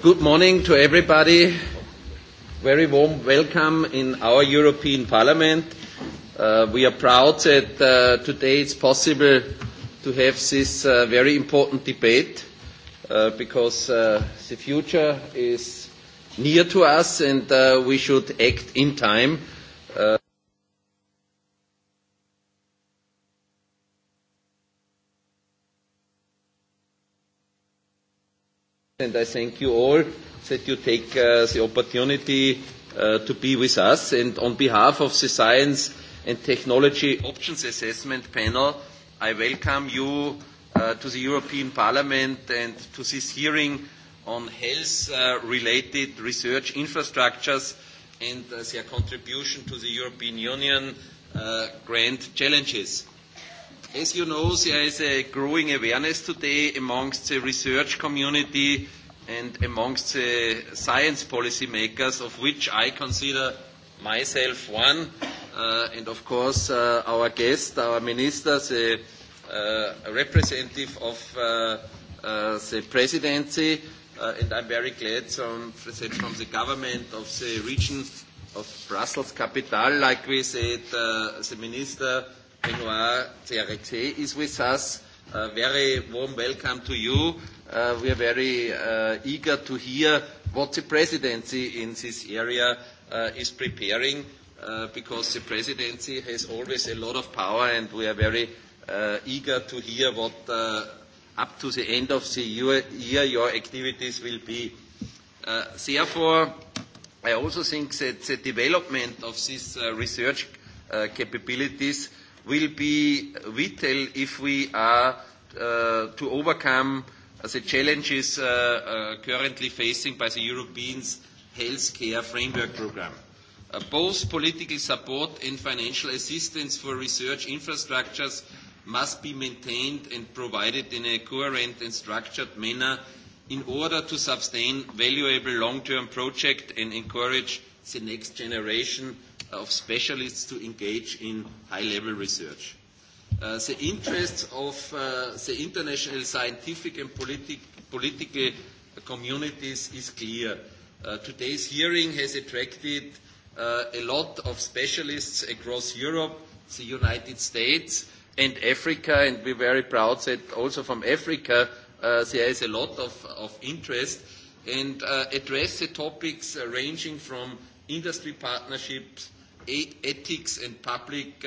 Good morning to everybody. Very warm welcome in our European Parliament. We are proud that today it's possible to have this very important debate because the future is near to us and we should act in time and I thank you all that you take the opportunity to be with us. And on behalf of the Science and Technology Options Assessment Panel, I welcome you to the European Parliament and to this hearing on health-related research infrastructures and their contribution to the European Union grand challenges. As you know, there is a growing awareness today amongst the research community and amongst the science policy makers, of which I consider myself one, and of course our guest, our minister, the representative of the presidency, and I'm very glad from the government of the region of Brussels Capital, like we said, the minister Benoit Clarité is with us. A Very warm welcome to you. We are very eager to hear what the presidency in this area is preparing because the presidency has always a lot of power and we are very eager to hear what up to the end of the year your activities will be. Therefore, I also think that the development of these research capabilities will be vital if we are to overcome the challenges currently facing by the Europeans healthcare framework program. Both political support and financial assistance for research infrastructures must be maintained and provided in a coherent and structured manner in order to sustain valuable long-term projects and encourage the next generation of specialists to engage in high-level research. The interests of the international scientific and political communities is clear. Today's hearing has attracted a lot of specialists across Europe, the United States and Africa, and we are very proud that also from Africa there is a lot of interest and address the topics ranging from industry partnerships ethics and public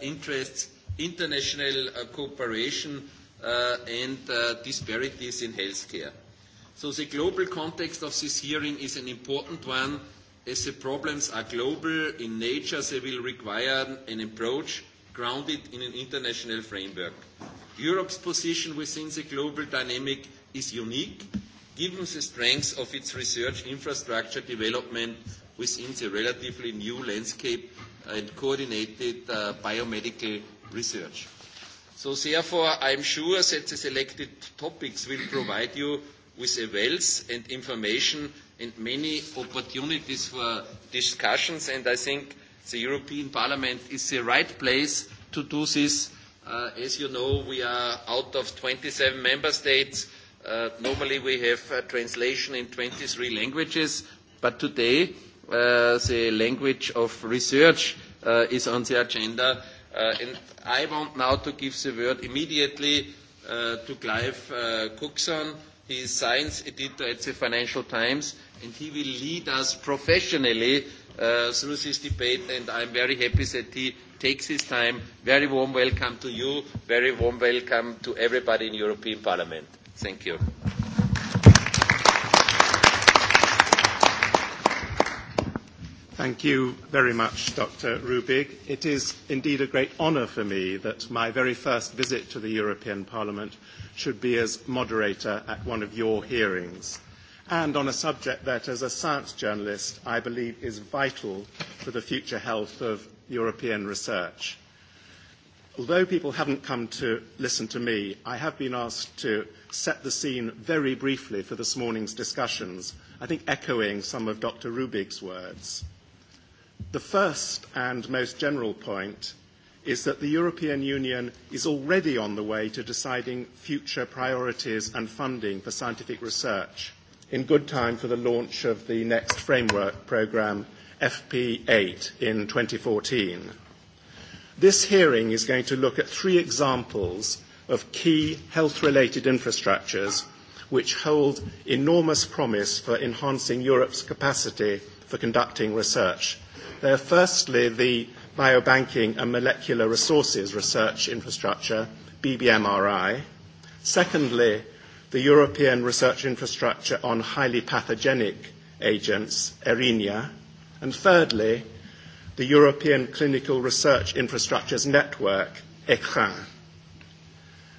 interests, international cooperation and disparities in healthcare. So the global context of this hearing is an important one. As the problems are global in nature, they will require an approach grounded in an international framework. Europe's position within the global dynamic is unique, given the strength of its research infrastructure development within the relatively new landscape and coordinated biomedical research. So therefore, I am sure that the selected topics will provide you with a wealth and information and many opportunities for discussions, and I think the European Parliament is the right place to do this. As you know, we are out of 27 member states. Normally, we have translation in 23 languages, but today the language of research is on the agenda. And I want now to give the word immediately to Clive Cookson. He is science editor at the Financial Times, and he will lead us professionally through this debate, and I'm very happy that he takes his time. Very warm welcome to you. Very warm welcome to everybody in European Parliament. Thank you. Thank you very much, Dr. Rubig. It is indeed a great honour for me that my very first visit to the European Parliament should be as moderator at one of your hearings, and on a subject that, as a science journalist, I believe is vital for the future health of European research. Although people haven't come to listen to me, I have been asked to set the scene very briefly for this morning's discussions, I think echoing some of Dr. Rubig's words. The first and most general point is that the European Union is already on the way to deciding future priorities and funding for scientific research in good time for the launch of the next framework programme, FP8, in 2014. This hearing is going to look at three examples of key health-related infrastructures which hold enormous promise for enhancing Europe's capacity for conducting research They are firstly the biobanking and molecular resources research infrastructure, BBMRI. Secondly, the European research infrastructure on highly pathogenic agents, ERINIA. And thirdly, the European Clinical Research Infrastructures Network, ECRIN.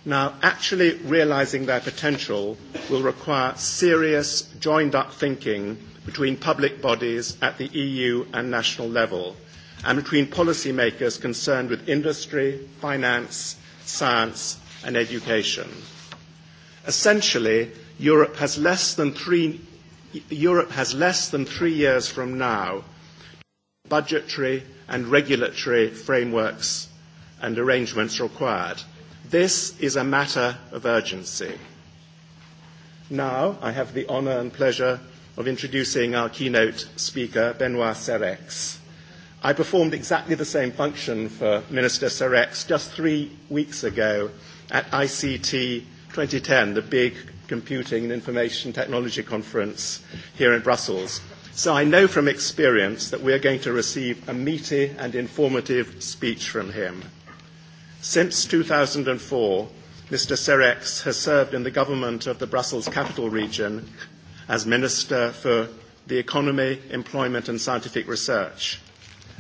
Now, actually realising their potential will require serious, joined-up thinking between public bodies at the EU and national level, and between policymakers concerned with industry, finance, science and education. Essentially, Europe has less than three years from now budgetary and regulatory frameworks and arrangements required. This is a matter of urgency. Now I have the honour and pleasure of introducing our keynote speaker, Benoit Serex. I performed exactly the same function for Minister Serex just three weeks ago at ICT 2010, the big computing and information technology conference here in Brussels. So I know from experience that we are going to receive a meaty and informative speech from him. Since 2004, Mr. Serex has served in the government of the Brussels capital region as Minister for the Economy, Employment and Scientific Research.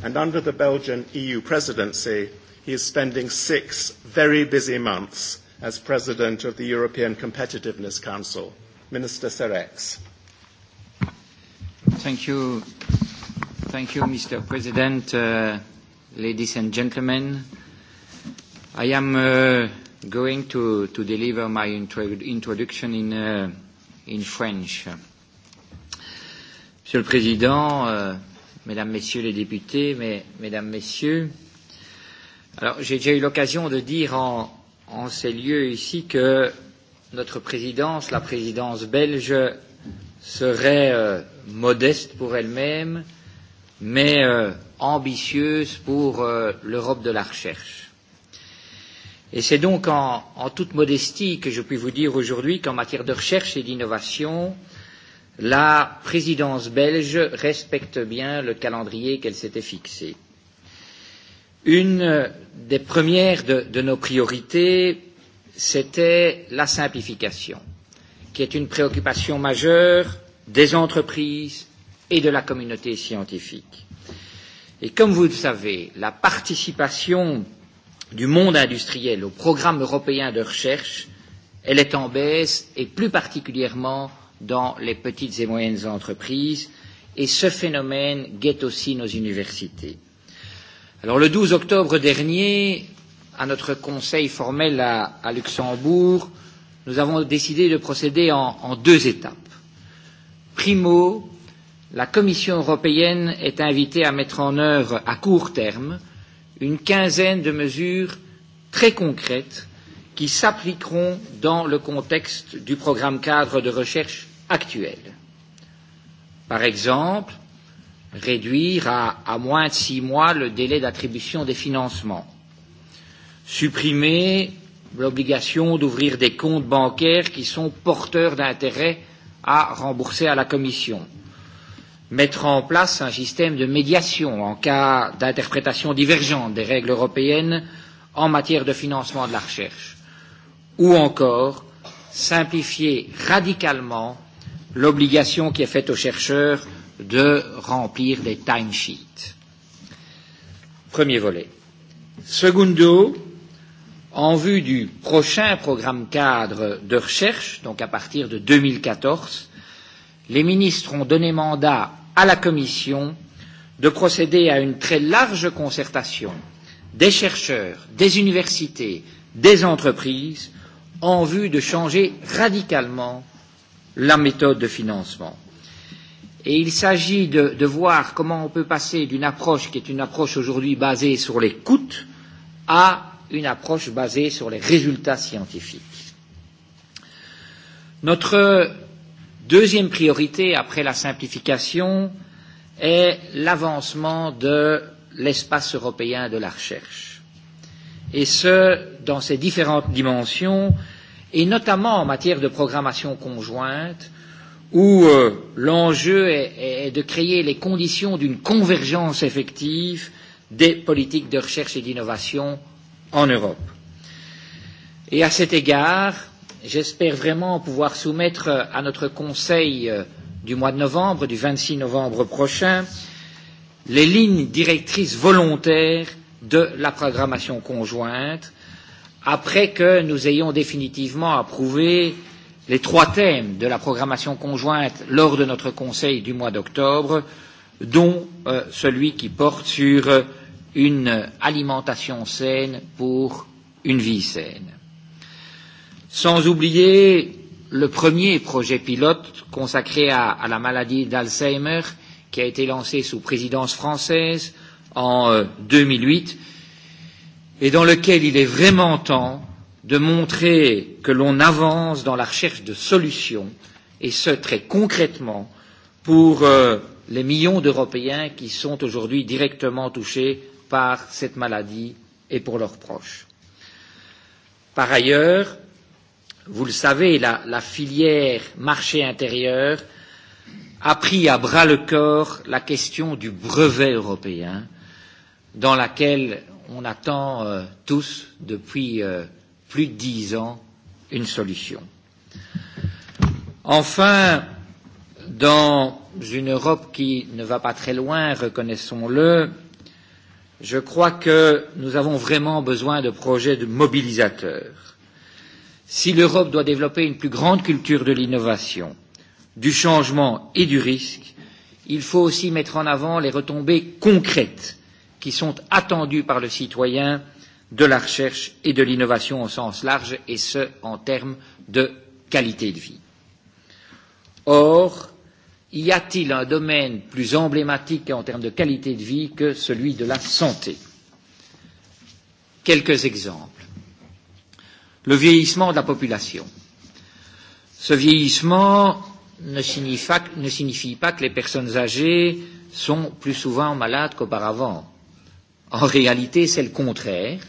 And under the Belgian EU presidency, he is spending six very busy months as President of the European Competitiveness Council. Minister Serex. Thank you. Thank you, Mr. President, ladies and gentlemen. I am going to deliver my introduction in Monsieur le Président, Mesdames, Messieurs les députés, Mesdames, Messieurs, alors j'ai déjà eu l'occasion de dire en ces lieux ici que notre présidence, la présidence belge, serait modeste pour elle-même, mais ambitieuse pour l'Europe de la recherche. Et c'est donc en toute modestie que je puis vous dire aujourd'hui qu'en matière de recherche et d'innovation, la présidence belge respecte bien le calendrier qu'elle s'était fixé. Une des premières de nos priorités, c'était la simplification, qui est une préoccupation majeure des entreprises et de la communauté scientifique. Et comme vous le savez, la participation du monde industriel au programme européen de recherche, elle est en baisse et plus particulièrement dans les petites et moyennes entreprises et ce phénomène guette aussi nos universités. Alors le 12 octobre dernier, à notre conseil formel à Luxembourg, nous avons décidé de procéder en deux étapes. Primo, la Commission européenne est invitée à mettre en œuvre à court terme une quinzaine de mesures très concrètes qui s'appliqueront dans le contexte du programme cadre de recherche actuel. Par exemple, réduire à moins de six mois le délai d'attribution des financements, supprimer l'obligation d'ouvrir des comptes bancaires qui sont porteurs d'intérêts à rembourser à la Commission, mettre en place un système de médiation en cas d'interprétation divergente des règles européennes en matière de financement de la recherche, ou encore simplifier radicalement l'obligation qui est faite aux chercheurs de remplir des timesheets. Premier volet. Secundo, en vue du prochain programme cadre de recherche, donc à partir de 2014, les ministres ont donné mandat à la Commission de procéder à une très large concertation des chercheurs, des universités, des entreprises en vue de changer radicalement la méthode de financement. Et il s'agit de voir comment on peut passer d'une approche qui est une approche aujourd'hui basée sur les coûts à une approche basée sur les résultats scientifiques. Notre Deuxième priorité, après la simplification, est l'avancement de l'espace européen de la recherche. Et ce, dans ses différentes dimensions, et notamment en matière de programmation conjointe, où l'enjeu est de créer les conditions d'une convergence effective des politiques de recherche et d'innovation en Europe. Et à cet égard, J'espère vraiment pouvoir soumettre à notre Conseil du mois de novembre, du 26 novembre prochain, les lignes directrices volontaires de la programmation conjointe, après que nous ayons définitivement approuvé les trois thèmes de la programmation conjointe lors de notre Conseil du mois d'octobre, dont celui qui porte sur une alimentation saine pour une vie saine. Sans oublier le premier projet pilote consacré à la maladie d'Alzheimer qui a été lancé sous présidence française en 2008 et dans lequel il est vraiment temps de montrer que l'on avance dans la recherche de solutions et ce très concrètement pour les millions d'Européens qui sont aujourd'hui directement touchés par cette maladie et pour leurs proches. Par ailleurs, Vous le savez, la filière marché intérieur a pris à bras le corps la question du brevet européen, dans laquelle on attend tous, depuis plus de dix ans, une solution. Enfin, dans une Europe qui ne va pas très loin, reconnaissons-le, je crois que nous avons vraiment besoin de projets de mobilisateurs Si l'Europe doit développer une plus grande culture de l'innovation, du changement et du risque, il faut aussi mettre en avant les retombées concrètes qui sont attendues par le citoyen de la recherche et de l'innovation au sens large, et ce, en termes de qualité de vie. Or, y a-t-il un domaine plus emblématique en termes de qualité de vie que celui de la santé Quelques exemples le vieillissement de la population. Ce vieillissement ne signifie pas que les personnes âgées sont plus souvent malades qu'auparavant. En réalité, c'est le contraire.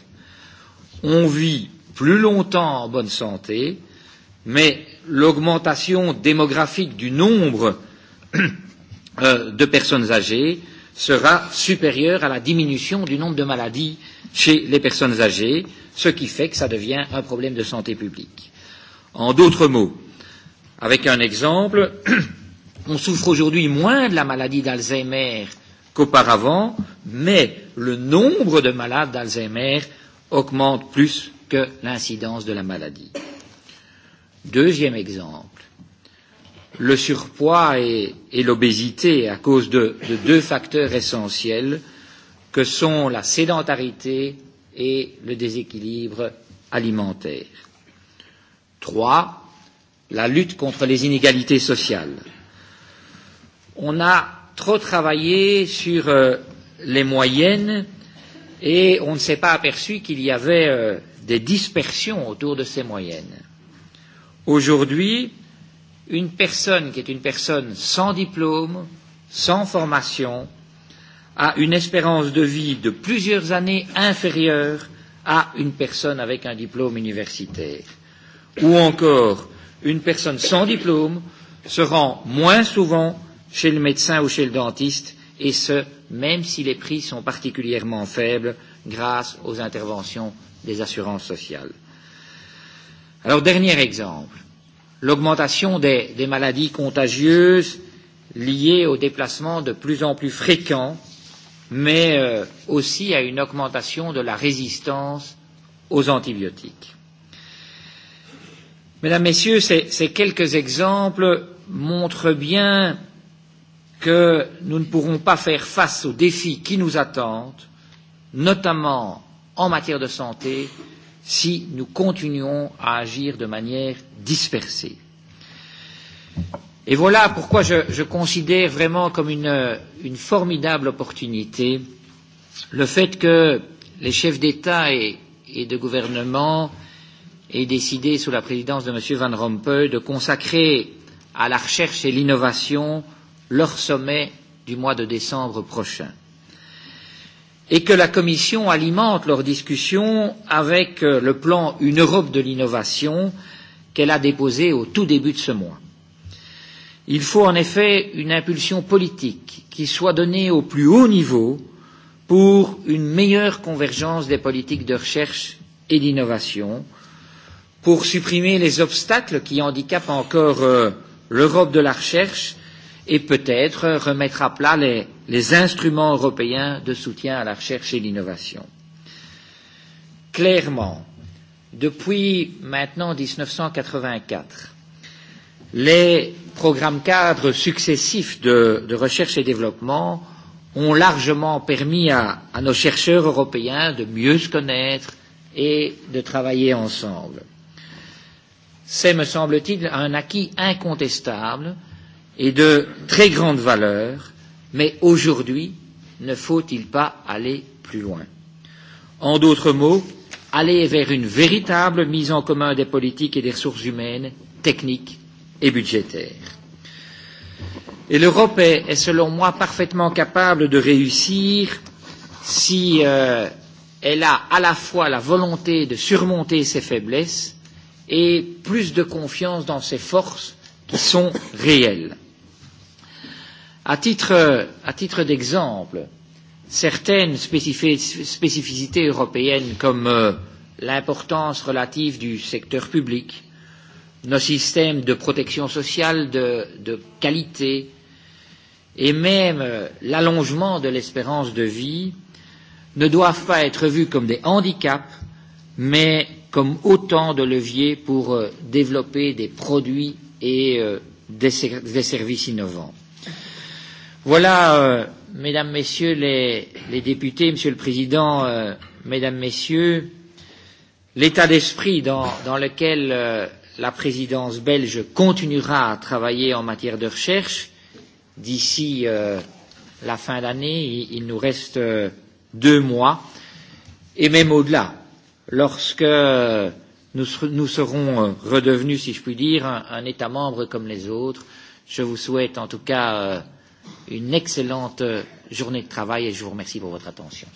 On vit plus longtemps en bonne santé, mais l'augmentation démographique du nombre de personnes âgées sera supérieur à la diminution du nombre de maladies chez les personnes âgées, ce qui fait que ça devient un problème de santé publique. En d'autres mots, avec un exemple, on souffre aujourd'hui moins de la maladie d'Alzheimer qu'auparavant, mais le nombre de malades d'Alzheimer augmente plus que l'incidence de la maladie. Deuxième exemple, le surpoids et, l'obésité à cause de, de deux facteurs essentiels que sont la sédentarité et le déséquilibre alimentaire. Trois, la lutte contre les inégalités sociales. On a trop travaillé sur les moyennes et on ne s'est pas aperçu qu'il y avait des dispersions autour de ces moyennes. Aujourd'hui, une personne qui est une personne sans diplôme, sans formation, a une espérance de vie de plusieurs années inférieure à une personne avec un diplôme universitaire. Ou encore, une personne sans diplôme se rend moins souvent chez le médecin ou chez le dentiste, et ce, même si les prix sont particulièrement faibles grâce aux interventions des assurances sociales. Alors, dernier exemple l'augmentation des, des maladies contagieuses liées aux déplacements de plus en plus fréquents, mais aussi à une augmentation de la résistance aux antibiotiques. Mesdames, Messieurs, ces quelques exemples montrent bien que nous ne pourrons pas faire face aux défis qui nous attendent, notamment en matière de santé, si nous continuons à agir de manière dispersée. Et voilà pourquoi je considère vraiment comme une formidable opportunité le fait que les chefs d'État et de gouvernement aient décidé, sous la présidence de M. Van Rompuy, de consacrer à la recherche et l'innovation leur sommet du mois de décembre prochain et que la Commission alimente leurs discussions avec le plan Une Europe de l'innovation qu'elle a déposé au tout début de ce mois. Il faut en effet une impulsion politique qui soit donnée au plus haut niveau pour une meilleure convergence des politiques de recherche et d'innovation, pour supprimer les obstacles qui handicapent encore l'Europe de la recherche et peut-être remettre à plat les, les instruments européens de soutien à la recherche et l'innovation. Clairement, depuis maintenant 1984, les programmes cadres successifs de, de recherche et développement ont largement permis à nos chercheurs européens de mieux se connaître et de travailler ensemble. C'est, me semble-t-il, un acquis incontestable et de très grande valeur, mais aujourd'hui, ne faut-il pas aller plus loin En d'autres mots, aller vers une véritable mise en commun des politiques et des ressources humaines, techniques et budgétaires. Et l'Europe est, selon moi, parfaitement capable de réussir si elle a à la fois la volonté de surmonter ses faiblesses et plus de confiance dans ses forces qui sont réelles. À titre d'exemple, certaines spécificités européennes comme l'importance relative du secteur public, nos systèmes de protection sociale de qualité et même l'allongement de l'espérance de vie ne doivent pas être vus comme des handicaps, mais comme autant de leviers pour développer des produits et des services innovants. Voilà, mesdames, messieurs les députés, monsieur le président, mesdames, messieurs, l'état d'esprit dans lequel la présidence belge continuera à travailler en matière de recherche d'ici la fin d'année, il nous reste deux mois, et même au-delà, lorsque nous serons redevenus, si je puis dire, un État membre comme les autres. Je vous souhaite en tout cas une excellente journée de travail et je vous remercie pour votre attention.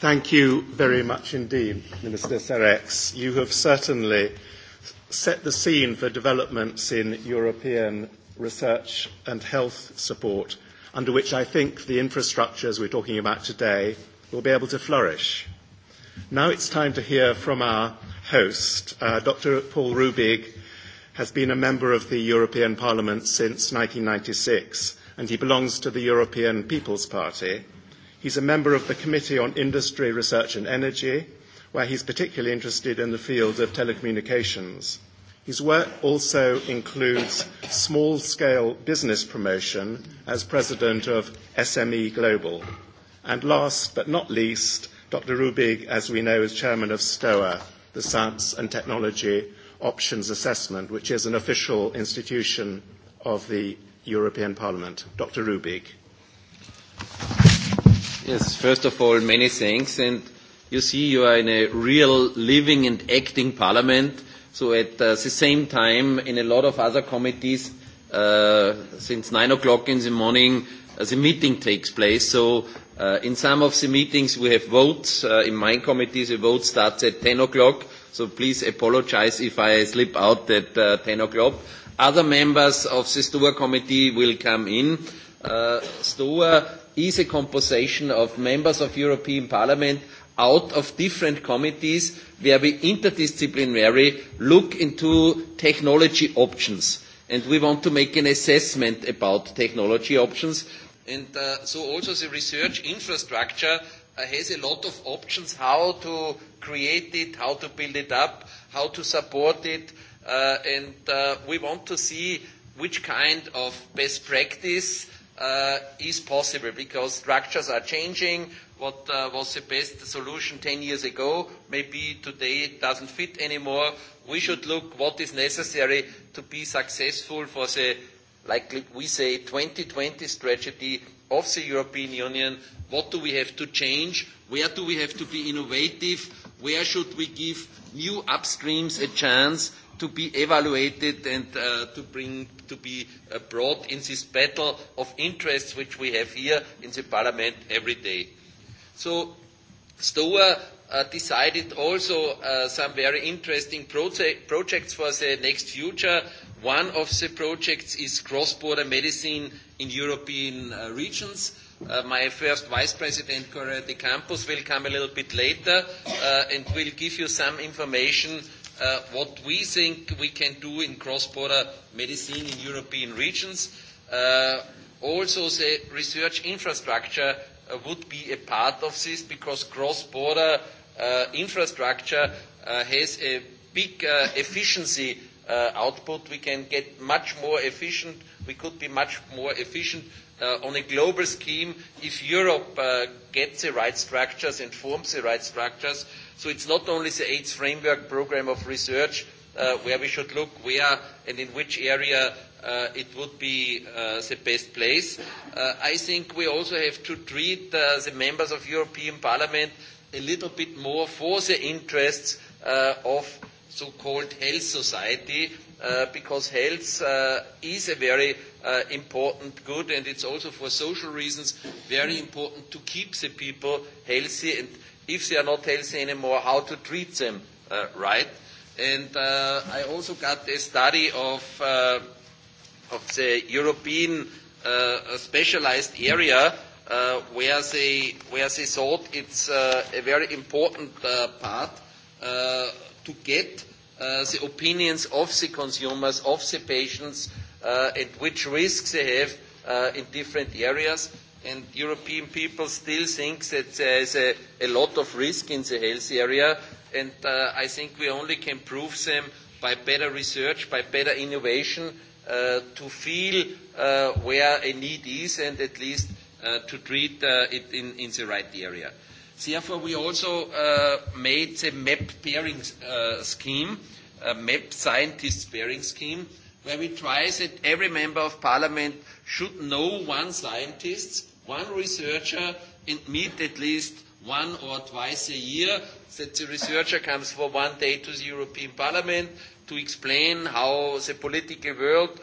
Thank you very much indeed, Minister Serex. You have certainly set the scene for developments in European research and health support, under which I think the infrastructures we're talking about today will be able to flourish. Now it's time to hear from our host. Dr. Paul Rubig has been a member of the European Parliament since 1996, and he belongs to the European People's Party. He's a member of the Committee on Industry, Research and Energy, where he's particularly interested in the field of telecommunications. His work also includes small-scale business promotion as president of SME Global. And last but not least, Dr. Rubig, as we know, is chairman of STOA, the Science and Technology Options Assessment, which is an official institution of the European Parliament. Dr. Rubik. Yes, first of all, many thanks. And you see, you are in a real living and acting Parliament. So at the same time, in a lot of other committees, since 9 o'clock in the morning, the meeting takes place. So In some of the meetings we have votes. In my committee the vote starts at 10 o'clock, so please apologize if I slip out at 10 o'clock. Other members of the STOA committee will come in. STOA is a composition of members of European Parliament out of different committees where we interdisciplinary look into technology options. And we want to make an assessment about technology options And so also the research infrastructure has a lot of options how to create it, how to build it up, how to support it. And we want to see which kind of best practice is possible because structures are changing. What was the best solution 10 years ago, maybe today it doesn't fit anymore. We should look what is necessary to be successful for the like we say, 2020 strategy of the European Union. What do we have to change? Where do we have to be innovative? Where should we give new upstreams a chance to be evaluated and to bring to be brought in this battle of interests which we have here in the Parliament every day? So, Stoa decided also some very interesting projects for the next future. One of the projects is cross-border medicine in European regions. My first Vice President, Correa de Campos, will come a little bit later and will give you some information what we think we can do in cross-border medicine in European regions. Also, the research infrastructure would be a part of this because cross-border infrastructure has a big efficiency output. We can get much more efficient. We could be much more efficient on a global scheme if Europe gets the right structures and forms the right structures. So it's not only the AIDS framework program of research where we should look where and in which area it would be the best place. I think we also have to treat the members of European Parliament a little bit more for the interests of so-called health society because health is a very important good and it's also for social reasons very important to keep the people healthy and if they are not healthy anymore, how to treat them right. And I also got a study of the European specialized area where they thought it's a very important part to get the opinions of the consumers, of the patients, and which risks they have in different areas. And European people still think that there is a lot of risk in the health area, and I think we only can prove them by better research, by better innovation, to feel where a need is and at least to treat it in the right area. Therefore, we also made the map pairing scheme, a MEP scientist pairing scheme, where we try that every member of parliament should know one scientist, one researcher, and meet at least one or twice a year, that the researcher comes for one day to the European Parliament to explain how the political world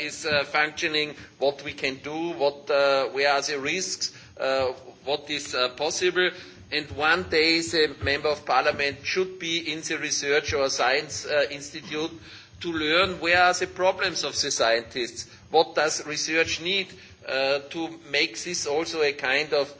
is functioning, what we can do, what where are the risks, what is possible. And one day the Member of Parliament should be in the research or science institute to learn where are the problems of the scientists, what does research need to make this also a kind of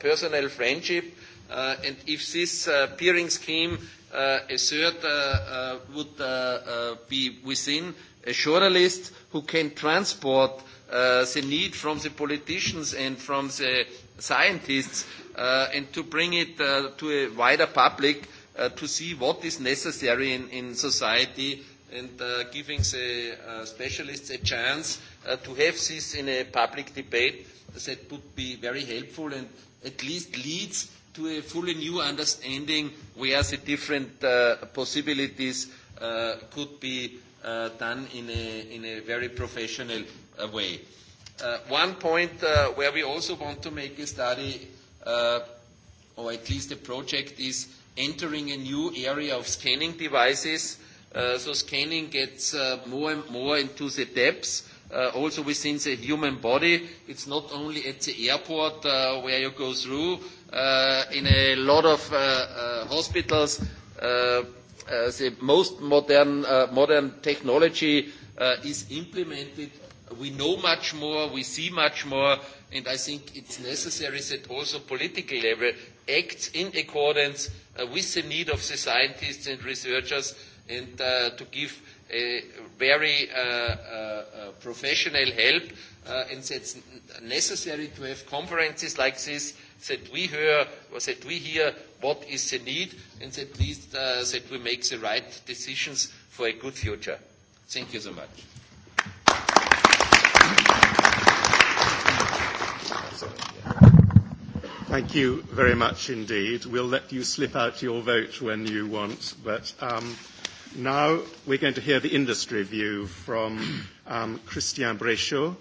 personal friendship. And if this peering scheme a third would be within a journalist who can transport the need from the politicians and from the scientists and to bring it to a wider public to see what is necessary in society and giving the specialists a chance to have this in a public debate that would be very helpful and at least leads to a fully new understanding where the different possibilities could be done in a in a very professional way. One point where we also want to make a study or at least a project is entering a new area of scanning devices. So scanning gets more and more into the depths also within the human body. It's not only at the airport where you go through in a lot of hospitals the most modern technology is implemented. We know much more, we see much more, and I think it's necessary that also political level acts in accordance with the need of the scientists and researchers and to give a very professional help. And it's necessary to have conferences like this that we hear or that we hear what is the need and at least that we make the right decisions for a good future. Thank you so much. Thank you very much indeed. We'll let you slip out your vote when you want, but now we're going to hear the industry view from Christian Brechot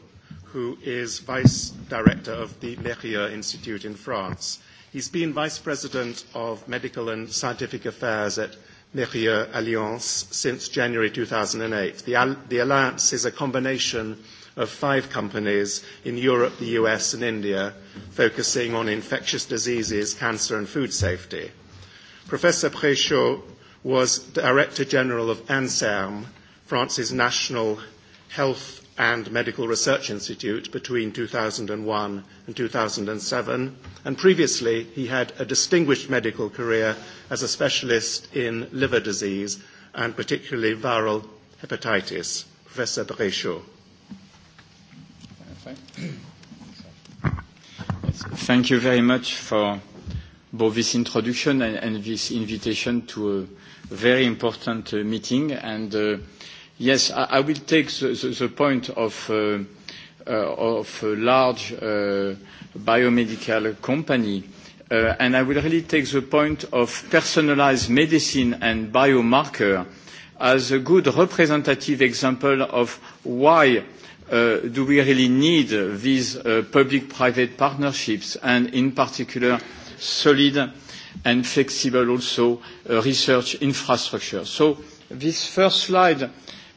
who is vice director of the Mérieux Institute in France. He's been vice president of medical and scientific affairs at Mérieux Alliance since January 2008. The alliance is a combination of five companies in Europe, the US, and India, focusing on infectious diseases, cancer, and food safety. Professor Préchaud was Director General of ANSERM, France's national health and Medical Research Institute between 2001 and 2007, and previously he had a distinguished medical career as a specialist in liver disease and particularly viral hepatitis. Professor Bréchaud. Thank you very much for both this introduction and this invitation to a very important meeting. and Yes, I will take the point of a large biomedical company, and I will really take the point of personalized medicine and biomarker as a good representative example of why do we really need these public-private partnerships, and in particular, solid and flexible also research infrastructure. So this first slide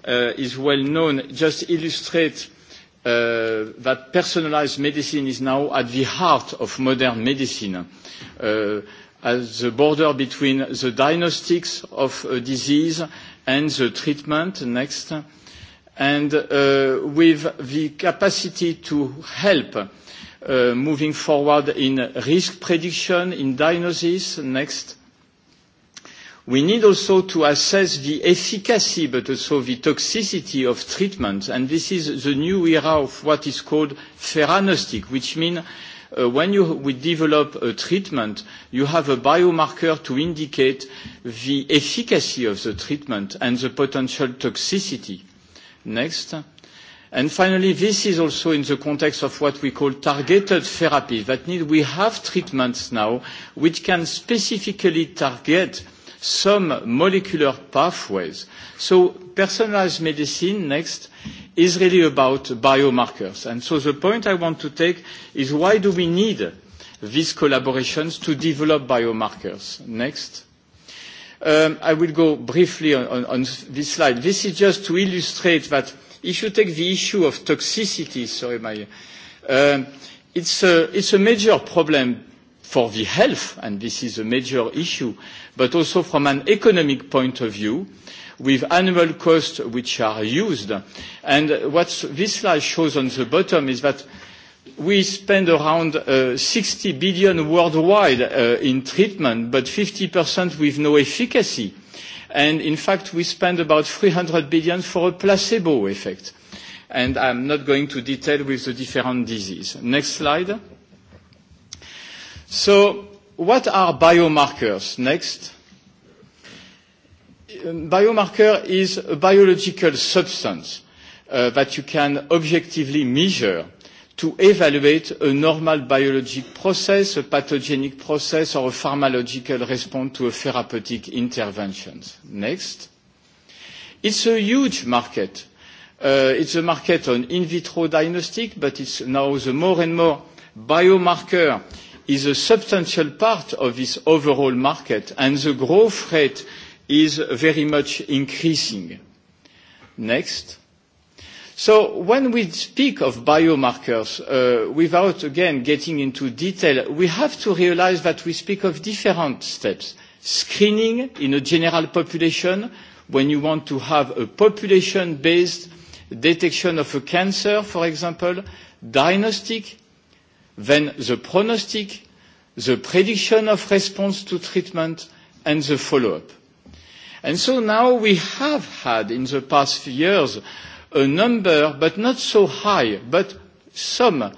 is well known, just illustrate that personalized medicine is now at the heart of modern medicine. As the border between the diagnostics of a disease and the treatment, next, and with the capacity to help moving forward in risk prediction, in diagnosis, next, We need also to assess the efficacy but also the toxicity of treatments, and this is the new era of what is called theranostic, which means when we develop a treatment, you have a biomarker to indicate the efficacy of the treatment and the potential toxicity. Next. And finally, this is also in the context of what we call targeted therapy. That means we have treatments now which can specifically target some molecular pathways. So personalized medicine next is really about biomarkers. And so the point I want to take is why do we need these collaborations to develop biomarkers? Next. I will go briefly on this slide. This is just to illustrate that if you take the issue of toxicity, sorry, my, it's a major problem for the health, and this is a major issue but also from an economic point of view with annual costs which are used. And what this slide shows on the bottom is that we spend around 60 billion worldwide in treatment, but 50% with no efficacy. And in fact, we spend about 300 billion for a placebo effect. And I'm not going to detail with the different diseases. Next slide. So What are biomarkers? Next. Biomarker is a biological substance that you can objectively measure to evaluate a normal biologic process, a pathogenic process, or a pharmacological response to a therapeutic intervention. Next. It's a huge market. It's a market on in vitro diagnostic, but it's now the more and more biomarker is a substantial part of this overall market, and the growth rate is very much increasing. Next. So when we speak of biomarkers, without again getting into detail, we have to realize that we speak of different steps. Screening in a general population, when you want to have a population-based detection of a cancer, for example, diagnostic then the pronostic, the prediction of response to treatment, and the follow-up. And so now we have had in the past few years a number, but not so high, but some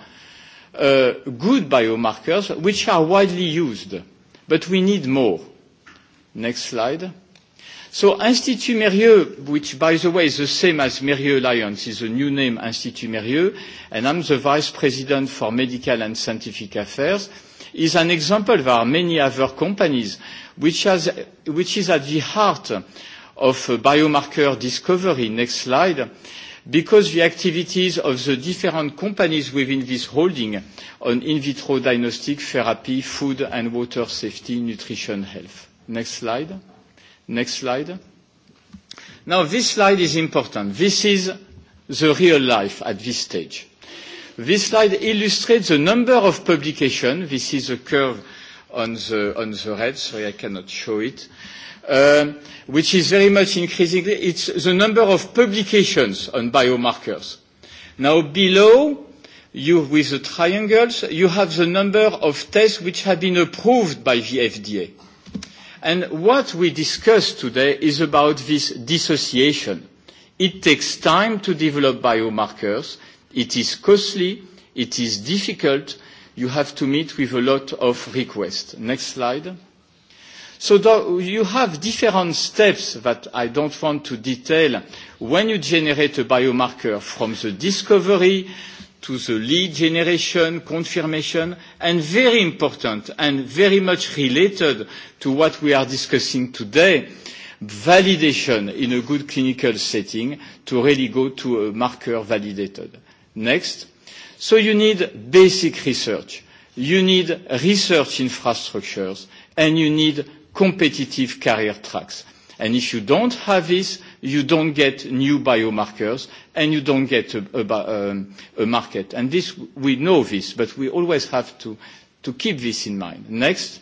good biomarkers which are widely used. But we need more. Next slide. So Institut Mérieux, which by the way is the same as Mérieux Alliance, is a new name Institut Mérieux, and I'm the Vice President for Medical and Scientific Affairs, is an example. There are many other companies which is at the heart of biomarker discovery. Next slide. Because the activities of the different companies within this holding on in vitro diagnostic, therapy, food and water safety, nutrition, health. Next slide. Next slide. Now this slide is important. This is the real life at this stage. This slide illustrates the number of publications. This is a curve on the on the red. Sorry, I cannot show it. Which is very much increasing. It's the number of publications on biomarkers. Now below you with the triangles, you have the number of tests which have been approved by the FDA. And what we discuss today is about this dissociation. It takes time to develop biomarkers. It is costly. It is difficult. You have to meet with a lot of requests. Next slide. So you have different steps that I don't want to detail when you generate a biomarker from the discovery to the lead generation, confirmation, and very important and very much related to what we are discussing today, validation in a good clinical setting to really go to a marker validated. Next. So you need basic research, you need research infrastructures, and you need competitive career tracks. And if you don't have this, you don't get new biomarkers and you don't get a market. And this we know this, but we always have to keep this in mind. Next,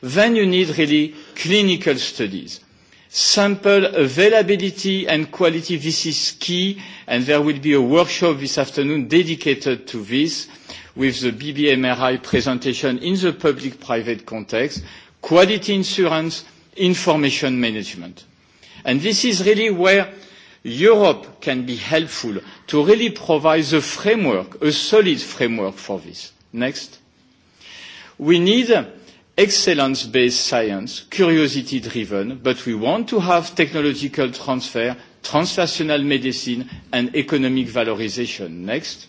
then you need really clinical studies. Sample availability and quality, this is key, and there will be a workshop this afternoon dedicated to this with the BBMRI presentation in the public-private context, quality insurance, information management. And this is really where Europe can be helpful to really provide a framework, a solid framework for this. Next. We need excellence-based science, curiosity-driven, but we want to have technological transfer, transnational medicine, and economic valorisation. Next.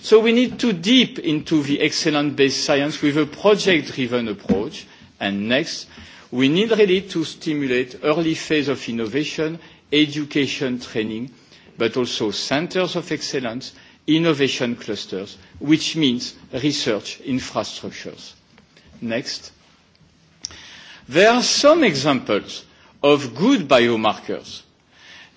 So we need to deep into the excellence-based science with a project-driven approach. And next, We need really to stimulate early phase of innovation, education training, but also centers of excellence, innovation clusters, which means research infrastructures. Next. There are some examples of good biomarkers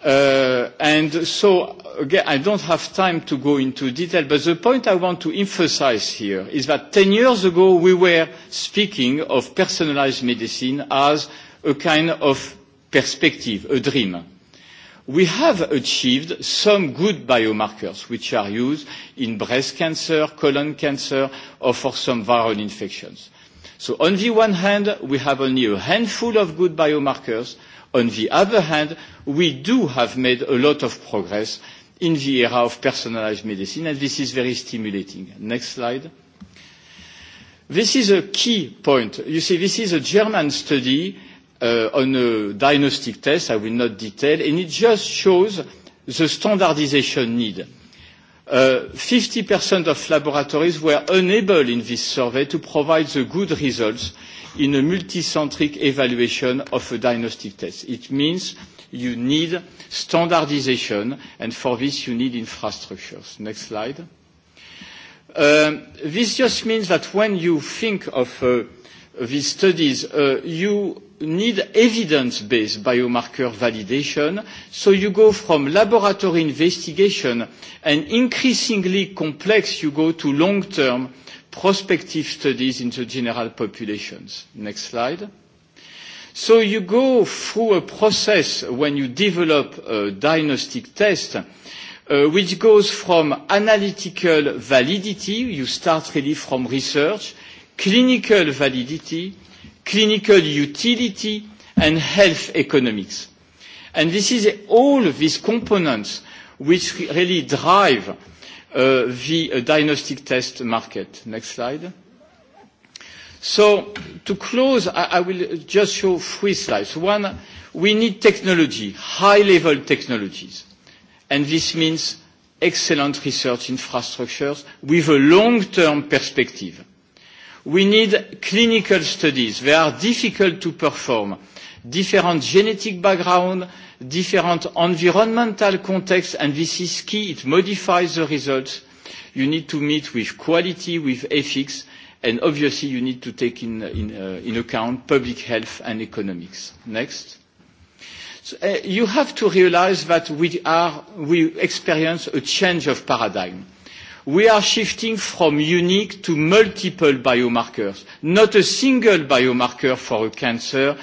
And so, again, I don't have time to go into detail, but the point I want to emphasise here is that 10 years ago we were speaking of personalised medicine as a kind of perspective, a dream. We have achieved some good biomarkers which are used in breast cancer, colon cancer, or for some viral infections. So on the one hand, we have only a handful of good biomarkers On the other hand, we do have made a lot of progress in the era of personalized medicine, and this is very stimulating. Next slide. This is a key point. You see, this is a German study on a diagnostic test. I will not detail, and it just shows the standardization need. 50% of laboratories were unable in this survey to provide the good results in a multicentric evaluation of a diagnostic test. It means you need standardisation and for this you need infrastructures. Next slide. This just means that when you think of these studies, you need evidence-based biomarker validation. So you go from laboratory investigation and increasingly complex, you go to long-term prospective studies into general populations. Next slide. So you go through a process when you develop a diagnostic test which goes from analytical validity, you start really from research, clinical validity, clinical utility and health economics. And this is all of these components which really drive the diagnostic test market. Next slide. So to close, I will just show three slides. One, we need technology, high-level technologies. And this means excellent research infrastructures with a long-term perspective. We need clinical studies. They are difficult to perform. Different genetic background, different environmental contexts and this is key. It modifies the results. You need to meet with quality, with ethics, and obviously you need to take in account public health and economics. Next. You have to realize that we experience a change of paradigm we are shifting from unique to multiple biomarkers, not a single biomarker for a cancer,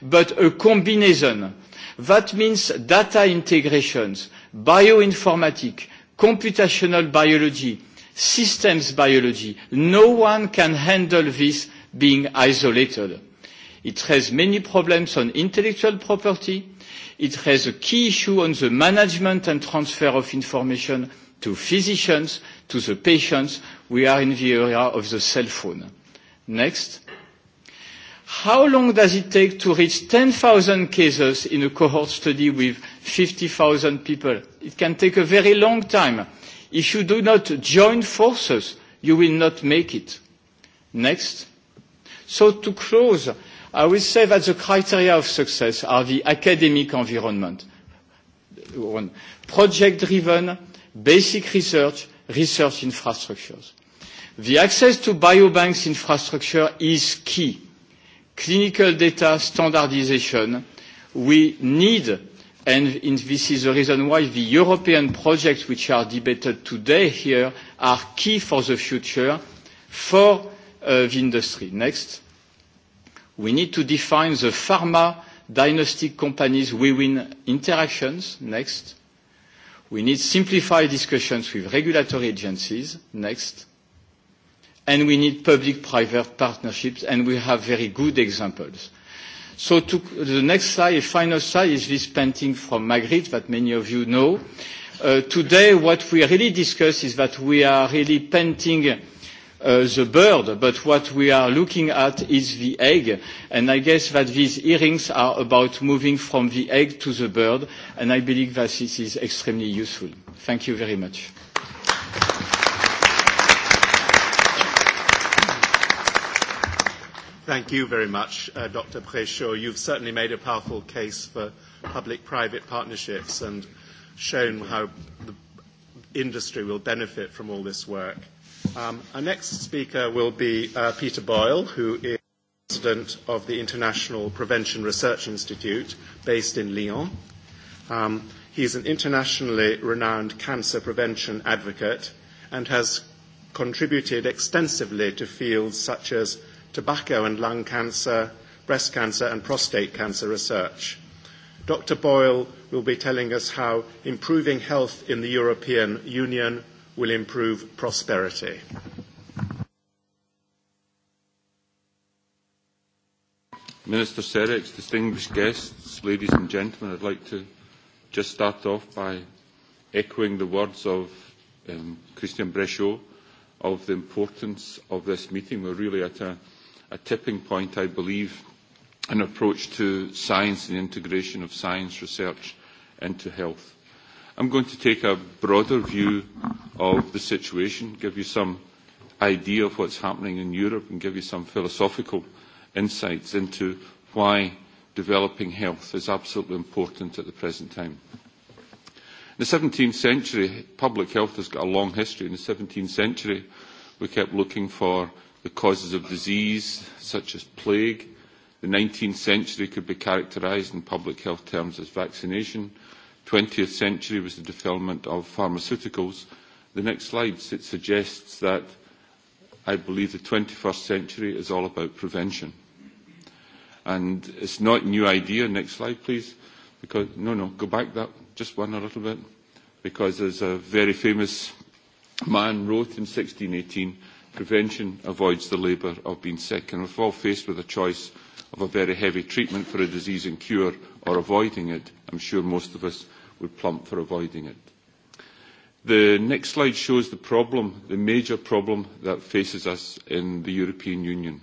but a combination. That means data integrations, bioinformatics, computational biology, systems biology. No one can handle this being isolated. It has many problems on intellectual property. It has a key issue on the management and transfer of information to physicians, to the patients. We are in the area of the cell phone. Next. How long does it take to reach 10,000 cases in a cohort study with 50,000 people? It can take a very long time. If you do not join forces, you will not make it. Next. So to close, I will say that the criteria of success are the academic environment, project-driven, basic research, research infrastructures. The access to biobanks infrastructure is key. Clinical data standardization, we need, and this is the reason why the European projects which are debated today here are key for the future for the industry. Next. We need to define the pharma diagnostic companies we win interactions. Next. We need simplified discussions with regulatory agencies, next, and we need public-private partnerships, and we have very good examples. So the next slide, the final slide, is this painting from Magritte that many of you know. Today, what we really discuss is that we are really painting the bird, but what we are looking at is the egg, and I guess that these earrings are about moving from the egg to the bird, and I believe that this is extremely useful. Thank you very much. Thank you very much, Dr. Préchot. You've certainly made a powerful case for public-private partnerships and shown how the industry will benefit from all this work. Our next speaker will be Peter Boyle, who is president of the International Prevention Research Institute based in Lyon. He is an internationally renowned cancer prevention advocate and has contributed extensively to fields such as tobacco and lung cancer, breast cancer and prostate cancer research. Dr. Boyle will be telling us how improving health in the European Union will improve prosperity. Minister Serex, distinguished guests, ladies and gentlemen, I'd like to just start off by echoing the words of Christian Brechot of the importance of this meeting. We're really at a tipping point, I believe, an approach to science and the integration of science research into health. I'm going to take a broader view of the situation, give you some idea of what's happening in Europe and give you some philosophical insights into why developing health is absolutely important at the present time. In the 17th century, public health has got a long history. In the 17th century, we kept looking for the causes of disease, such as plague. The 19th century could be characterised in public health terms as vaccination. 20th century was the development of pharmaceuticals. The next slide it suggests that I believe the 21st century is all about prevention. And it's not a new idea. Next slide, please. Because, no, no, go back that, just one a little bit. Because as a very famous man wrote in 1618, prevention avoids the labour of being sick. And we're all faced with a choice of a very heavy treatment for a disease and cure or avoiding it. I'm sure most of us would plump for avoiding it. The next slide shows the problem, the major problem that faces us in the European Union.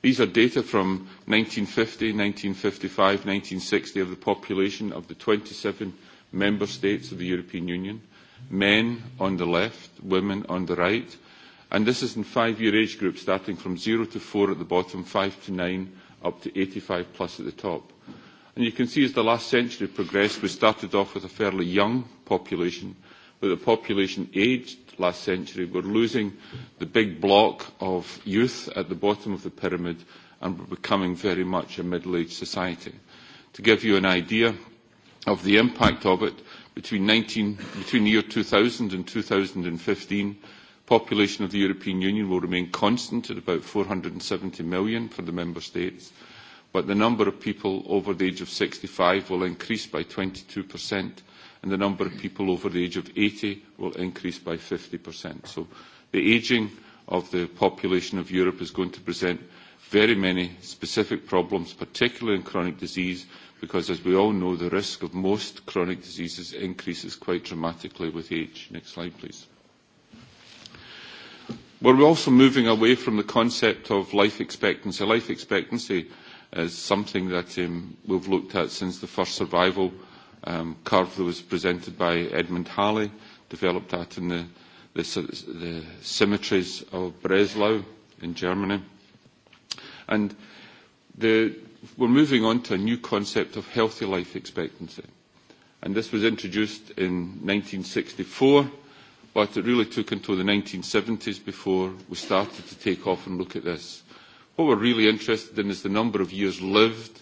These are data from 1950, 1955, 1960 of the population of the 27 member states of the European Union. Men on the left, women on the right And this is in five-year age groups, starting from 0 to 4 at the bottom, 5 to 9, up to 85 plus at the top. And you can see as the last century progressed, we started off with a fairly young population. but the population aged last century, we're losing the big block of youth at the bottom of the pyramid and we're becoming very much a middle-aged society. To give you an idea of the impact of it, between the year 2000 and 2015, population of the European Union will remain constant at about 470 million for the member states, but the number of people over the age of 65 will increase by 22% and the number of people over the age of 80 will increase by 50%. So the ageing of the population of Europe is going to present very many specific problems, particularly in chronic disease, because as we all know, the risk of most chronic diseases increases quite dramatically with age. Next slide, please. We're also moving away from the concept of life expectancy. Life expectancy is something that we've looked at since the first survival curve that was presented by Edmund Halley, developed at in the cemeteries of Breslau in Germany. And we're moving on to a new concept of healthy life expectancy. And this was introduced in 1964 but it really took until the 1970s before we started to take off and look at this. What we're really interested in is the number of years lived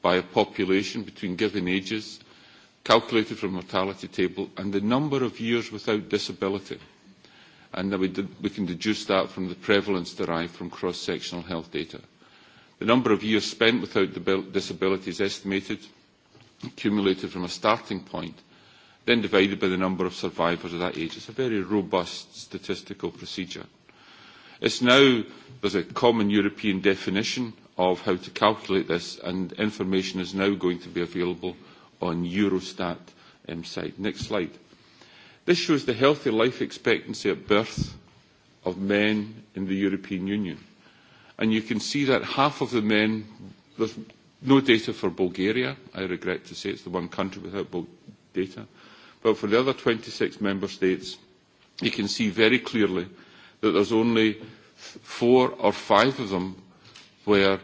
by a population between given ages, calculated from mortality table, and the number of years without disability. And then we can deduce that from the prevalence derived from cross-sectional health data. The number of years spent without disability is estimated, accumulated from a starting point then divided by the number of survivors of that age. It's a very robust statistical procedure. It's now, there's a common European definition of how to calculate this, and information is now going to be available on Eurostat site. Next slide. This shows the healthy life expectancy at birth of men in the European Union. And you can see that half of the men, there's no data for Bulgaria, I regret to say, it's the one country without data, But for the other 26 member states, you can see very clearly that there's only four or five of them where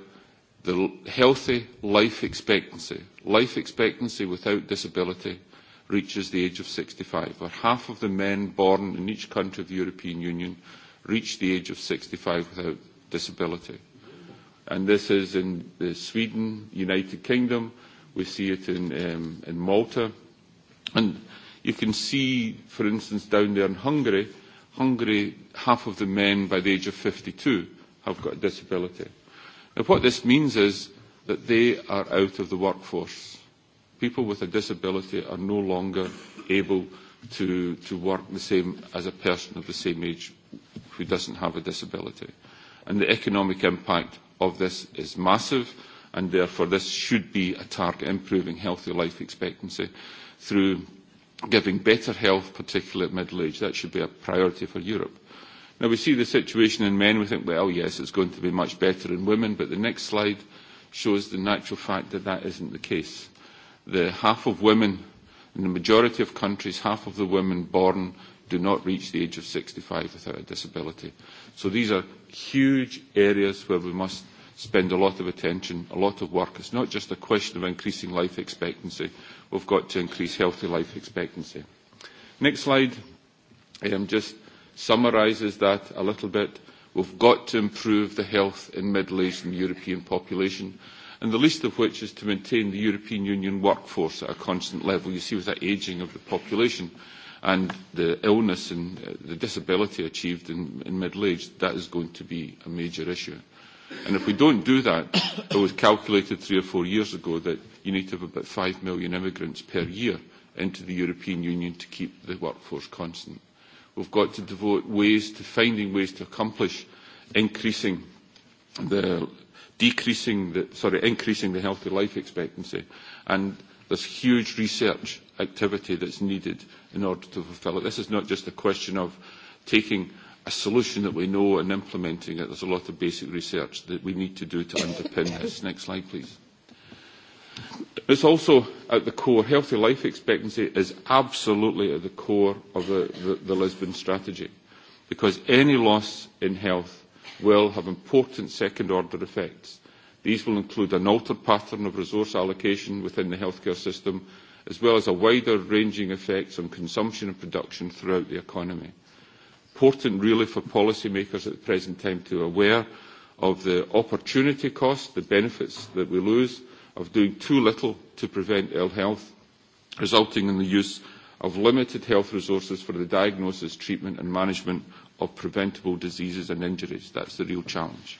the healthy life expectancy, life expectancy without disability, reaches the age of 65, where half of the men born in each country of the European Union reach the age of 65 without disability. And this is in Sweden, United Kingdom, we see it in Malta. And You can see, for instance, down there in Hungary, Hungary, half of the men by the age of 52 have got a disability. Now, what this means is that they are out of the workforce. People with a disability are no longer able to, to work the same as a person of the same age who doesn't have a disability. And the economic impact of this is massive, and therefore this should be a target improving healthy life expectancy through giving better health, particularly at middle age. That should be a priority for Europe. Now, we see the situation in men. We think, well, yes, it's going to be much better in women. But the next slide shows the natural fact that that isn't the case. The half of women, in the majority of countries, half of the women born do not reach the age of 65 without a disability. So these are huge areas where we must spend a lot of attention, a lot of work. It's not just a question of increasing life expectancy we've got to increase healthy life expectancy. Next slide just summarises that a little bit. We've got to improve the health in middle-aged and European population, and the least of which is to maintain the European Union workforce at a constant level. You see with the ageing of the population and the illness and the disability achieved in middle age, that is going to be a major issue. And if we don't do that, it was calculated three or four years ago that you need to have about five million immigrants per year into the European Union to keep the workforce constant. We've got to devote ways to finding ways to accomplish increasing the decreasing the sorry increasing the healthy life expectancy and there's huge research activity that's needed in order to fulfil it. This is not just a question of taking a solution that we know and implementing it. There's a lot of basic research that we need to do to underpin this. Next slide, please. It's also at the core. Healthy life expectancy is absolutely at the core of the Lisbon strategy because any loss in health will have important second-order effects. These will include an altered pattern of resource allocation within the healthcare system as well as a wider ranging effects on consumption and production throughout the economy important really for policymakers at the present time to be aware of the opportunity cost, the benefits that we lose of doing too little to prevent ill health, resulting in the use of limited health resources for the diagnosis, treatment and management of preventable diseases and injuries. That's the real challenge.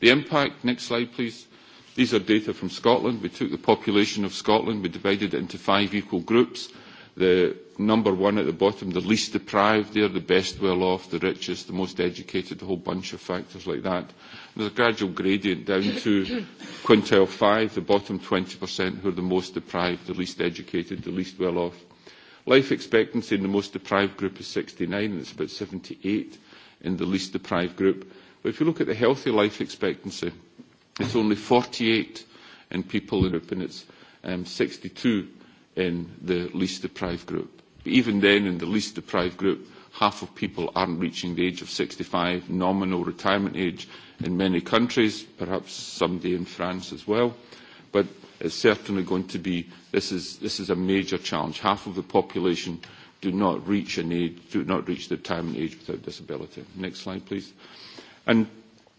The impact, next slide please. These are data from Scotland. We took the population of Scotland, we divided it into five equal groups the number one at the bottom, the least deprived, are the best well off, the richest, the most educated, a whole bunch of factors like that. There's a gradual gradient down to quintile five, the bottom 20% who are the most deprived, the least educated, the least well off. Life expectancy in the most deprived group is 69 and it's about 78 in the least deprived group. But if you look at the healthy life expectancy, it's only 48 in people in Europe and it's 62 in the least deprived group. Even then, in the least deprived group, half of people aren't reaching the age of 65, nominal retirement age in many countries, perhaps someday in France as well. But it's certainly going to be, this is a major challenge. Half of the population do not reach an age, do not reach the retirement age without disability. Next slide, please. And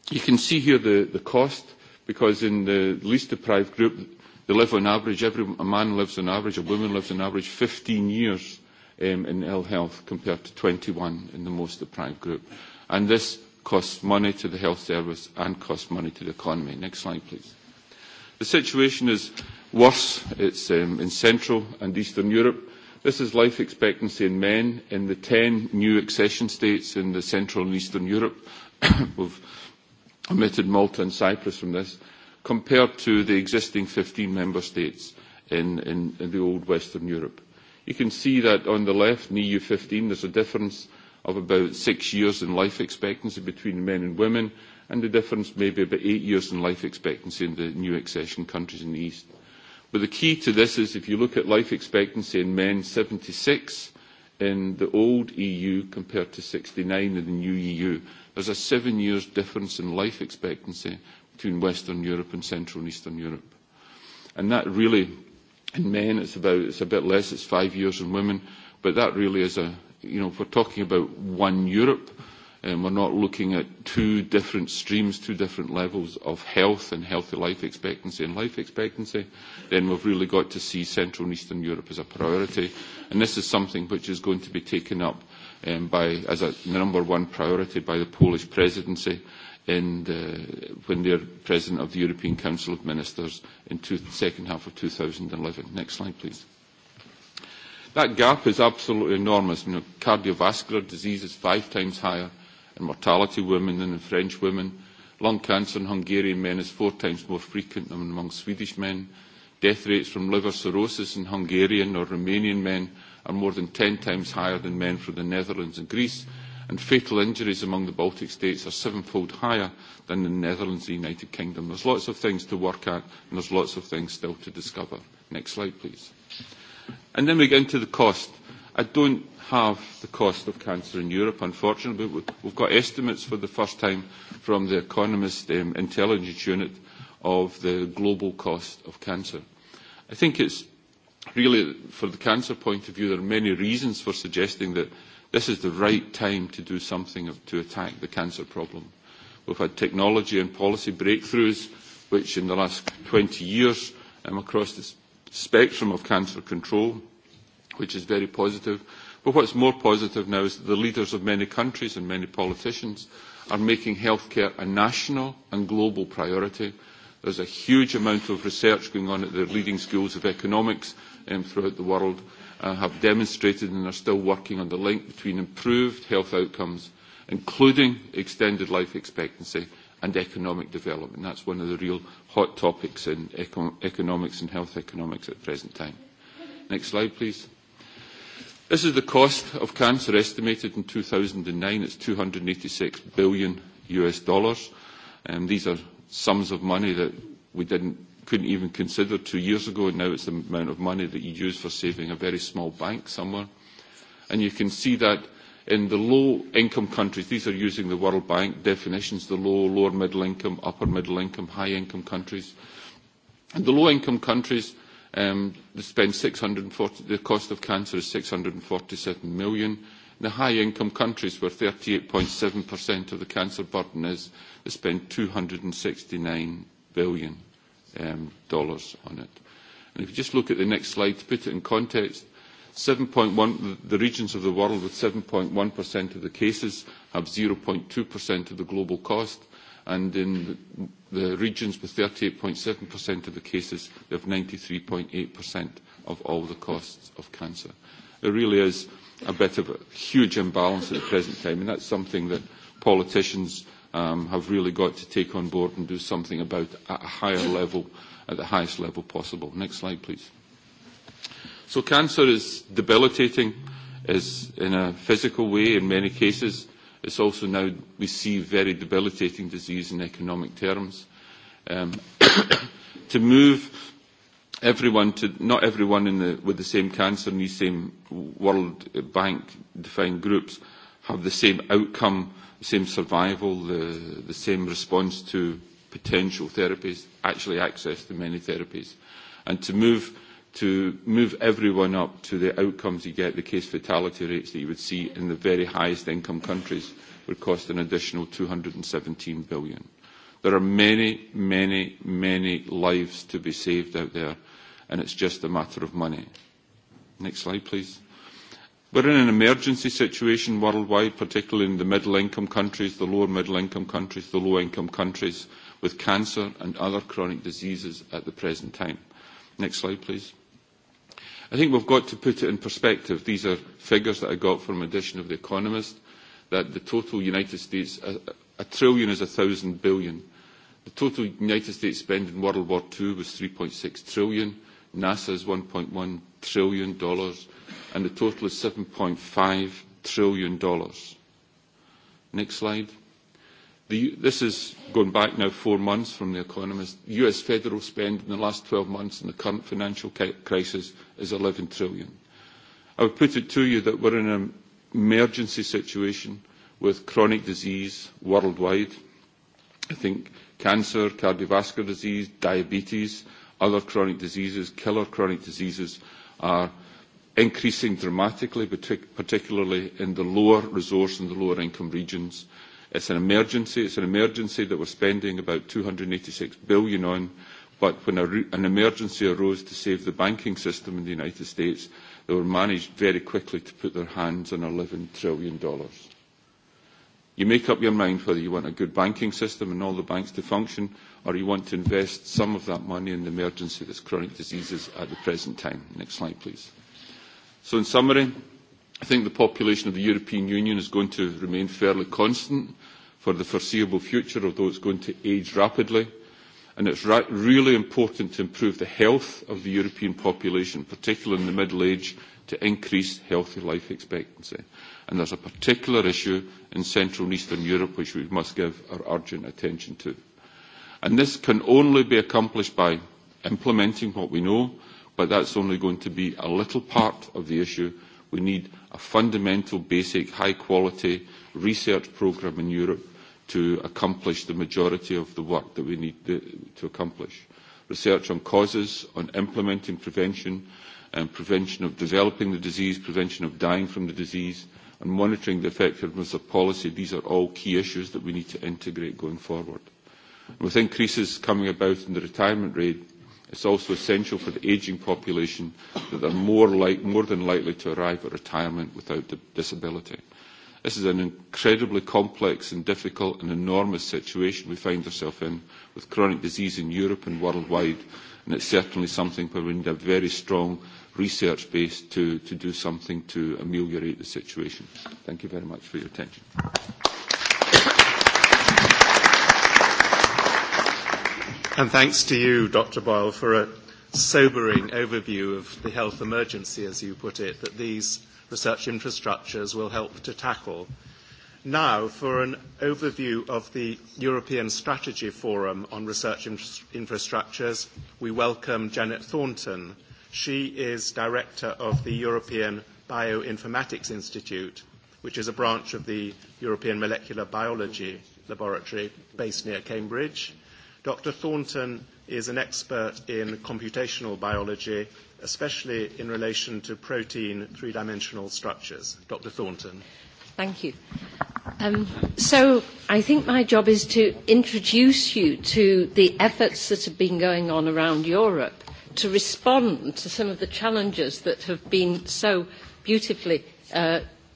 you can see here the cost, because in the least deprived group, They live on average, every man lives on average, a woman lives on average 15 years in ill health compared to 21 in the most deprived group. And this costs money to the health service and costs money to the economy. Next slide, please. The situation is worse. It's in Central and Eastern Europe. This is life expectancy in men in the 10 new accession states in the Central and Eastern Europe. We've omitted Malta and Cyprus from this compared to the existing 15 member states in the old Western Europe. You can see that on the left, in EU 15, there's a difference of about six years in life expectancy between men and women, and the difference maybe about eight years in life expectancy in the new accession countries in the East. But the key to this is if you look at life expectancy in men, 76 in the old EU compared to 69 in the new EU. There's a seven years difference in life expectancy, between Western Europe and Central and Eastern Europe. And that really, in men, it's about it's a bit less. It's five years in women, but that really is a you know if we're talking about one Europe, and we're not looking at two different streams, two different levels of health and healthy life expectancy and life expectancy, then we've really got to see Central and Eastern Europe as a priority. And this is something which is going to be taken up by as a number one priority by the Polish presidency when they are President of the European Council of Ministers in the second half of 2011. Next slide, please. That gap is absolutely enormous. Cardiovascular disease is five times higher in mortality women than in French women. Lung cancer in Hungarian men is four times more frequent than among Swedish men. Death rates from liver cirrhosis in Hungarian or Romanian men are more than 10 times higher than men from the Netherlands and Greece and fatal injuries among the Baltic states are sevenfold higher than in the Netherlands and the United Kingdom. There's lots of things to work at, and there's lots of things still to discover. Next slide, please. And then we get into the cost. I don't have the cost of cancer in Europe, unfortunately, but we've got estimates for the first time from the Economist Intelligence Unit of the global cost of cancer. I think it's really, for the cancer point of view, there are many reasons for suggesting that This is the right time to do something to attack the cancer problem. We've had technology and policy breakthroughs, which in the last 20 years across the spectrum of cancer control, which is very positive. But what's more positive now is that the leaders of many countries and many politicians are making healthcare a national and global priority. There's a huge amount of research going on at the leading schools of economics throughout the world have demonstrated and are still working on the link between improved health outcomes, including extended life expectancy and economic development. That's one of the real hot topics in economics and health economics at the present time. Next slide, please. This is the cost of cancer estimated in 2009. It's 286 billion US dollars. These are sums of money that we didn't couldn't even consider two years ago, and now it's the amount of money that you use for saving a very small bank somewhere. And you can see that in the low-income countries, these are using the World Bank definitions, the low, lower middle income, upper middle income, high-income countries. In the low-income countries, spend 640, the cost of cancer is 647 million. In the high-income countries, where 38.7% of the cancer burden is, they spend 269 billion dollars on it. And if you just look at the next slide to put it in context, 7.1, the regions of the world with 7.1% of the cases have 0.2% of the global cost, and in the regions with 38.7% of the cases, they have 93.8% of all the costs of cancer. There really is a bit of a huge imbalance at the present time, and that's something that politicians have really got to take on board and do something about at a higher level, at the highest level possible. Next slide, please. So cancer is debilitating, is in a physical way in many cases. It's also now, we see very debilitating disease in economic terms. To move everyone to, not everyone in the, with the same cancer in these same World Bank defined groups, have the same outcome, the same survival, the, the same response to potential therapies, actually access to many therapies, and to move to move everyone up to the outcomes you get, the case fatality rates that you would see in the very highest income countries would cost an additional 217 billion. There are many, many, many lives to be saved out there, and it's just a matter of money. Next slide, please. We're in an emergency situation worldwide, particularly in the middle-income countries, the lower-middle-income countries, the low-income countries, with cancer and other chronic diseases at the present time. Next slide, please. I think we've got to put it in perspective. These are figures that I got from an edition of The Economist, that the total United States, a trillion is a thousand billion. The total United States spend in World War II was 3.6 trillion. NASA is $1.1 trillion, and the total is $7.5 trillion. Next slide. This is going back now four months from The Economist. U.S. federal spend in the last 12 months in the current financial crisis is $11 trillion. I would put it to you that we're in an emergency situation with chronic disease worldwide. I think cancer, cardiovascular disease, diabetes other chronic diseases, killer chronic diseases, are increasing dramatically, particularly in the lower resource and the lower income regions. It's an emergency. It's an emergency that we're spending about 286 billion on. But when an emergency arose to save the banking system in the United States, they were managed very quickly to put their hands on $11 trillion. You make up your mind whether you want a good banking system and all the banks to function, or you want to invest some of that money in the emergency that's chronic diseases at the present time. Next slide, please. So in summary, I think the population of the European Union is going to remain fairly constant for the foreseeable future, although it's going to age rapidly. And it's really important to improve the health of the European population, particularly in the middle age, to increase healthy life expectancy. And there's a particular issue in Central and Eastern Europe which we must give our urgent attention to. And this can only be accomplished by implementing what we know, but that's only going to be a little part of the issue. We need a fundamental, basic, high-quality research programme in Europe to accomplish the majority of the work that we need to accomplish. Research on causes, on implementing prevention, and prevention of developing the disease, prevention of dying from the disease, and monitoring the effectiveness of policy. These are all key issues that we need to integrate going forward. With increases coming about in the retirement rate, it is also essential for the ageing population that they are more than likely to arrive at retirement without disability. This is an incredibly complex and difficult and enormous situation we find ourselves in with chronic disease in Europe and worldwide, and it is certainly something where we need a very strong research base to do something to ameliorate the situation. Thank you very much for your attention. And thanks to you, Dr. Boyle, for a sobering overview of the health emergency, as you put it, that these research infrastructures will help to tackle. Now, for an overview of the European Strategy Forum on Research Infrastructures, we welcome Janet Thornton. She is Director of the European Bioinformatics Institute, which is a branch of the European Molecular Biology Laboratory based near Cambridge. Dr. Thornton is an expert in computational biology, especially in relation to protein three-dimensional structures. Dr. Thornton. Thank you. So I think my job is to introduce you to the efforts that have been going on around Europe to respond to some of the challenges that have been so beautifully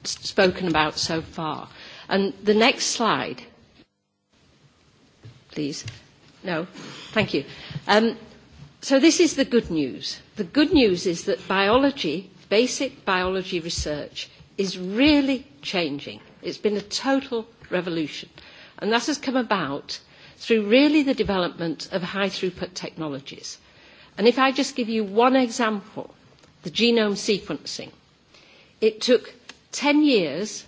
spoken about so far. And the next slide, please. No? Thank you. So this is the good news. The good news is that biology, basic biology research, is really changing. It's been a total revolution. And that has come about through really the development of high-throughput technologies. And if I just give you one example, the genome sequencing. It took 10 years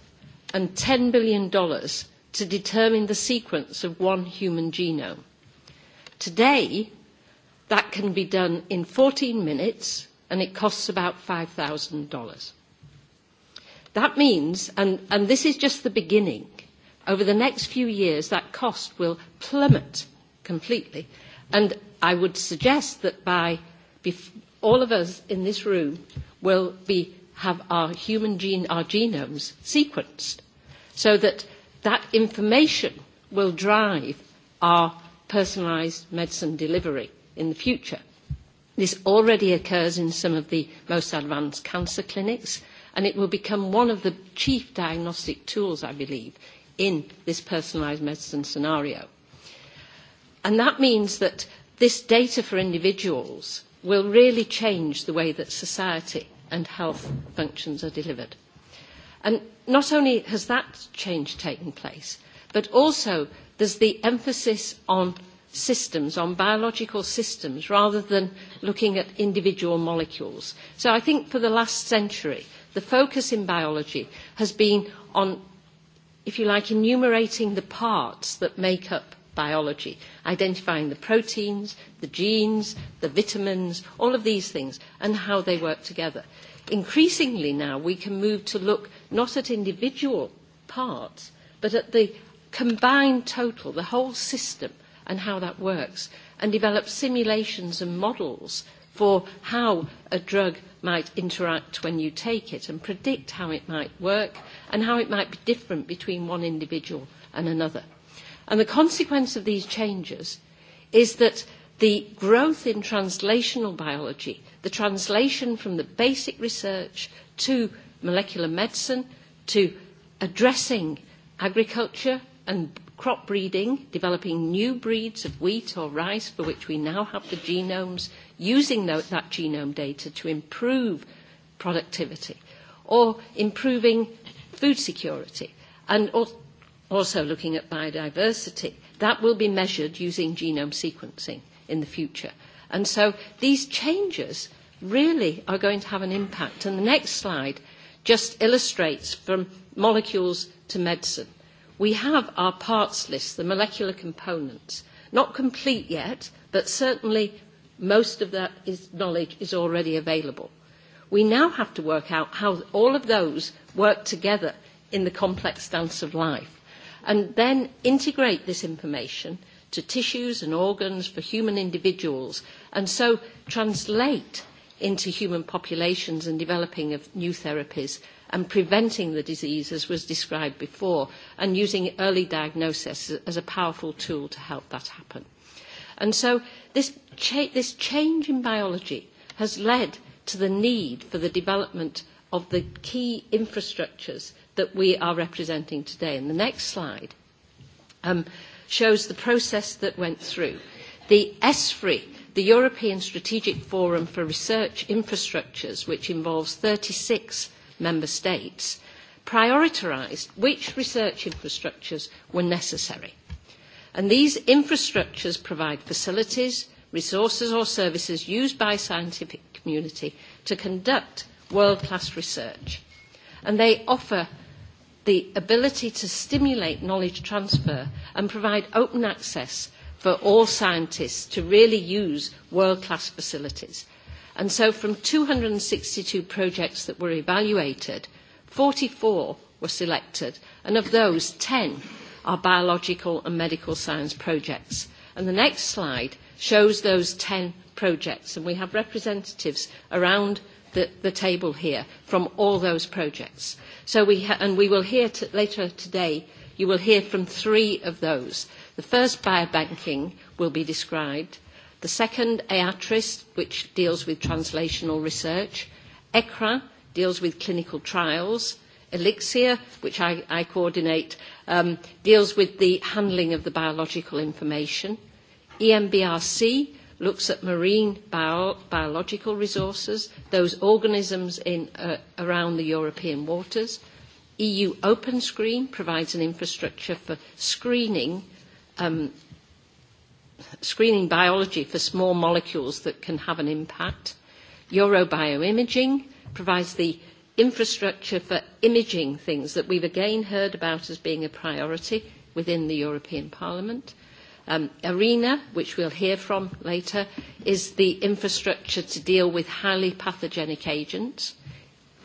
and $10 billion dollars to determine the sequence of one human genome. Today, that can be done in 14 minutes and it costs about $5,000. That means, and this is just the beginning, over the next few years that cost will plummet completely. And I would suggest that by all of us in this room will be have our human gene, our genomes sequenced, so that that information will drive our personalised medicine delivery in the future. This already occurs in some of the most advanced cancer clinics and it will become one of the chief diagnostic tools, I believe, in this personalised medicine scenario. And that means that this data for individuals will really change the way that society and health functions are delivered. And not only has that change taken place, but also there's the emphasis on systems, on biological systems, rather than looking at individual molecules. So I think for the last century, the focus in biology has been on, if you like, enumerating the parts that make up biology, identifying the proteins, the genes, the vitamins, all of these things, and how they work together. Increasingly now, we can move to look not at individual parts, but at the combined total, the whole system and how that works, and develop simulations and models for how a drug might interact when you take it and predict how it might work and how it might be different between one individual and another. And the consequence of these changes is that the growth in translational biology, the translation from the basic research to molecular medicine, to addressing agriculture, and crop breeding, developing new breeds of wheat or rice for which we now have the genomes, using that genome data to improve productivity or improving food security and also looking at biodiversity. That will be measured using genome sequencing in the future. And so these changes really are going to have an impact. And the next slide just illustrates from molecules to medicine we have our parts list, the molecular components. Not complete yet, but certainly most of that knowledge is already available. We now have to work out how all of those work together in the complex dance of life and then integrate this information to tissues and organs for human individuals and so translate into human populations and developing of new therapies and preventing the disease, as was described before, and using early diagnosis as a powerful tool to help that happen. And so this change in biology has led to the need for the development of the key infrastructures that we are representing today. And the next slide shows the process that went through. The ESFRI, the European Strategic Forum for Research Infrastructures, which involves 36 member states prioritised which research infrastructures were necessary. And these infrastructures provide facilities, resources or services used by scientific community to conduct world-class research. And they offer the ability to stimulate knowledge transfer and provide open access for all scientists to really use world-class facilities And so from 262 projects that were evaluated, 44 were selected, and of those, 10 are biological and medical science projects. And the next slide shows those 10 projects, and we have representatives around the table here from all those projects. and we will hear later today, you will hear from three of those. The first biobanking will be described The second, EATRIS, which deals with translational research. ECRA deals with clinical trials. Elixir, which I coordinate, deals with the handling of the biological information. EMBRC looks at marine biological resources, those organisms in around the European waters. EU Open Screen provides an infrastructure for screening screening biology for small molecules that can have an impact. Eurobioimaging provides the infrastructure for imaging things that we've again heard about as being a priority within the European Parliament. ARENA, which we'll hear from later, is the infrastructure to deal with highly pathogenic agents.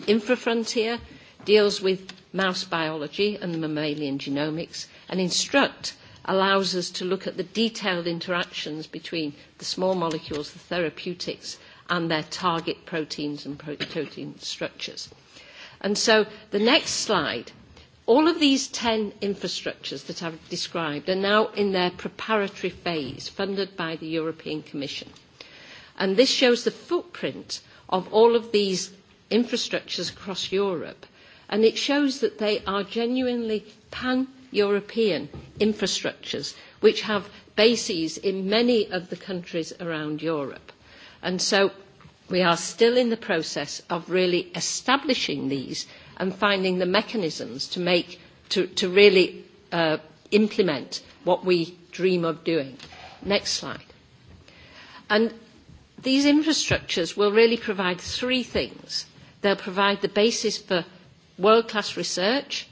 InfraFrontier deals with mouse biology and mammalian genomics, and Instruct allows us to look at the detailed interactions between the small molecules, the therapeutics, and their target proteins and protein structures. And so the next slide, all of these 10 infrastructures that I've described are now in their preparatory phase, funded by the European Commission. And this shows the footprint of all of these infrastructures across Europe. And it shows that they are genuinely pan European infrastructures, which have bases in many of the countries around Europe. And so we are still in the process of really establishing these and finding the mechanisms to make, to really implement what we dream of doing. Next slide. And these infrastructures will really provide three things. They'll provide the basis for world-class research,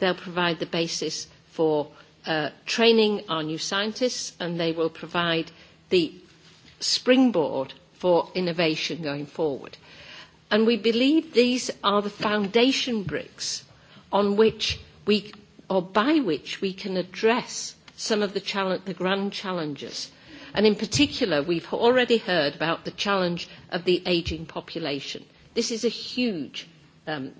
They'll provide the basis for training our new scientists and they will provide the springboard for innovation going forward. And we believe these are the foundation bricks on which we, or by which we can address some of the, the grand challenges. And in particular, we've already heard about the challenge of the ageing population. This is a huge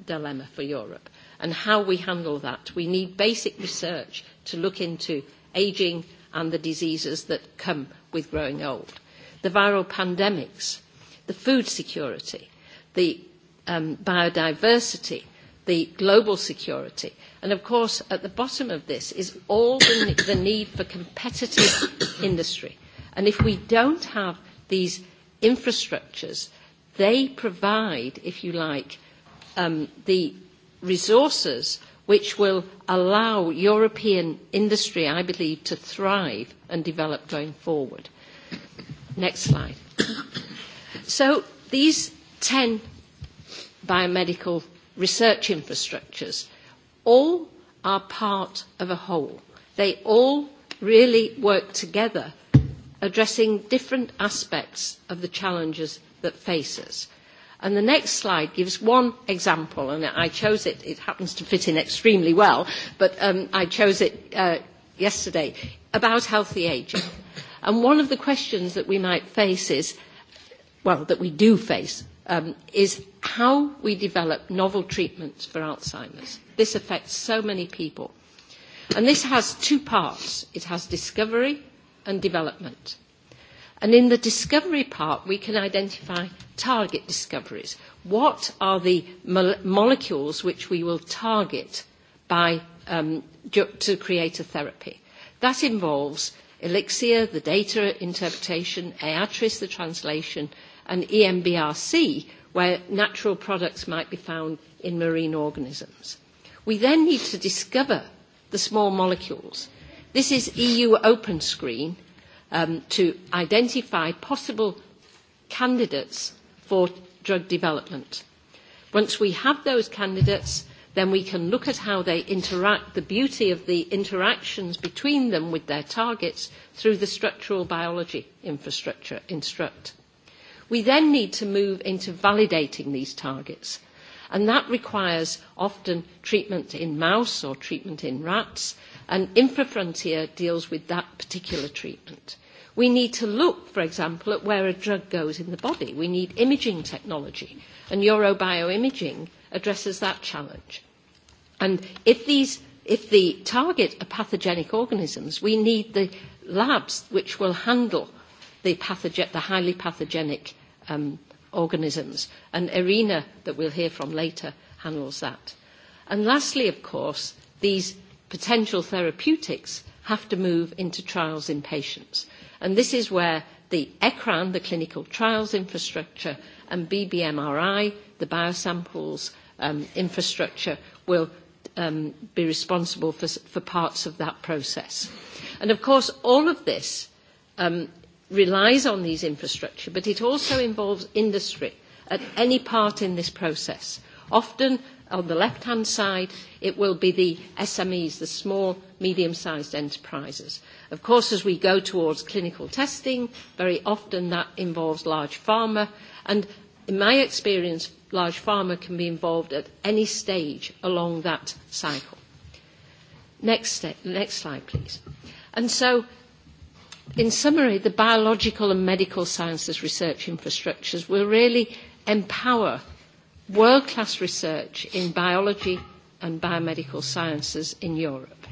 dilemma for Europe and how we handle that. We need basic research to look into aging and the diseases that come with growing old. The viral pandemics, the food security, the biodiversity, the global security. And of course, at the bottom of this is all the need for competitive industry. And if we don't have these infrastructures, they provide, if you like, the resources which will allow European industry, I believe, to thrive and develop going forward. Next slide. So these 10 biomedical research infrastructures all are part of a whole. They all really work together, addressing different aspects of the challenges that face us. And the next slide gives one example, and I chose it. It happens to fit in extremely well, but I chose it yesterday about healthy ageing. And one of the questions that we might face is, well, that we do face, is how we develop novel treatments for Alzheimer's. This affects so many people. And this has two parts. It has discovery and development. And in the discovery part, we can identify target discoveries. What are the molecules which we will target to create a therapy? That involves Elixir, the data interpretation, Aatris, the translation, and EMBRC, where natural products might be found in marine organisms. We then need to discover the small molecules. This is EU Open Screen to identify possible candidates for drug development. Once we have those candidates, then we can look at how they interact, the beauty of the interactions between them with their targets through the structural biology infrastructure, INSTRUCT. We then need to move into validating these targets, and that requires often treatment in mouse or treatment in rats and infrafrontier deals with that particular treatment. We need to look, for example, at where a drug goes in the body. We need imaging technology, and Eurobioimaging addresses that challenge. And if these if the target are pathogenic organisms, we need the labs which will handle the highly pathogenic organisms. And arena that we'll hear from later, handles that. And lastly, of course, these potential therapeutics have to move into trials in patients. And this is where the ECRAN, the clinical trials infrastructure, and BBMRI, the biosamples infrastructure, will be responsible for parts of that process. And of course, all of this relies on these infrastructure, but it also involves industry at any part in this process. Often on the left-hand side, it will be the SMEs, the small, medium-sized enterprises. Of course, as we go towards clinical testing, very often that involves large pharma. And in my experience, large pharma can be involved at any stage along that cycle. Next slide, please. And so, in summary, the biological and medical sciences research infrastructures will really empower world-class research in biology and biomedical sciences in Europe.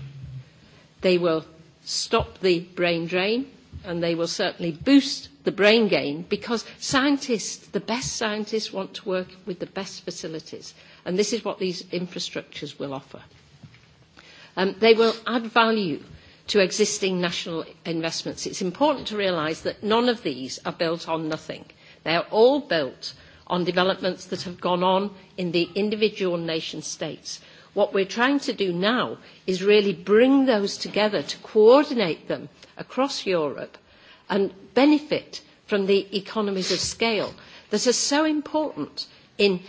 They will stop the brain drain and they will certainly boost the brain gain because scientists, the best scientists want to work with the best facilities and this is what these infrastructures will offer. They will add value to existing national investments. It's important to realise that none of these are built on nothing. They are all built on developments that have gone on in the individual nation states. What we are trying to do now is really bring those together to coordinate them across Europe and benefit from the economies of scale that are so important in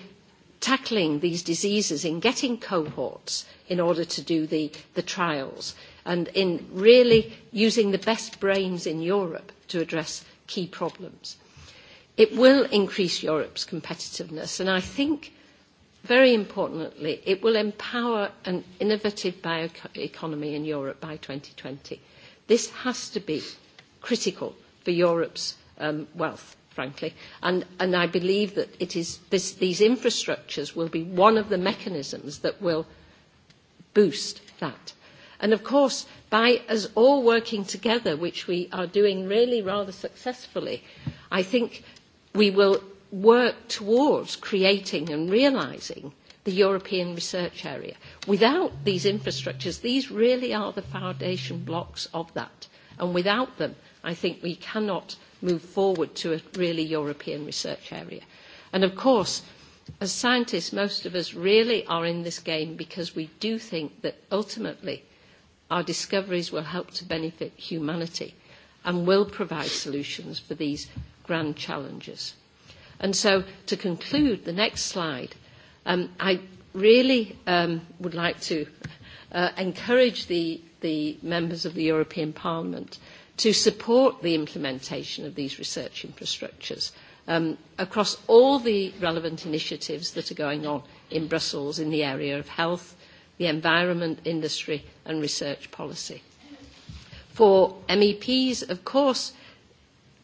tackling these diseases, in getting cohorts in order to do the trials, and in really using the best brains in Europe to address key problems. It will increase Europe's competitiveness, and I think, very importantly, it will empower an innovative bioeconomy in Europe by 2020. This has to be critical for Europe's wealth, frankly, and I believe that these infrastructures will be one of the mechanisms that will boost that. And of course, by us all working together, which we are doing really rather successfully, I think we will work towards creating and realising the European research area. Without these infrastructures, these really are the foundation blocks of that. And without them, I think we cannot move forward to a really European research area. And of course, as scientists, most of us really are in this game because we do think that ultimately our discoveries will help to benefit humanity and will provide solutions for these grand challenges. And so to conclude the next slide, I really would like to encourage the members of the European Parliament to support the implementation of these research infrastructures across all the relevant initiatives that are going on in Brussels in the area of health, the environment, industry and research policy. For MEPs, of course,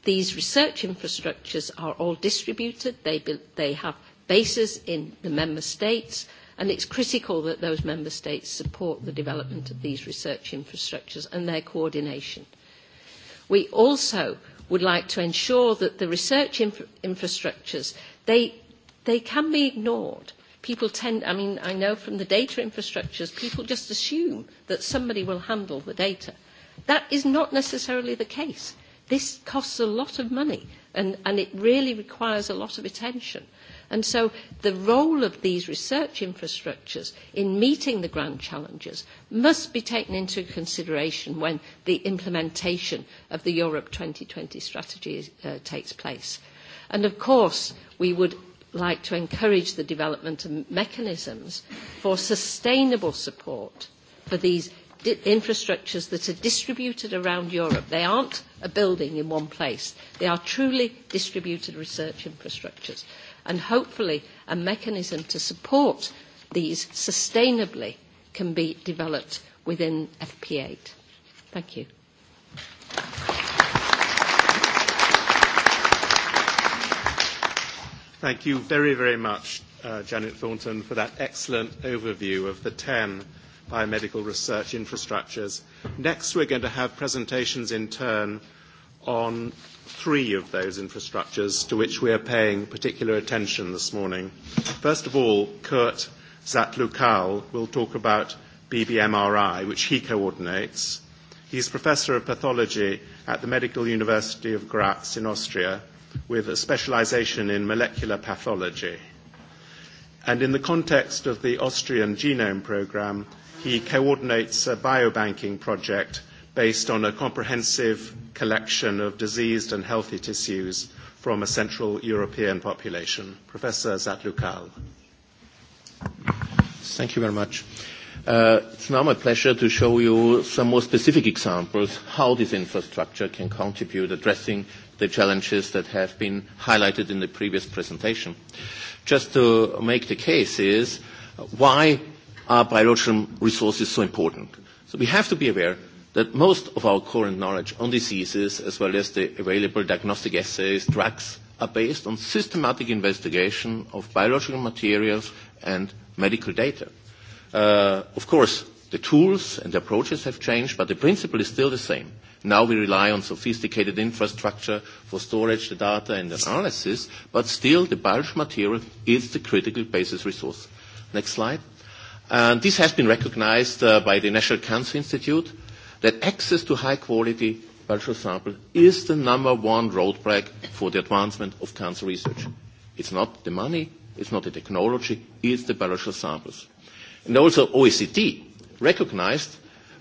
These research infrastructures are all distributed. They have bases in the member states, and it's critical that those member states support the development of these research infrastructures and their coordination. We also would like to ensure that the research infrastructures, they can be ignored. People tend, I mean, I know from the data infrastructures, people just assume that somebody will handle the data. That is not necessarily the case. This costs a lot of money and it really requires a lot of attention. And so the role of these research infrastructures in meeting the grand challenges must be taken into consideration when the implementation of the Europe 2020 strategy takes place. And of course, we would like to encourage the development of mechanisms for sustainable support for these infrastructures that are distributed around Europe. They aren't a building in one place. They are truly distributed research infrastructures. And hopefully a mechanism to support these sustainably can be developed within FP8. Thank you. Thank you very, very much, Janet Thornton, for that excellent overview of the 10 biomedical research infrastructures. Next, we're going to have presentations in turn on three of those infrastructures to which we are paying particular attention this morning. First of all, Kurt Zatlukal will talk about BBMRI, which he coordinates. He's Professor of Pathology at the Medical University of Graz in Austria with a specialization in molecular pathology. And in the context of the Austrian Genome Programme, he coordinates a biobanking project based on a comprehensive collection of diseased and healthy tissues from a central European population. Professor Zatlukal. Thank you very much. It's now my pleasure to show you some more specific examples how this infrastructure can contribute addressing the challenges that have been highlighted in the previous presentation just to make the case is why are biological resources so important? So we have to be aware that most of our current knowledge on diseases, as well as the available diagnostic assays, drugs, are based on systematic investigation of biological materials and medical data. Of course, the tools and the approaches have changed, but the principle is still the same. Now we rely on sophisticated infrastructure for storage, the data and analysis, but still the bulk material is the critical basis resource. Next slide. this has been recognized by the National Cancer Institute that access to high quality biological sample is the number one roadblock for the advancement of cancer research. It's not the money, it's not the technology, it's the biological samples. And also OECD recognized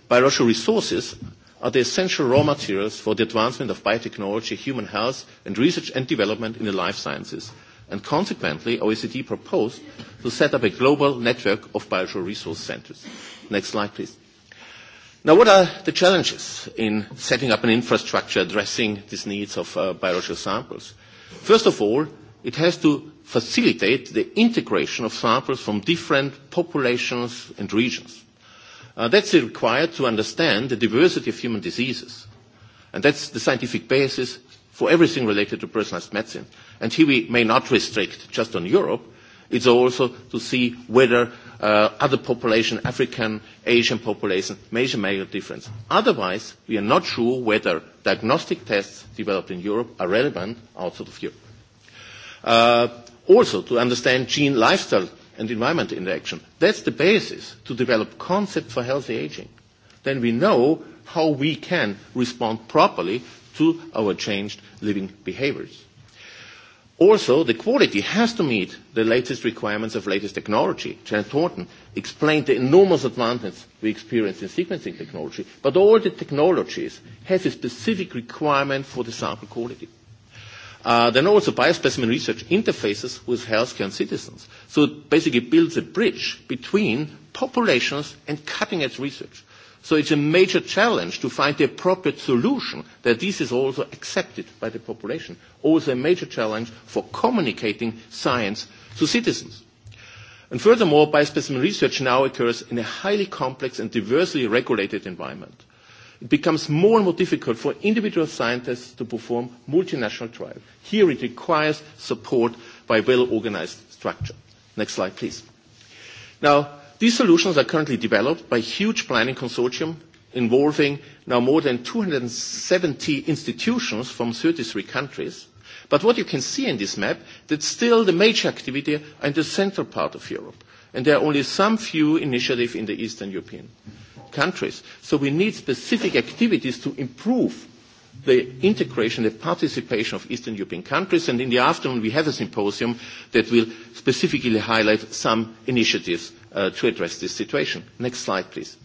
biological resources are the essential raw materials for the advancement of biotechnology, human health, and research and development in the life sciences. And consequently, OECD proposed to set up a global network of biological resource centers. Next slide, please. Now, what are the challenges in setting up an infrastructure addressing these needs of biological samples? First of all, it has to facilitate the integration of samples from different populations and regions. That's required to understand the diversity of human diseases. And that's the scientific basis for everything related to personalized medicine. And here we may not restrict just on Europe. It's also to see whether other population, African, Asian population, major, major difference. Otherwise, we are not sure whether diagnostic tests developed in Europe are relevant outside of Europe. Also, to understand gene lifestyle and environment interaction. That's the basis to develop concepts for healthy aging. Then we know how we can respond properly to our changed living behaviors. Also, the quality has to meet the latest requirements of latest technology. Janet Thornton explained the enormous advantages we experience in sequencing technology, but all the technologies have a specific requirement for the sample quality. Then also biospecimen research interfaces with healthcare and citizens. So it basically builds a bridge between populations and cutting-edge research. So it's a major challenge to find the appropriate solution that this is also accepted by the population. Also a major challenge for communicating science to citizens. And furthermore, biospecimen research now occurs in a highly complex and diversely regulated environment it becomes more and more difficult for individual scientists to perform multinational trials. Here it requires support by a well-organized structure. Next slide, please. Now, these solutions are currently developed by a huge planning consortium involving now more than 270 institutions from 33 countries. But what you can see in this map, that still the major activity are in the central part of Europe, and there are only some few initiatives in the Eastern European countries. So we need specific activities to improve the integration, the participation of Eastern European countries. And in the afternoon, we have a symposium that will specifically highlight some initiatives to address this situation. Next slide, please.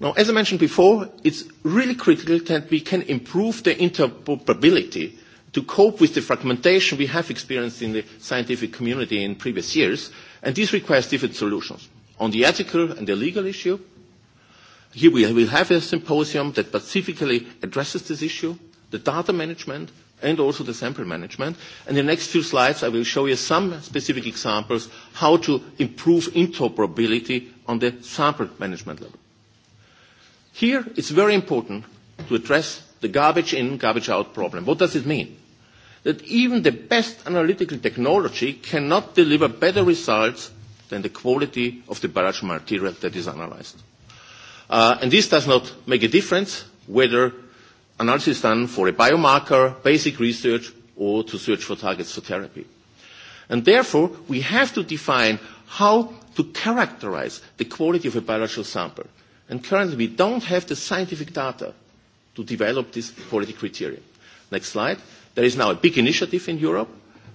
Now, as I mentioned before, it's really critical that we can improve the interoperability to cope with the fragmentation we have experienced in the scientific community in previous years, and this requires different solutions. On the ethical and the legal issue, here we will have a symposium that specifically addresses this issue, the data management and also the sample management. In the next few slides, I will show you some specific examples how to improve interoperability on the sample management level. Here, it's very important to address the garbage in, garbage out problem. What does it mean? That even the best analytical technology cannot deliver better results than the quality of the barrage material that is analyzed. And this does not make a difference whether analysis is done for a biomarker, basic research, or to search for targets for therapy. And therefore, we have to define how to characterize the quality of a biological sample. And currently, we don't have the scientific data to develop this quality criteria. Next slide. There is now a big initiative in Europe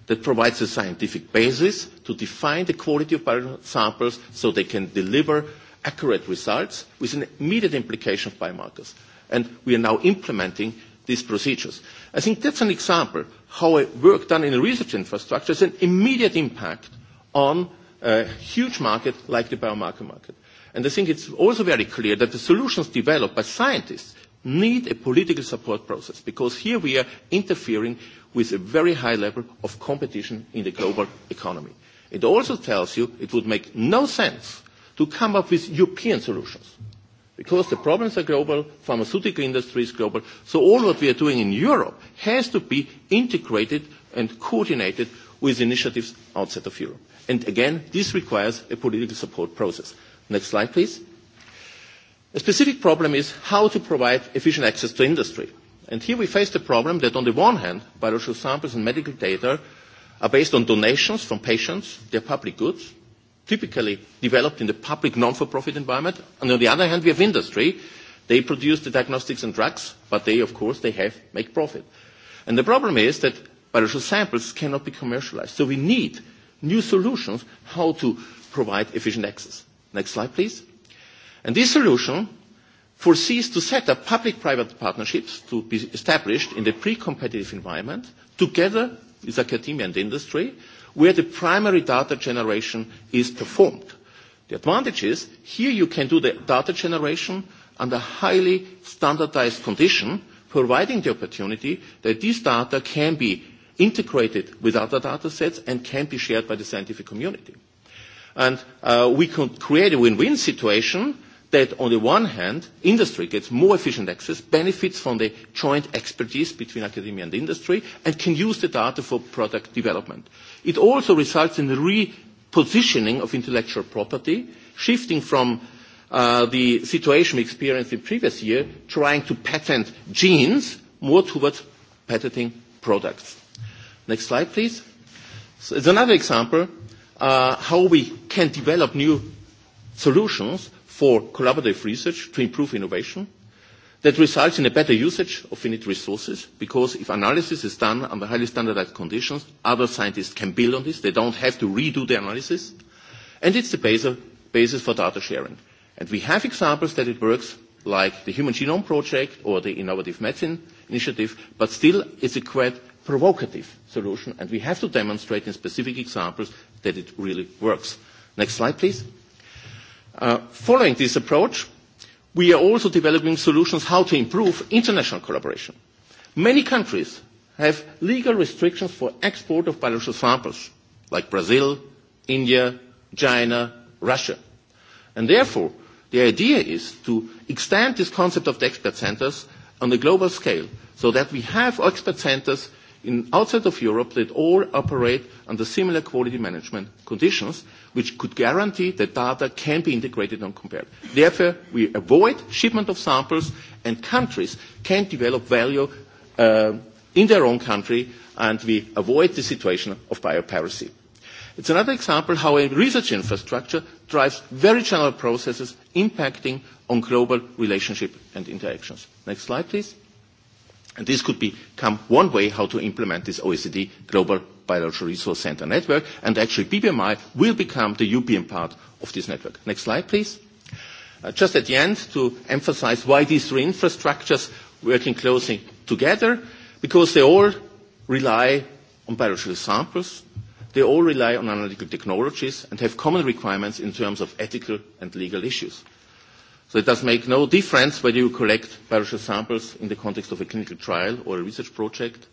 that provides a scientific basis to define the quality of bio samples so they can deliver accurate results with an immediate implication of biomarkers. And we are now implementing these procedures. I think that's an example how work done in a research infrastructure has an immediate impact on a huge market like the biomarker market. And I think it's also very clear that the solutions developed by scientists need a political support process because here we are interfering with a very high level of competition in the global economy. It also tells you it would make no sense to come up with European solutions because the problems are global, pharmaceutical industry is global, so all what we are doing in Europe has to be integrated and coordinated with initiatives outside of Europe. And again, this requires a political support process. Next slide, please. A specific problem is how to provide efficient access to industry. And here we face the problem that on the one hand, biological samples and medical data are based on donations from patients, their public goods, typically developed in the public non-for-profit environment. And on the other hand, we have industry. They produce the diagnostics and drugs, but they, of course, they have make profit. And the problem is that biological samples cannot be commercialized. So we need new solutions how to provide efficient access. Next slide, please. And this solution foresees to set up public-private partnerships to be established in the pre-competitive environment together with academia and industry where the primary data generation is performed. The advantage is here you can do the data generation under highly standardized condition, providing the opportunity that this data can be integrated with other data sets and can be shared by the scientific community. And we could create a win-win situation that on the one hand, industry gets more efficient access, benefits from the joint expertise between academia and industry, and can use the data for product development. It also results in the repositioning of intellectual property, shifting from the situation we experienced in previous year, trying to patent genes, more towards patenting products. Next slide, please. It's another example how we can develop new solutions for collaborative research to improve innovation that results in a better usage of finite resources because if analysis is done under highly standardized conditions, other scientists can build on this. They don't have to redo the analysis. And it's the basis for data sharing. And we have examples that it works, like the Human Genome Project or the Innovative Medicine Initiative, but still it's a quite provocative solution, and we have to demonstrate in specific examples that it really works. Next slide, please. Following this approach, we are also developing solutions how to improve international collaboration. Many countries have legal restrictions for export of biological samples, like Brazil, India, China, Russia. And therefore, the idea is to extend this concept of the expert centres on a global scale so that we have expert centres outside of Europe that all operate under similar quality management conditions, which could guarantee that data can be integrated and compared. Therefore, we avoid shipment of samples, and countries can develop value in their own country, and we avoid the situation of biopiracy. It's another example how a research infrastructure drives very general processes impacting on global relationship and interactions. Next slide, please. And this could become one way how to implement this OECD Global Biological Resource Center network. And actually, BBMI will become the European part of this network. Next slide, please. Just at the end, to emphasize why these three infrastructures working closely together, because they all rely on biological samples, they all rely on analytical technologies, and have common requirements in terms of ethical and legal issues. So it does make no difference whether you collect virus samples in the context of a clinical trial or a research project.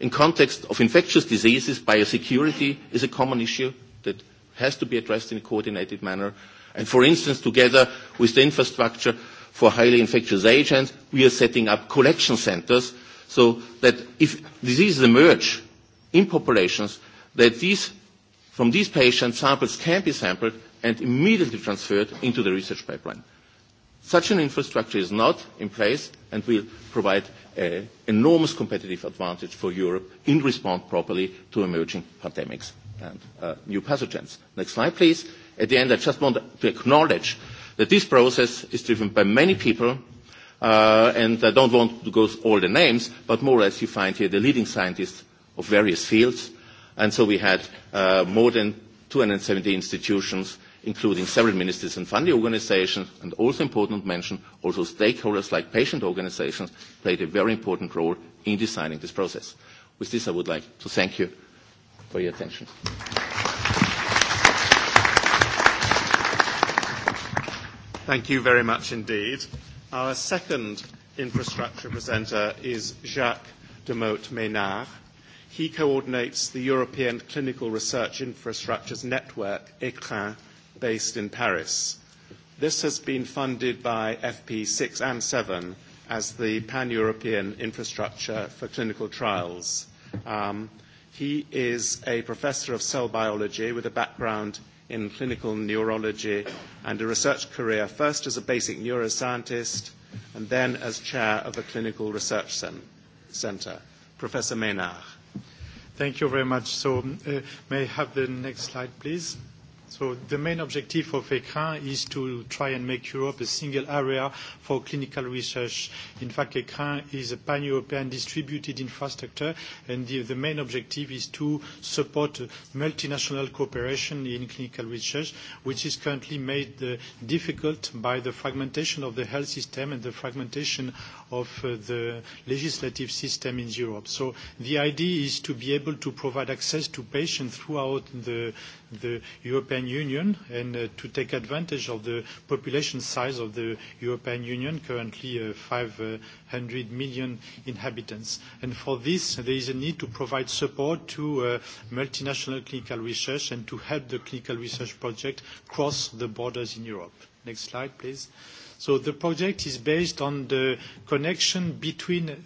In context of infectious diseases, biosecurity is a common issue that has to be addressed in a coordinated manner. And for instance, together with the infrastructure for highly infectious agents, we are setting up collection centers so that if diseases emerge in populations, that these, from these patients, samples can be sampled and immediately transferred into the research pipeline. Such an infrastructure is not in place and will provide an enormous competitive advantage for Europe in response properly to emerging pandemics and new pathogens. Next slide, please. At the end, I just want to acknowledge that this process is driven by many people, and I don't want to go through all the names, but more or less you find here the leading scientists of various fields. And so we had more than 270 institutions including several ministers and funding organisations, and also important to mention, also stakeholders like patient organisations played a very important role in designing this process. With this, I would like to thank you for your attention. Thank you very much indeed. Our second infrastructure presenter is Jacques Demote Ménard. He coordinates the European Clinical Research Infrastructures Network, ECRIN, based in Paris. This has been funded by FP6 and 7 as the Pan-European Infrastructure for Clinical Trials. He is a professor of cell biology with a background in clinical neurology and a research career first as a basic neuroscientist and then as chair of a Clinical Research center. Professor Maynard. Thank you very much. So may I have the next slide, please? So the main objective of ECRIN is to try and make Europe a single area for clinical research. In fact, ECRIN is a pan-European distributed infrastructure, and the main objective is to support multinational cooperation in clinical research, which is currently made difficult by the fragmentation of the health system and the fragmentation of the legislative system in Europe. So the idea is to be able to provide access to patients throughout the the European Union and to take advantage of the population size of the European Union, currently 500 million inhabitants. And for this, there is a need to provide support to multinational clinical research and to help the clinical research project cross the borders in Europe. Next slide, please. So the project is based on the connection between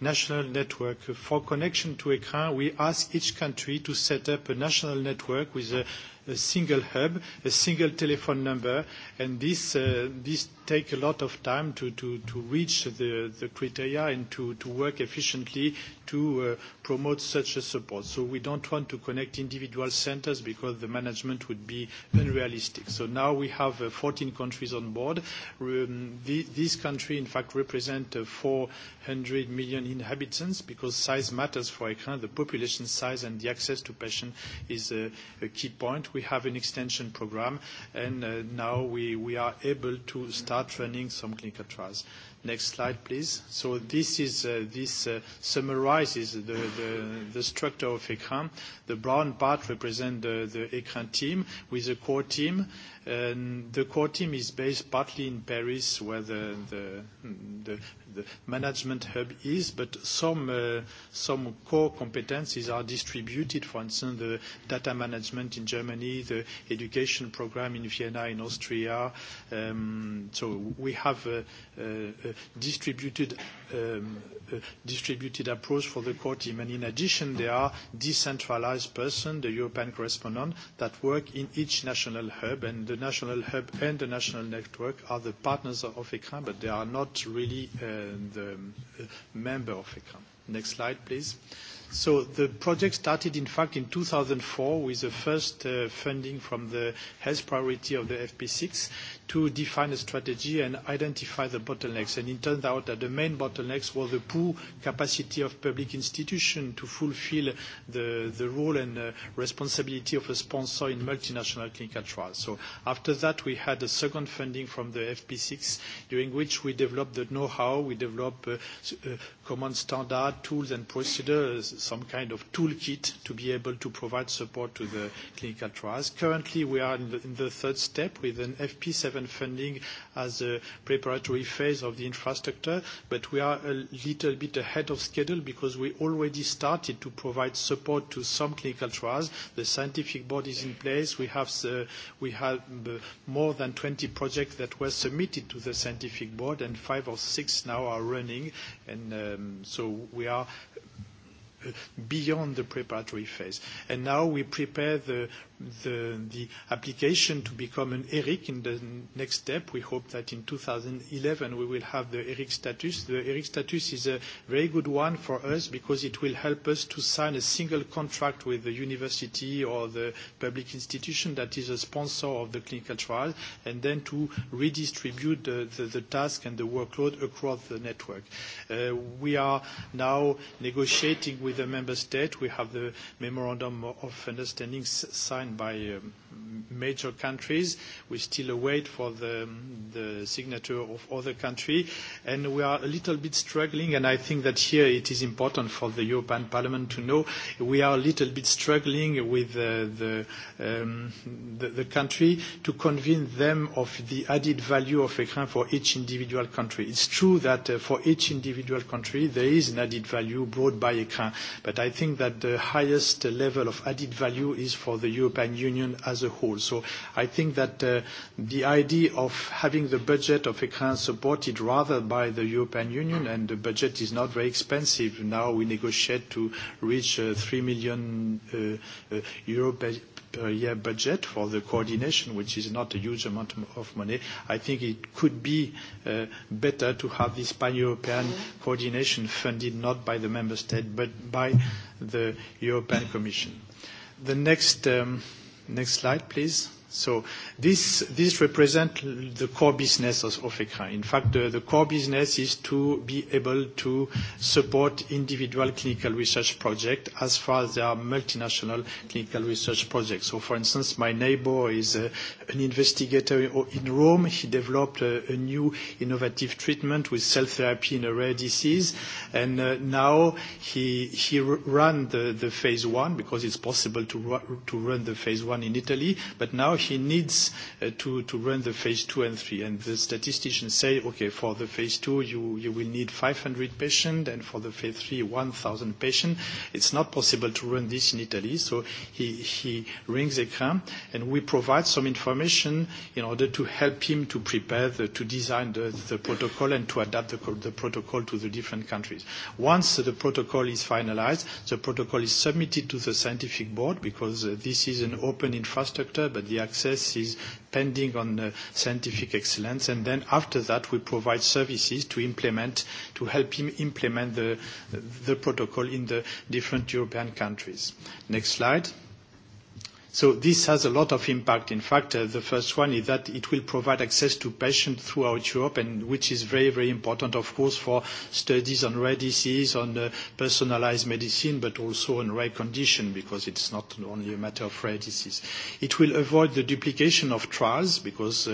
national network. For connection to ECRIN, we ask each country to set up a national network with a a single hub, a single telephone number, and this this takes a lot of time to to to reach the the criteria and to to work efficiently to promote such a support. So we don't want to connect individual centers because the management would be unrealistic. So now we have 14 countries on board. This country, in fact, represent 400 million inhabitants because size matters for ECRIN. The population size and the access to patients is a key point we have an extension program, and now we are able to start running some clinical trials. Next slide, please. So this is this summarizes the structure of ECRAN. The brown part represents the ECRAN team with a core team The core team is based partly in Paris, where the management hub is, but some core competencies are distributed. For instance, the data management in Germany, the education program in Vienna, in Austria. So we have a distributed approach for the core team. And in addition, there are decentralized persons, the European correspondents that work in each national hub and the national hub and the national network are the partners of ECRAN, but they are not really the member of ECRAN. Next slide, please. So the project started, in fact, in 2004 with the first funding from the health priority of the FP6 to define a strategy and identify the bottlenecks. And it turned out that the main bottlenecks were the poor capacity of public institutions to fulfill the role and responsibility of a sponsor in multinational clinical trials. So after that, we had a second funding from the FP6, during which we developed the know-how, we developed common standard tools and procedures, some kind of toolkit to be able to provide support to the clinical trials. Currently, we are in the third step with an FP7 and funding as a preparatory phase of the infrastructure, but we are a little bit ahead of schedule because we already started to provide support to some clinical trials. The scientific board is in place. We have more than 20 projects that were submitted to the scientific board, and five or six now are running. so we are beyond the preparatory phase. And now we prepare the the application to become an ERIC in the next step. We hope that in 2011 we will have the ERIC status. The ERIC status is a very good one for us because it will help us to sign a single contract with the university or the public institution that is a sponsor of the clinical trial and then to redistribute the task and the workload across the network. We are now negotiating with the member state. We have the memorandum of understanding signed By by major countries. We still await for the signature of other countries. And we are a little bit struggling, and I think that here it is important for the European Parliament to know, we are a little bit struggling with the country to convince them of the added value of ECRIN for each individual country. It's true that for each individual country there is an added value brought by ECRIN, but I think that the highest level of added value is for the European Union as whole. So I think that the idea of having the budget of ECRAN supported rather by the European Union, and the budget is not very expensive. Now we negotiate to reach 3 million euro per year budget for the coordination, which is not a huge amount of money. I think it could be better to have this pan-European coordination funded not by the member state, but by the European Commission. The next Next slide, please. So this represents the core business of ECRA. In fact, the core business is to be able to support individual clinical research projects as far as there are multinational clinical research projects. So, for instance, my neighbor is an investigator in Rome. He developed a new innovative treatment with cell therapy in a rare disease, and now he ran the phase one because it's possible to run the phase one in Italy, but now He needs to run the phase two and three. And the statisticians say, okay, for the phase two, you will need 500 patients, and for the phase three, 1,000 patients. It's not possible to run this in Italy, so he rings ECRIN, and we provide some information in order to help him to prepare, to design the protocol and to adapt the protocol to the different countries. Once the protocol is finalized, the protocol is submitted to the scientific board because this is an open infrastructure, but the access is pending on scientific excellence. And then after that, we provide services to implement, to help him implement the protocol in the different European countries. Next slide. So this has a lot of impact. In fact, the first one is that it will provide access to patients throughout Europe, and which is very, very important, of course, for studies on rare disease, on personalized medicine, but also on rare condition, because it's not only a matter of rare disease. It will avoid the duplication of trials, because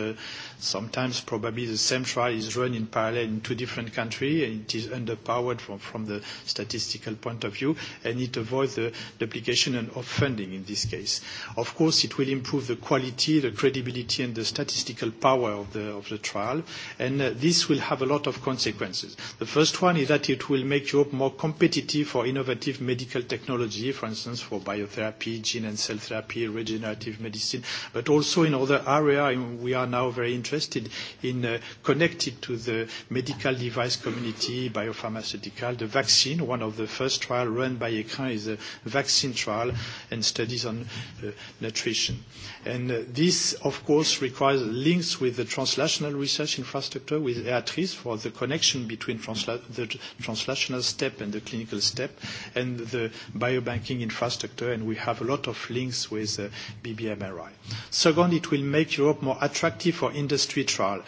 Sometimes probably the same trial is run in parallel in two different countries and it is underpowered from the statistical point of view and it avoids the duplication of funding in this case. Of course it will improve the quality, the credibility and the statistical power of the trial and this will have a lot of consequences. The first one is that it will make Europe more competitive for innovative medical technology, for instance for biotherapy, gene and cell therapy, regenerative medicine, but also in other areas we are now very interested interested in connected to the medical device community, biopharmaceutical, the vaccine. One of the first trials run by Ecran is a vaccine trial and studies on nutrition. And this, of course, requires links with the translational research infrastructure, with EATRIS, for the connection between the translational step and the clinical step, and the biobanking infrastructure, and we have a lot of links with BBMRI. Second, it will make Europe more attractive for industry trial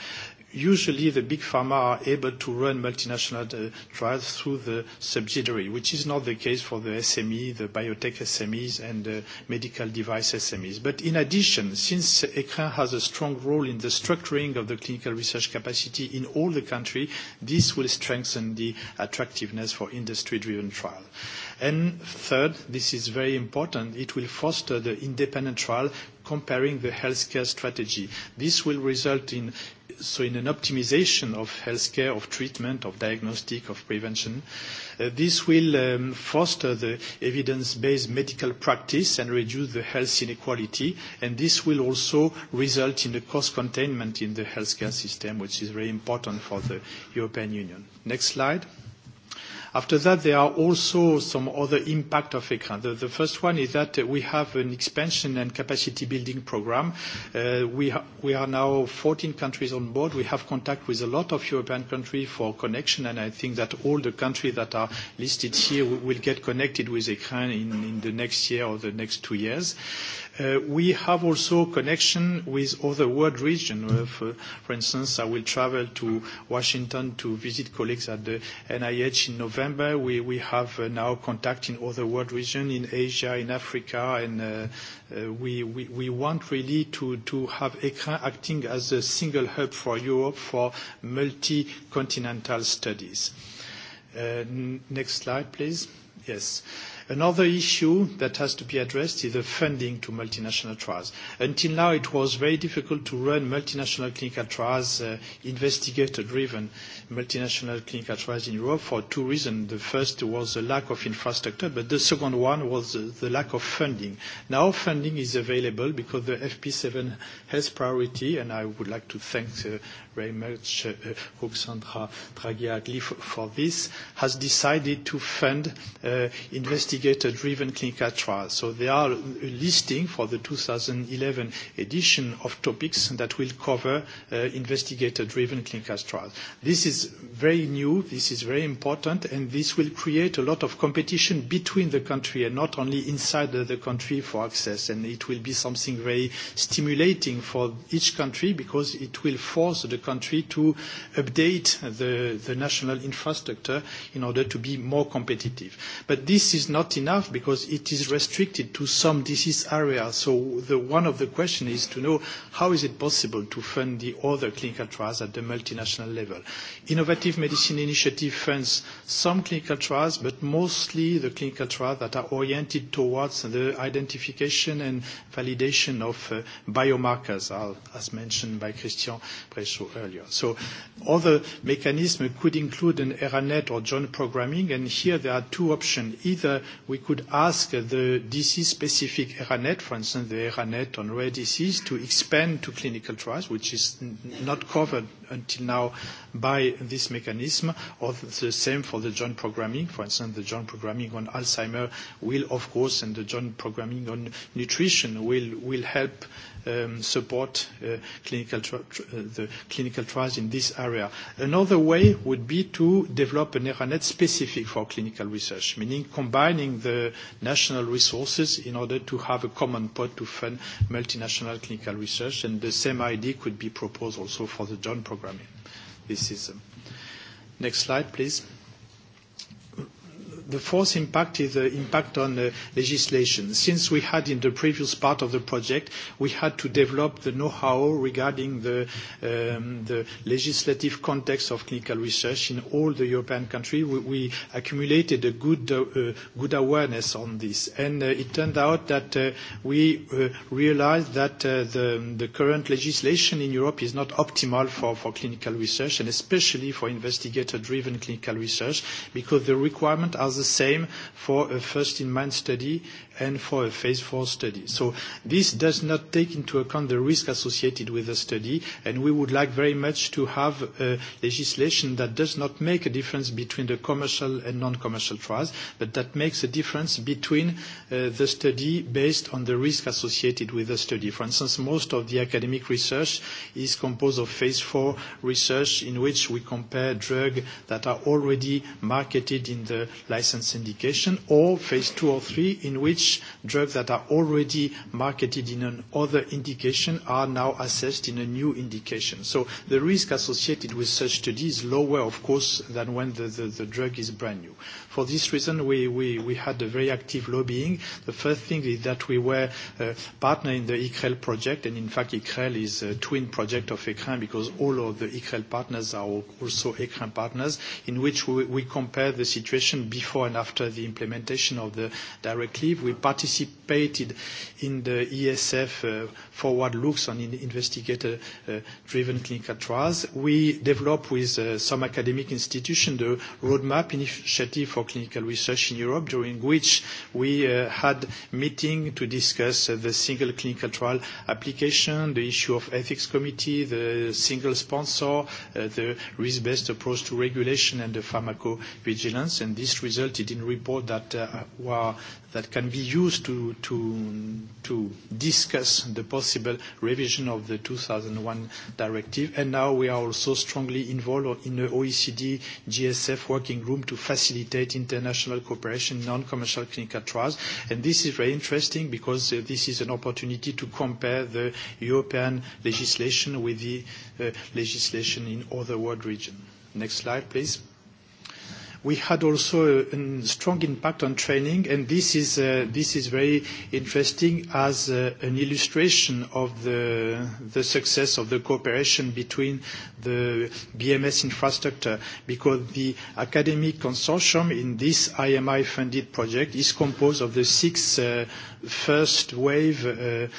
usually the big pharma are able to run multinational trials through the subsidiary, which is not the case for the SME, the biotech SMEs and the medical device SMEs. But in addition, since ECRIN has a strong role in the structuring of the clinical research capacity in all the country, this will strengthen the attractiveness for industry-driven trials. And third, this is very important, it will foster the independent trial comparing the healthcare strategy. This will result in so in an optimization of healthcare, of treatment, of diagnostic, of prevention. This will foster the evidence-based medical practice and reduce the health inequality, and this will also result in the cost containment in the healthcare system, which is very important for the European Union. Next slide. After that, there are also some other impact of ECRAN. The first one is that we have an expansion and capacity building program. We are now 14 countries on board. We have contact with a lot of European countries for connection, and I think that all the countries that are listed here will get connected with ECRAN in the next year or the next two years. We have also connection with other world regions. For instance, I will travel to Washington to visit colleagues at the NIH in November. We have now contact in other world regions, in Asia, in Africa, and we want really to have ECRIN acting as a single hub for Europe for multi-continental studies. Next slide, please. Yes. Another issue that has to be addressed is the funding to multinational trials. Until now, it was very difficult to run multinational clinical trials, investigator-driven multinational clinical trials in Europe for two reasons. The first was the lack of infrastructure, but the second one was the lack of funding. Now funding is available because the FP7 has priority, and I would like to thank very much Ruxandra Draghiagli for this, has decided to fund investigator-driven clinical trials. So they are a listing for the 2011 edition of topics that will cover investigator-driven clinical trials. This is very new, this is very important, and this will create a lot of competition between the country and not only inside the country for access. And it will be something very stimulating for each country because it will force the country to update the national infrastructure in order to be more competitive. But this is not enough because it is restricted to some disease areas. So one of the questions is to know how is it possible to fund the other clinical trials at the multinational level. Innovative Medicine Initiative funds some clinical trials, but mostly the clinical trials that are oriented towards the identification and validation of biomarkers, as mentioned by Christian Prechaud earlier. So other mechanisms could include an ERANET or joint programming, and here there are two options. Either we could ask the disease-specific ERANET, for instance, the ERANET on rare disease, to expand to clinical trials, which is not covered until now by this mechanism, or the same for the joint programming. For instance, the joint programming on Alzheimer will, of course, and the joint programming on nutrition will help support the clinical trials in this area. Another way would be to develop an ERANET specific for clinical research, meaning combining the national resources in order to have a common pot to fund multinational clinical research, and the same idea could be proposed also for the joint programming. This is. Next slide, please. The fourth impact is the impact on legislation. Since we had in the previous part of the project, we had to develop the know-how regarding the legislative context of clinical research in all the European countries. We accumulated a good good awareness on this. And it turned out that we realized that the current legislation in Europe is not optimal for clinical research, and especially for investigator-driven clinical research, because the requirement are the same for a first-in-man study and for a phase four study. So this does not take into account the risk associated with the study, and we would like very much to have legislation that does not make a difference between the commercial and non-commercial trials, but that makes a difference between the study based on the risk associated with the study. For instance, most of the academic research is composed of phase four research in which we compare drugs that are already marketed in the license indication or phase two or three, in which which drugs that are already marketed in another indication are now assessed in a new indication. So the risk associated with such studies is lower, of course, than when the drug is brand new. For this reason, we we had a very active lobbying. The first thing is that we were a partner in the ICREL project, and in fact, ICREL is a twin project of ECRIN because all of the ICREL partners are also ECRIN partners, in which we compare the situation before and after the implementation of the directive. We participated in the ESF forward looks on investigator-driven clinical trials. We developed with some academic institutions the roadmap initiative for clinical research in Europe, during which we had meeting to discuss the single clinical trial application, the issue of ethics committee, the single sponsor, the risk-based approach to regulation and the pharmacovigilance. And this resulted in report that were that can be used to to to discuss the possible revision of the 2001 directive and now we are also strongly involved in the OECD GSF working group to facilitate international cooperation in non commercial clinical trials and this is very interesting because this is an opportunity to compare the European legislation with the legislation in other world regions next slide please We had also a strong impact on training, and this is very interesting as an illustration of the the success of the cooperation between the BMS infrastructure, because the academic consortium in this IMI-funded project is composed of the six first wave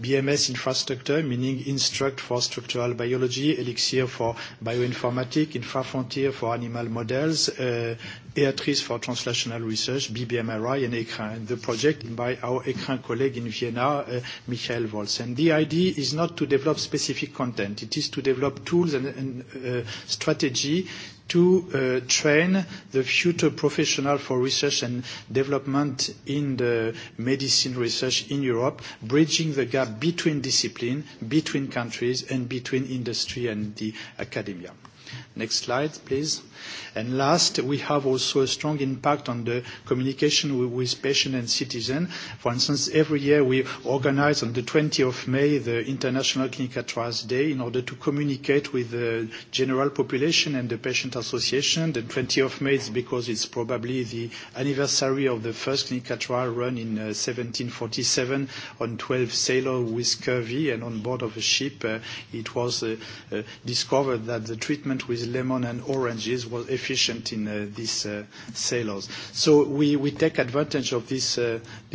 BMS infrastructure, meaning Instruct for structural biology, Elixir for bioinformatics, Infrafrontier for animal models, as Beatrice for Translational Research, BBMRI and ECRIN, the project by our ECRIN colleague in Vienna, Michael Wolfs. The idea is not to develop specific content. It is to develop tools and strategy to train the future professional for research and development in the medicine research in Europe, bridging the gap between discipline, between countries, and between industry and the academia. Next slide, please. And last, we have also a strong impact on the communication with patients and citizens. For instance, every year we organize on the 20th of May the International Clinical Trials Day in order to communicate with the general population and the patient association. The 20th of May is because it's probably the anniversary of the first clinical trial run in 1747 on 12 sailors with scurvy and on board of a ship. It was discovered that the treatment with lemon and oranges was efficient in these sales. So we we take advantage of this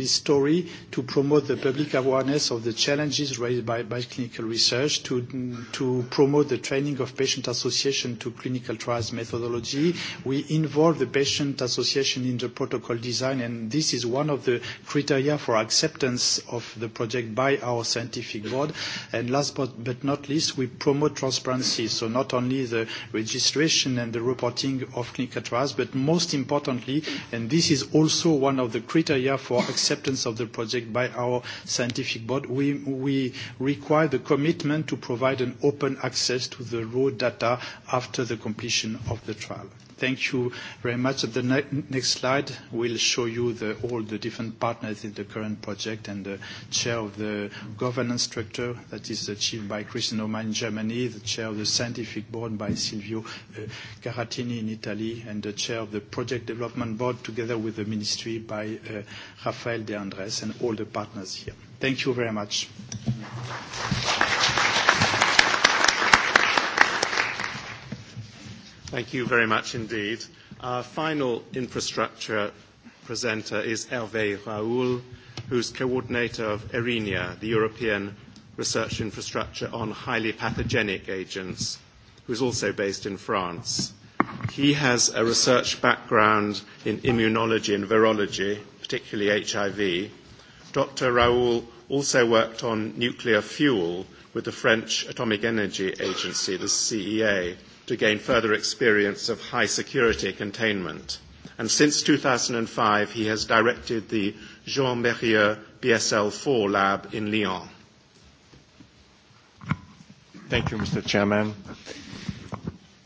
story to promote the public awareness of the challenges raised by clinical research, to promote the training of patient association to clinical trials methodology. We involve the patient association in the protocol design, and this is one of the criteria for acceptance of the project by our scientific board. And last but not least, we promote transparency. So not only the registration and the reporting of clinical trials, but most importantly, and this is also one of the criteria for acceptance of the project by our scientific board, we require the commitment to provide an open access to the raw data after the completion of the trial. Thank you very much. The next slide will show you all the different partners in the current project and the chair of the governance structure that is achieved by Christian Oma in Germany, the chair of the scientific board by Silvio Caratini in Italy, and the chair of the project development board together with the ministry by Rafael De Andres and all the partners here. Thank you very much. Thank you very much indeed. Our final infrastructure presenter is Hervé Raoul, who's coordinator of ERINIA, the European Research Infrastructure on Highly Pathogenic Agents, who's also based in France. He has a research background in immunology and virology, particularly HIV. Dr. Raoul also worked on nuclear fuel with the French Atomic Energy Agency, the CEA, to gain further experience of high security containment. And since 2005, he has directed the Jean Berrieux BSL-4 lab in Lyon. Thank you, Mr. Chairman.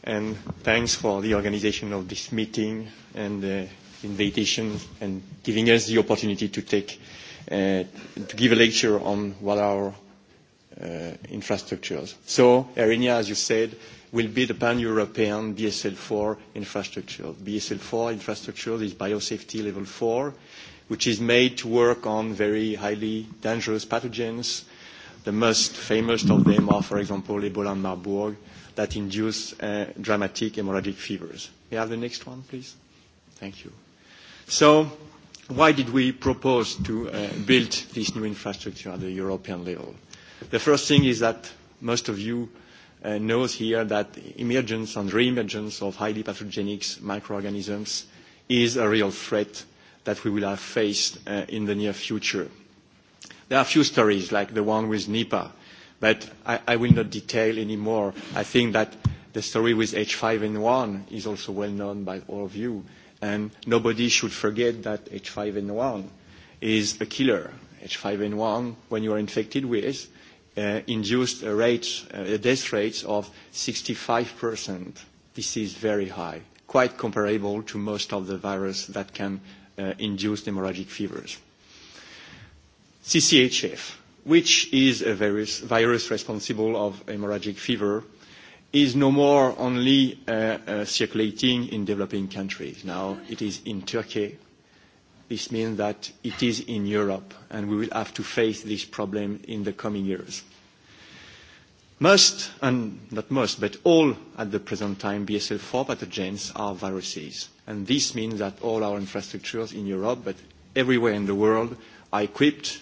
And thanks for the organization of this meeting and the invitation and giving us the opportunity to take, to give a lecture on what our infrastructures. So, Erinia, as you said, will be the pan-European BSL4 infrastructure. BSL4 infrastructure is biosafety level 4, which is made to work on very highly dangerous pathogens. The most famous of them are, for example, Ebola and Marburg, that induce dramatic hemorrhagic fevers. We have the next one, please. Thank you. So why did we propose to build this new infrastructure at the European level? The first thing is that most of you knows here that emergence and reemergence of highly pathogenic microorganisms is a real threat that we will have faced in the near future. There are a few stories like the one with Nipah, but I will not detail anymore. I think that the story with H5N1 is also well known by all of you, and nobody should forget that H5N1 is a killer. H5N1, when you are infected with, induced a rate, death rate of 65%. This is very high, quite comparable to most of the virus that can induce hemorrhagic fevers. CCHF, which is a virus responsible of hemorrhagic fever, is no more only circulating in developing countries. Now it is in Turkey. This means that it is in Europe, and we will have to face this problem in the coming years. Most, and not most, but all at the present time, BSL-4 pathogens are viruses. And this means that all our infrastructures in Europe, but everywhere in the world, are equipped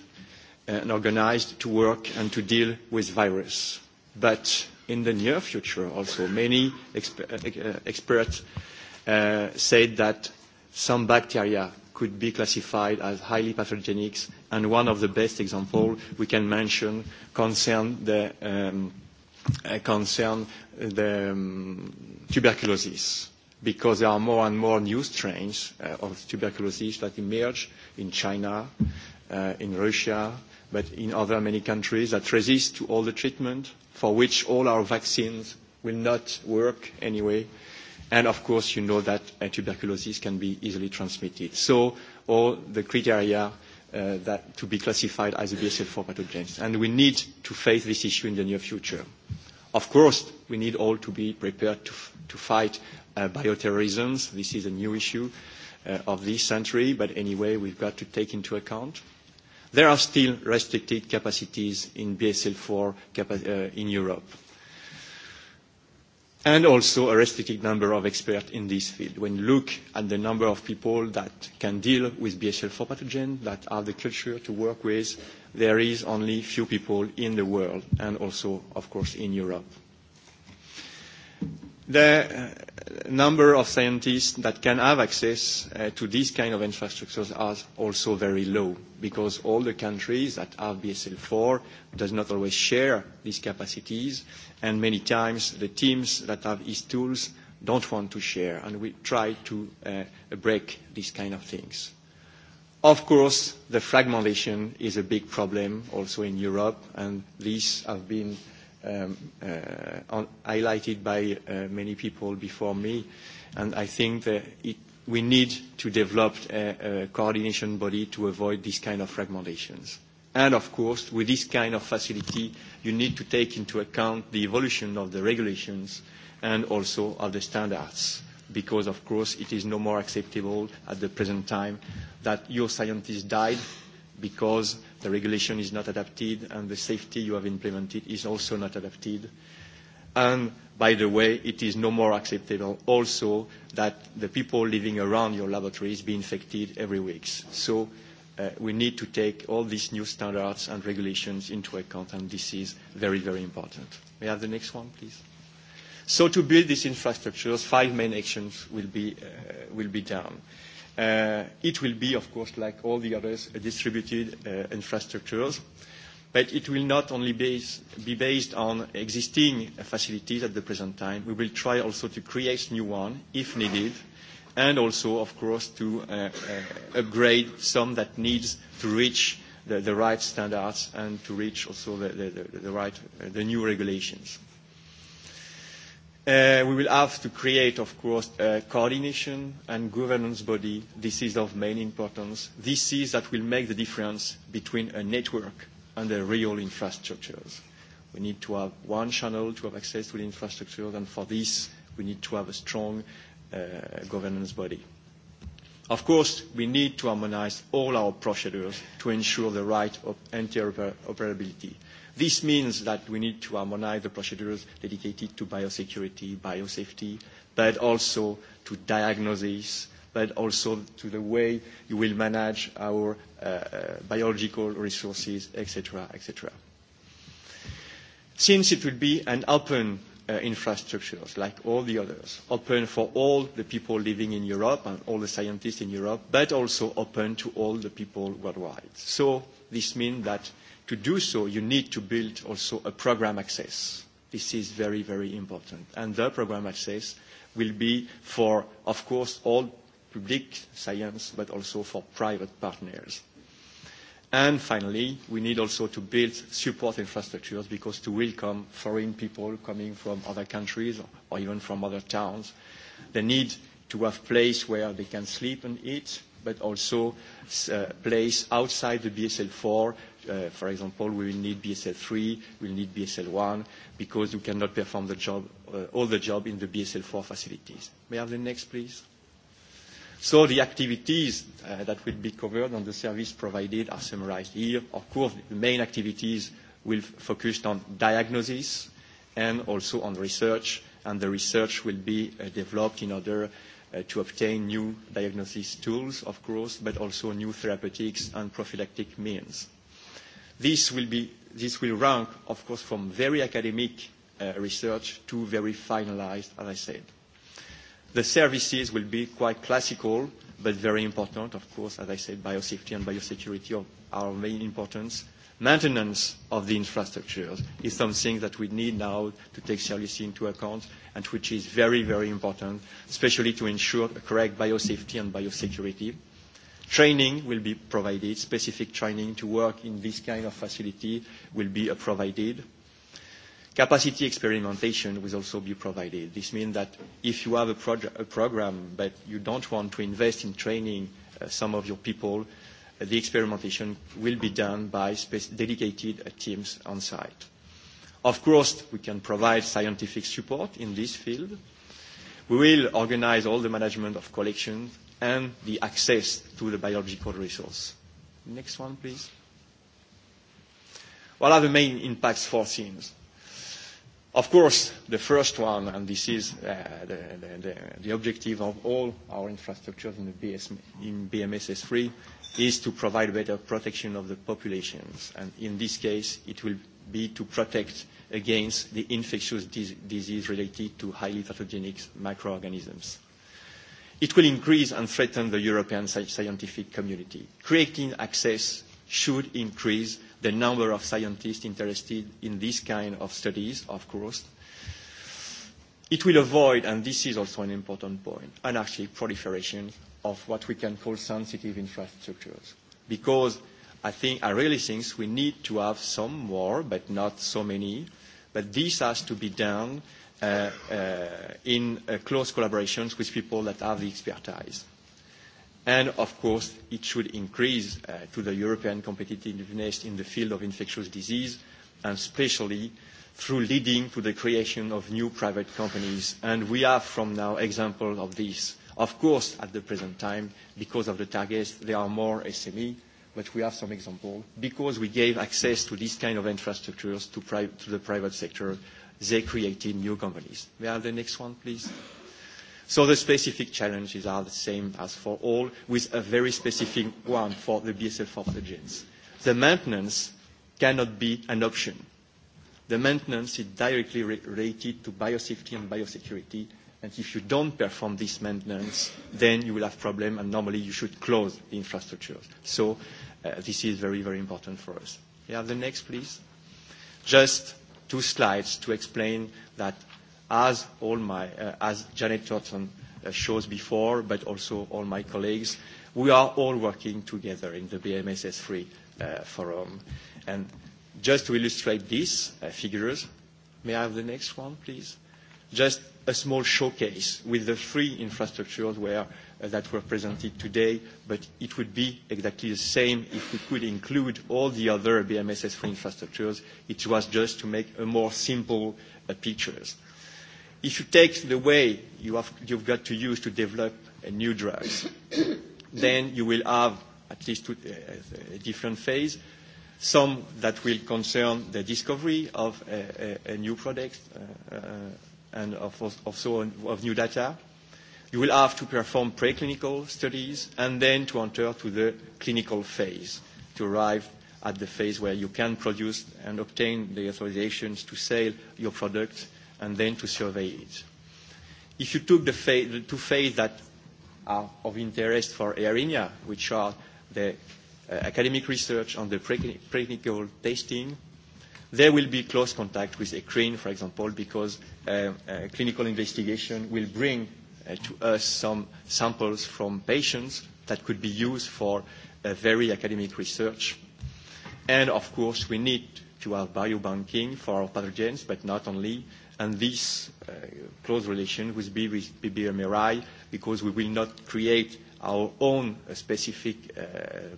and organized to work and to deal with virus. But in the near future also, many experts said that some bacteria could be classified as highly pathogenic, and one of the best examples we can mention concerns the concern the tuberculosis because there are more and more new strains of tuberculosis that emerge in China, in Russia, but in other many countries that resist to all the treatment for which all our vaccines will not work anyway. And of course, you know that tuberculosis can be easily transmitted. So all the criteria that to be classified as a BSL-4 pathogens. And we need to face this issue in the near future. Of course, we need all to be prepared to fight bioterrorism. This is a new issue of this century, but anyway, we've got to take into account. There are still restricted capacities in BSL-4 in Europe and also a restricted number of experts in this field. When you look at the number of people that can deal with BSL-4 pathogen, that are the culture to work with, there is only few people in the world and also, of course, in Europe number of scientists that can have access to these kind of infrastructures are also very low because all the countries that have BSL-4 does not always share these capacities and many times the teams that have these tools don't want to share and we try to break these kind of things. Of course, the fragmentation is a big problem also in Europe and these have been highlighted by many people before me. And I think that we need to develop a coordination body to avoid this kind of fragmentations. And of course, with this kind of facility, you need to take into account the evolution of the regulations and also of the standards, because of course it is no more acceptable at the present time that your scientists died because the regulation is not adapted and the safety you have implemented is also not adapted. And by the way, it is no more acceptable also that the people living around your laboratories be infected every week. So we need to take all these new standards and regulations into account, and this is very, very important. May I have the next one, please? So to build these infrastructures, five main actions will be done. It will be, of course, like all the others, distributed infrastructures, but it will not only be based on existing facilities at the present time. We will try also to create new ones if needed, and also, of course, to upgrade some that needs to reach the right standards and to reach also the new regulations. We will have to create, of course, a coordination and governance body. This is of main importance. This is that will make the difference between a network and the real infrastructures. We need to have one channel to have access to the infrastructure and for this, we need to have a strong governance body. Of course, we need to harmonize all our procedures to ensure the right of interoperability. This means that we need to harmonize the procedures dedicated to biosecurity, biosafety, but also to diagnosis, but also to the way you will manage our biological resources, etc., etc. Since it will be an open infrastructure, like all the others, open for all the people living in Europe and all the scientists in Europe, but also open to all the people worldwide. So this means that to do so, you need to build also a program access. This is very, very important. And the program access will be for, of course, all public science, but also for private partners. And finally, we need also to build support infrastructures because to welcome foreign people coming from other countries or even from other towns, they need to have a place where they can sleep and eat, but also a place outside the BSL-4 For example, we will need BSL3, we will need BSL1, because we cannot perform the job, all the job in the BSL4 facilities. May I have the next, please? So the activities that will be covered on the service provided are summarized here. Of course, the main activities will focus on diagnosis and also on research, and the research will be developed in order to obtain new diagnosis tools, of course, but also new therapeutics and prophylactic means. This will be this will rank, of course, from very academic research to very finalized, as I said. The services will be quite classical, but very important, of course, as I said, biosafety and biosecurity are of main importance. Maintenance of the infrastructures is something that we need now to take seriously into account and which is very, very important, especially to ensure correct biosafety and biosecurity. Training will be provided, specific training to work in this kind of facility will be provided. Capacity experimentation will also be provided. This means that if you have a program but you don't want to invest in training some of your people, the experimentation will be done by dedicated teams on site. Of course, we can provide scientific support in this field. We will organize all the management of collections and the access to the biological resource. Next one, please. What are the main impacts foreseen? Of course, the first one, and this is the objective of all our infrastructures in BMSS3, is to provide better protection of the populations. And in this case, it will be to protect against the infectious disease related to highly pathogenic microorganisms. It will increase and threaten the European scientific community. Creating access should increase the number of scientists interested in this kind of studies, of course. It will avoid, and this is also an important point, anarchic proliferation of what we can call sensitive infrastructures. Because I think, I really think we need to have some more, but not so many. But this has to be done in close collaborations with people that have the expertise. And, of course, it should increase to the European competitiveness in the field of infectious disease, and especially through leading to the creation of new private companies. And we have from now examples of this. Of course, at the present time, because of the targets, there are more SME, but we have some examples. Because we gave access to these kind of infrastructures to the private sector, they created new companies. We have the next one, please. So the specific challenges are the same as for all, with a very specific one for the BSL-4 agents. The maintenance cannot be an option. The maintenance is directly related to biosafety and biosecurity, and if you don't perform this maintenance, then you will have problems, and normally you should close the infrastructure. So this is very, very important for us. Yeah, the next, please. Just two slides to explain that as all my, as Janet Thornton shows before, but also all my colleagues, we are all working together in the BMSS3 forum. And just to illustrate these figures, may I have the next one, please? Just a small showcase with the three infrastructures where that were presented today, but it would be exactly the same if we could include all the other bmss for infrastructures. It was just to make a more simple picture. If you take the way you you've got to use to develop new drugs, then you will have at least a different phase, some that will concern the discovery of a new product and also of new data you will have to perform preclinical studies and then to enter to the clinical phase, to arrive at the phase where you can produce and obtain the authorizations to sell your product and then to survey it. If you took the two phases that are of interest for ARINIA, which are the academic research on the preclinical testing, there will be close contact with ECRIN, for example, because clinical investigation will bring to us some samples from patients that could be used for very academic research. And of course, we need to have biobanking for our pathogens, but not only. And this close relation will be with BBMRI because we will not create our own specific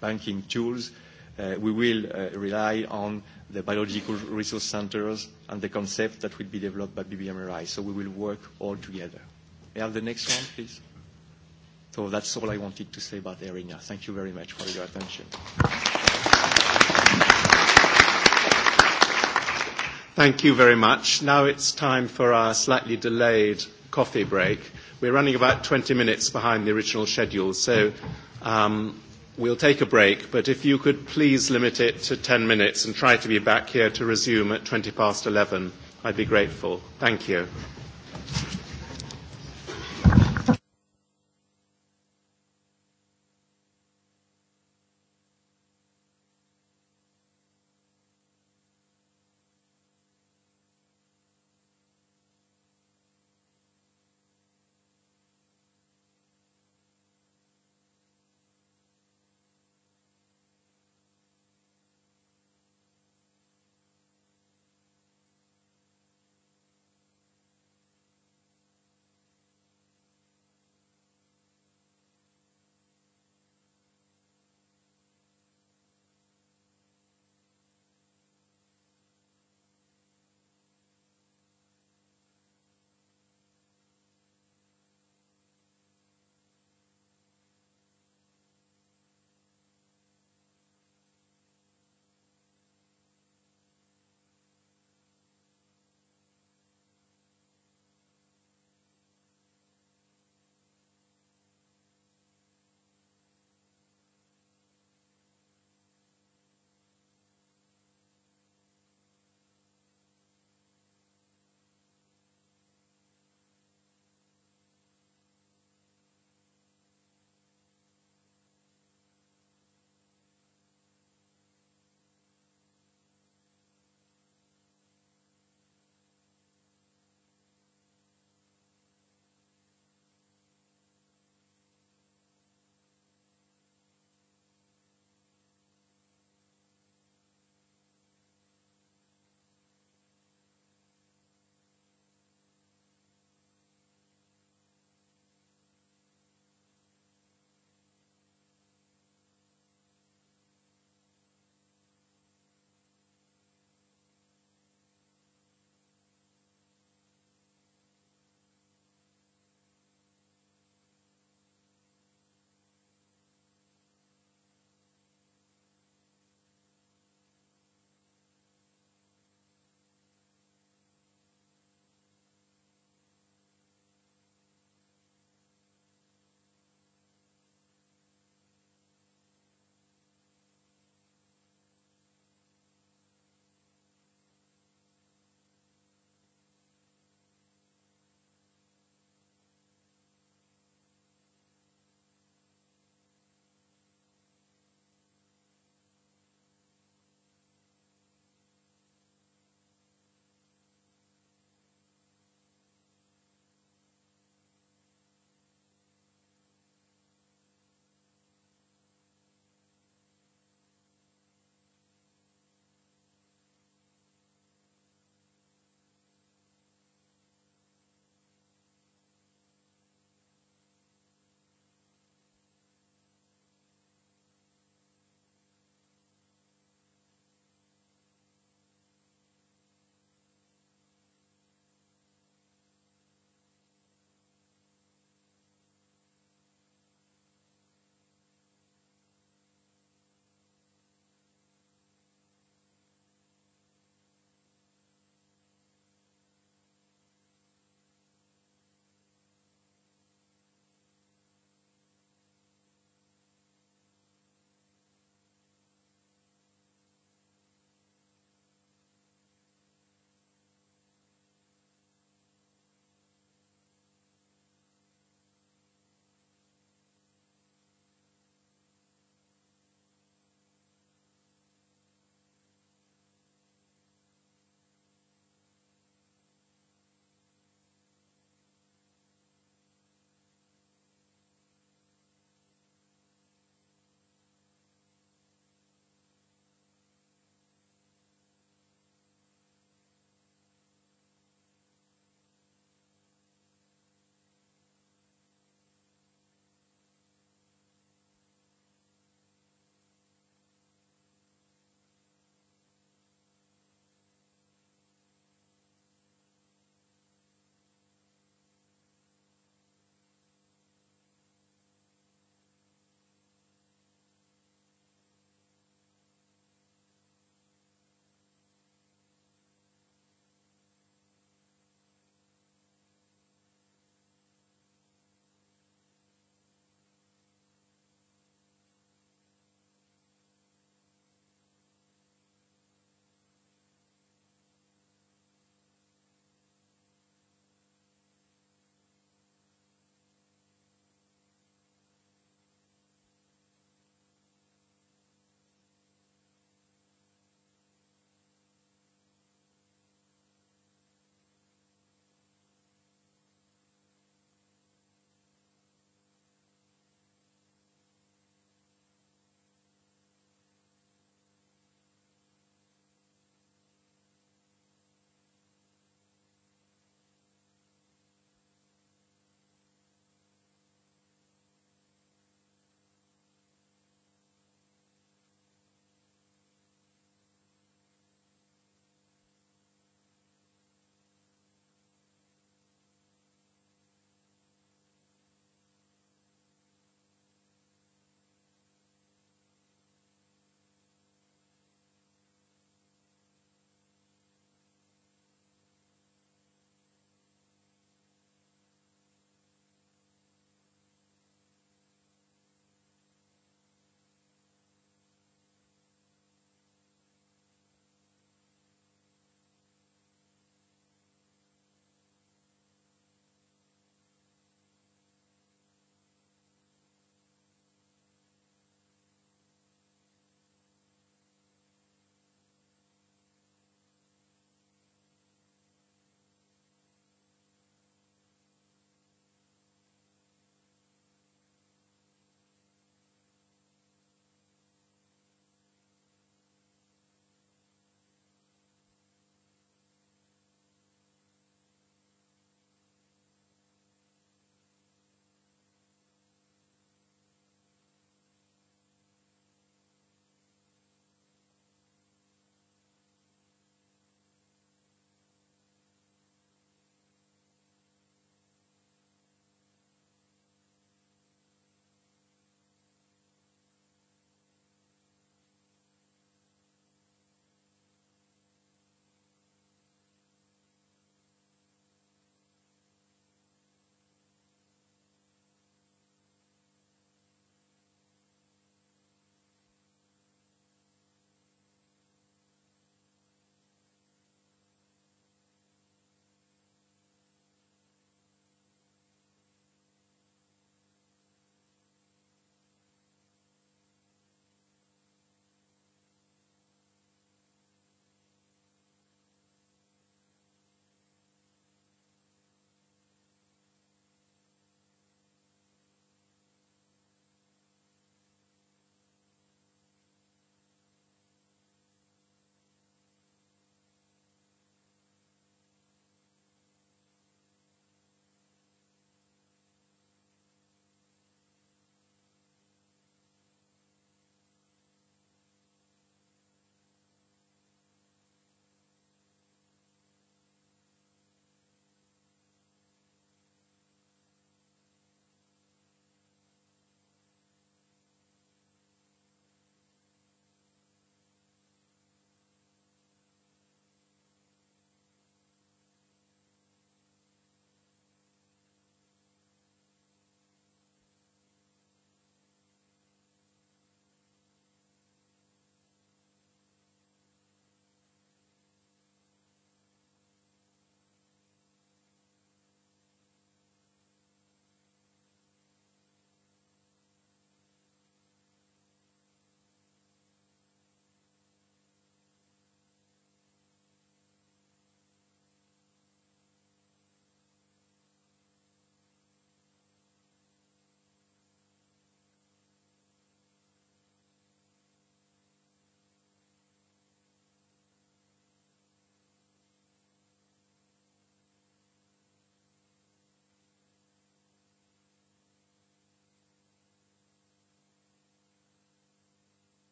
banking tools. We will rely on the biological resource centers and the concept that will be developed by BBMRI. So we will work all together have the next one, please. So that's all I wanted to say about Erinia. Thank you very much for your attention. Thank you very much. Now it's time for our slightly delayed coffee break. We're running about 20 minutes behind the original schedule, so we'll take a break, but if you could please limit it to 10 minutes and try to be back here to resume at 20 past 11, I'd be grateful. Thank you.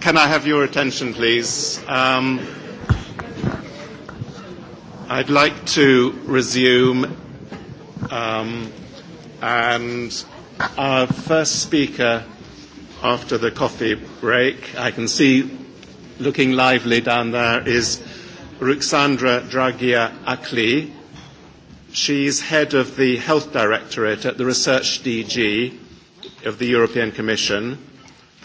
Can I have your attention, please? I'd like to resume. And our first speaker after the coffee break, I can see looking lively down there, is Ruxandra Dragia Akli. She's head of the Health Directorate at the Research DG of the European Commission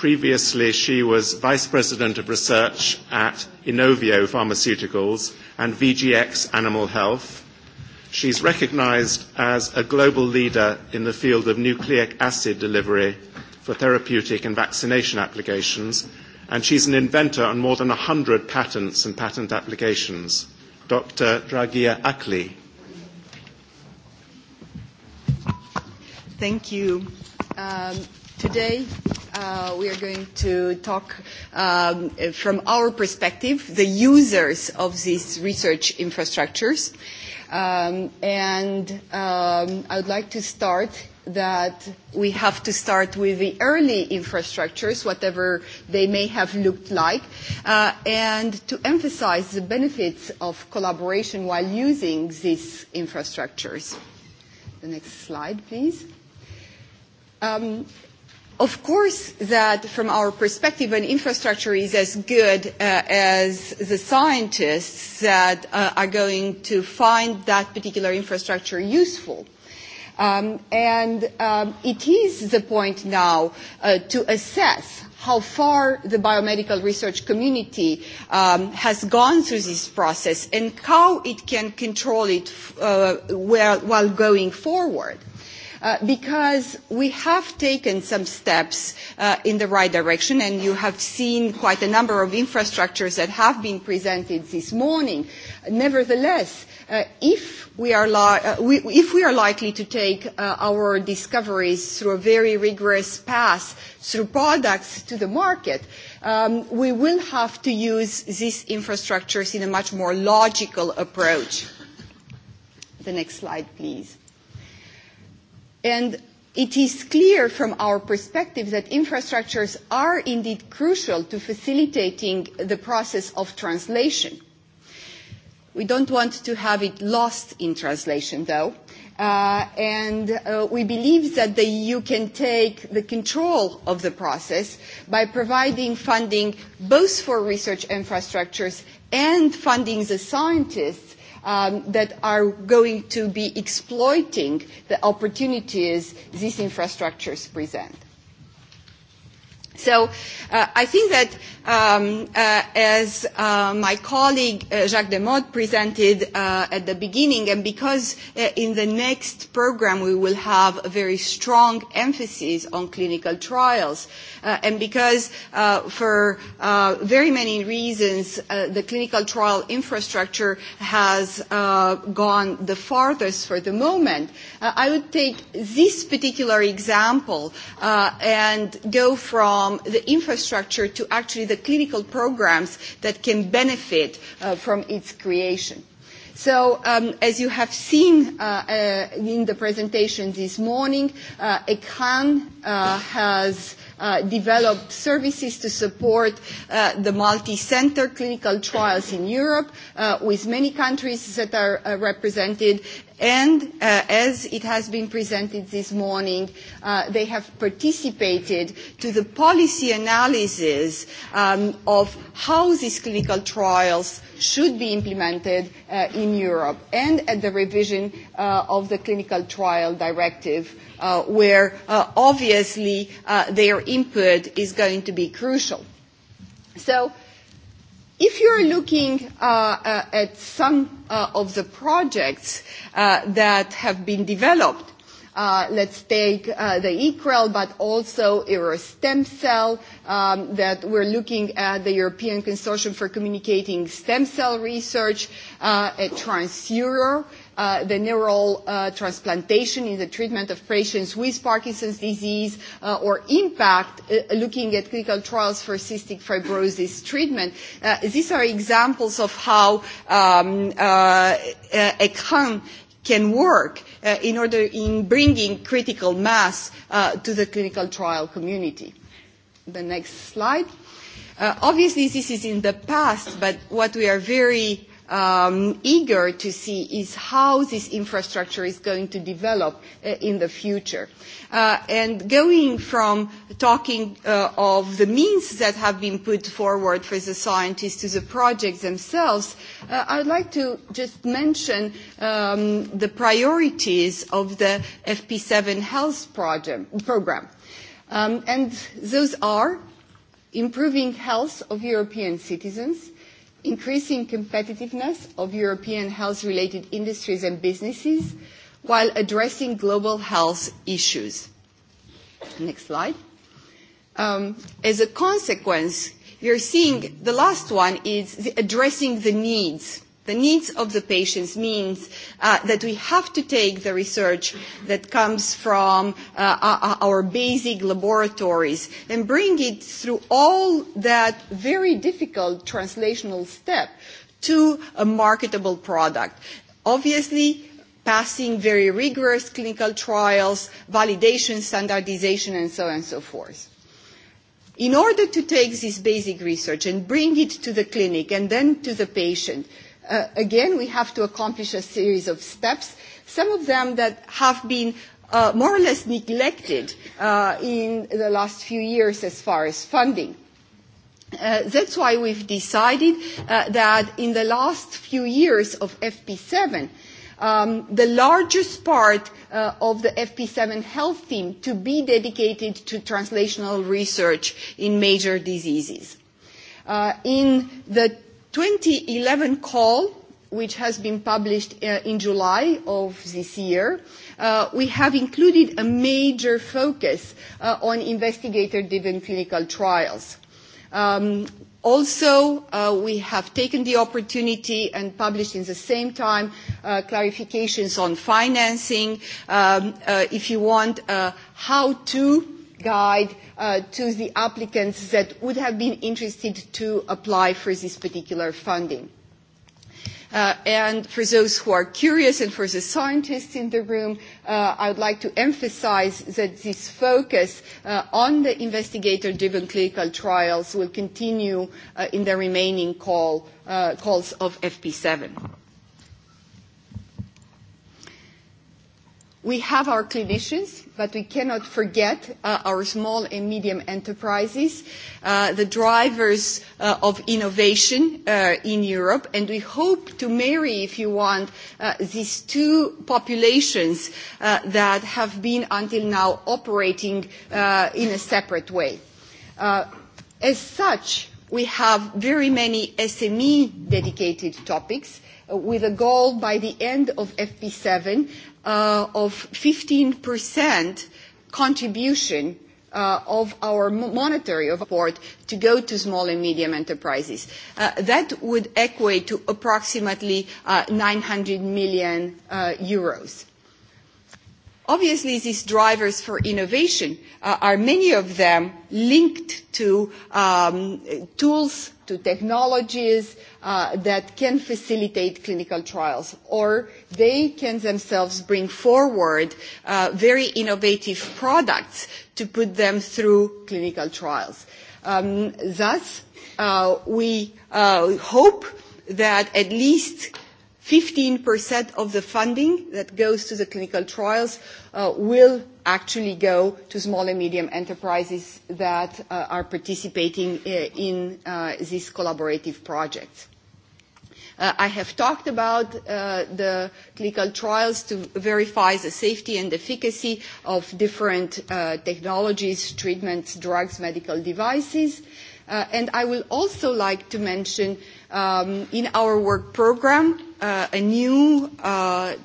Previously, she was Vice President of Research at Inovio Pharmaceuticals and VGX Animal Health. She's recognized as a global leader in the field of nucleic acid delivery for therapeutic and vaccination applications, and she's an inventor on more than 100 patents and patent applications. Dr. Dragia Akli. Thank you. Today, we are going to talk from our perspective, the users of these research infrastructures. And I would like to start that we have to start with the early infrastructures, whatever they may have looked like, and to emphasize the benefits of collaboration while using these infrastructures. The next slide, please. Of course that from our perspective an infrastructure is as good as the scientists that are going to find that particular infrastructure useful. And it is the point now to assess how far the biomedical research community has gone through this process and how it can control it while going forward because we have taken some steps in the right direction and you have seen quite a number of infrastructures that have been presented this morning. Nevertheless, if we are likely to take our discoveries through a very rigorous path through products to the market, we will have to use these infrastructures in a much more logical approach. The next slide, please. And it is clear from our perspective that infrastructures are indeed crucial to facilitating the process of translation. We don't want to have it lost in translation, though, and we believe that the EU can take the control of the process by providing funding both for research infrastructures and funding the scientists that are going to be exploiting the opportunities these infrastructures present. So I think that as my colleague Jacques Demotte presented at the beginning, and because in the next program we will have a very strong emphasis on clinical trials, and because for very many reasons the clinical trial infrastructure has gone the farthest for the moment, I would take this particular example and go from the infrastructure to actually the clinical programs that can benefit from its creation. So, as you have seen in the presentation this morning, ECAN has developed services to support the multi-center clinical trials in Europe with many countries that are represented and as it has been presented this morning they have participated to the policy analysis of how these clinical trials should be implemented in Europe and at the revision of the clinical trial directive where obviously their input is going to be crucial so If you are looking at some of the projects that have been developed, let's take the ECREL, but also Eurostem Cell that we're looking at the European Consortium for Communicating Stem Cell Research at TransEuro the neural transplantation in the treatment of patients with Parkinson's disease or impact looking at clinical trials for cystic fibrosis treatment. These are examples of how a can work in order in bringing critical mass to the clinical trial community. The next slide. Obviously, this is in the past, but what we are very eager to see is how this infrastructure is going to develop in the future. And going from talking of the means that have been put forward for the scientists to the projects themselves, I would like to just mention the priorities of the FP7 Health Programme. And those are improving health of European citizens, increasing competitiveness of European health-related industries and businesses while addressing global health issues. Next slide. As a consequence, are seeing the last one is addressing the needs the needs of the patients means that we have to take the research that comes from our basic laboratories and bring it through all that very difficult translational step to a marketable product. Obviously, passing very rigorous clinical trials, validation, standardisation and so on and so forth. In order to take this basic research and bring it to the clinic and then to the patient, again, we have to accomplish a series of steps, some of them that have been more or less neglected in the last few years as far as funding. That's why we've decided that in the last few years of FP7, the largest part of the FP7 health team to be dedicated to translational research in major diseases. In the 2011 call, which has been published in July of this year, we have included a major focus on investigator-driven clinical trials. Also, we have taken the opportunity and published in the same time clarifications on financing, if you want, how to guide to the applicants that would have been interested to apply for this particular funding. And for those who are curious and for the scientists in the room, I would like to emphasize that this focus on the investigator-driven clinical trials will continue in the remaining calls of FP7. We have our clinicians but we cannot forget our small and medium enterprises, the drivers of innovation in Europe, and we hope to marry, if you want, these two populations that have been until now operating in a separate way. As such, we have very many SME-dedicated topics with a goal by the end of FP7 of 15% contribution of our monetary support to go to small and medium enterprises. That would equate to approximately 900 million euros. Obviously, these drivers for innovation are many of them linked to tools to technologies that can facilitate clinical trials, or they can themselves bring forward very innovative products to put them through clinical trials. Thus, we hope that at least 15% of the funding that goes to the clinical trials will actually go to small and medium enterprises that are participating in these collaborative projects. I have talked about the clinical trials to verify the safety and efficacy of different technologies, treatments, drugs, medical devices. And I will also like to mention in our work program a new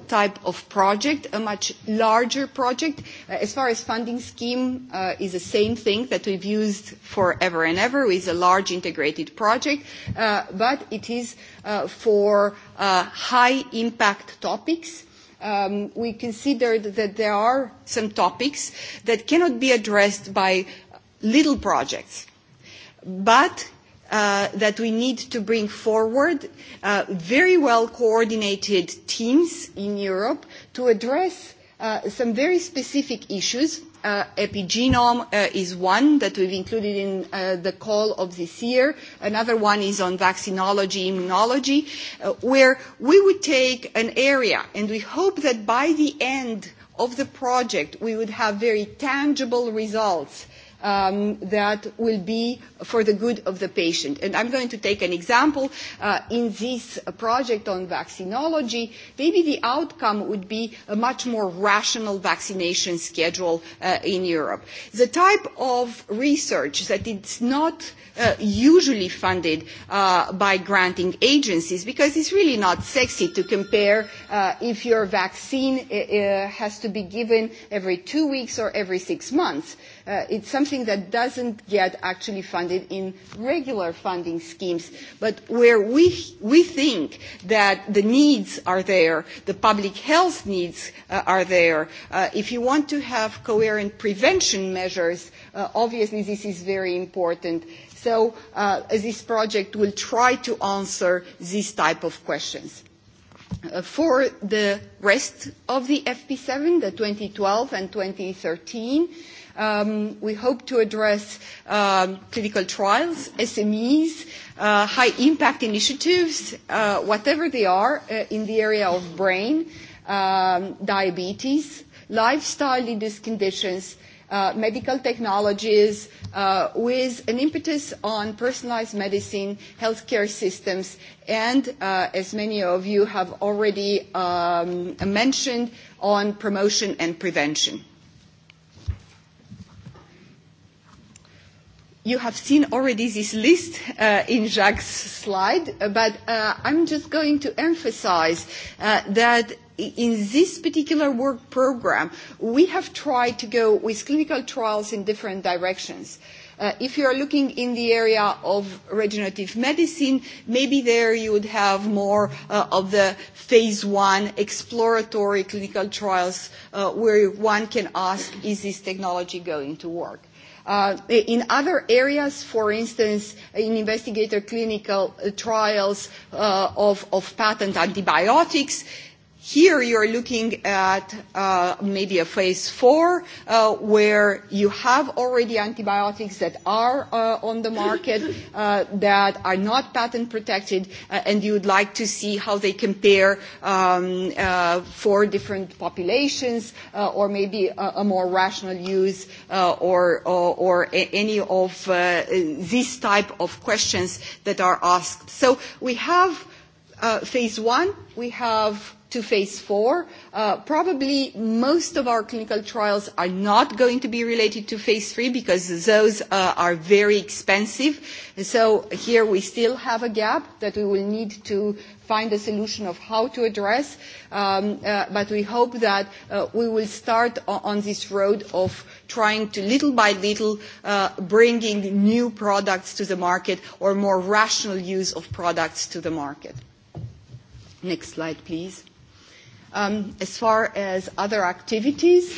type of project, a much larger project. As far as funding scheme is the same thing that we've used forever and ever, is a large integrated project, but it is for high impact topics. We considered that there are some topics that cannot be addressed by little projects, but that we need to bring forward very well coordinated teams in Europe to address some very specific issues. Epigenome is one that we've included in the call of this year. Another one is on vaccinology, immunology, where we would take an area and we hope that by the end of the project we would have very tangible results that will be for the good of the patient. And I'm going to take an example. In this project on vaccinology, maybe the outcome would be a much more rational vaccination schedule in Europe. The type of research that is not usually funded by granting agencies, because it's really not sexy to compare if your vaccine has to be given every two weeks or every six months. It's something that doesn't get actually funded in regular funding schemes, but where we we think that the needs are there, the public health needs are there. If you want to have coherent prevention measures, obviously this is very important. So this project will try to answer these type of questions. For the rest of the FP7, the 2012 and 2013, We hope to address clinical trials, SMEs, high-impact initiatives, whatever they are, in the area of brain, diabetes, lifestyle in these conditions, medical technologies, with an impetus on personalized medicine, healthcare systems, and, as many of you have already mentioned, on promotion and prevention. You have seen already this list in Jacques' slide, but I'm just going to emphasize that in this particular work program, we have tried to go with clinical trials in different directions. If you are looking in the area of regenerative medicine, maybe there you would have more of the phase one exploratory clinical trials where one can ask, is this technology going to work? In other areas, for instance, in investigator clinical trials of patent antibiotics, Here you are looking at maybe a phase four where you have already antibiotics that are on the market that are not patent protected and you would like to see how they compare for different populations or maybe a more rational use or any of these type of questions that are asked. So we have phase one, we have to phase four. Probably most of our clinical trials are not going to be related to phase three because those are very expensive. So here we still have a gap that we will need to find a solution of how to address. But we hope that we will start on this road of trying to little by little bringing new products to the market or more rational use of products to the market. Next slide, please. As far as other activities,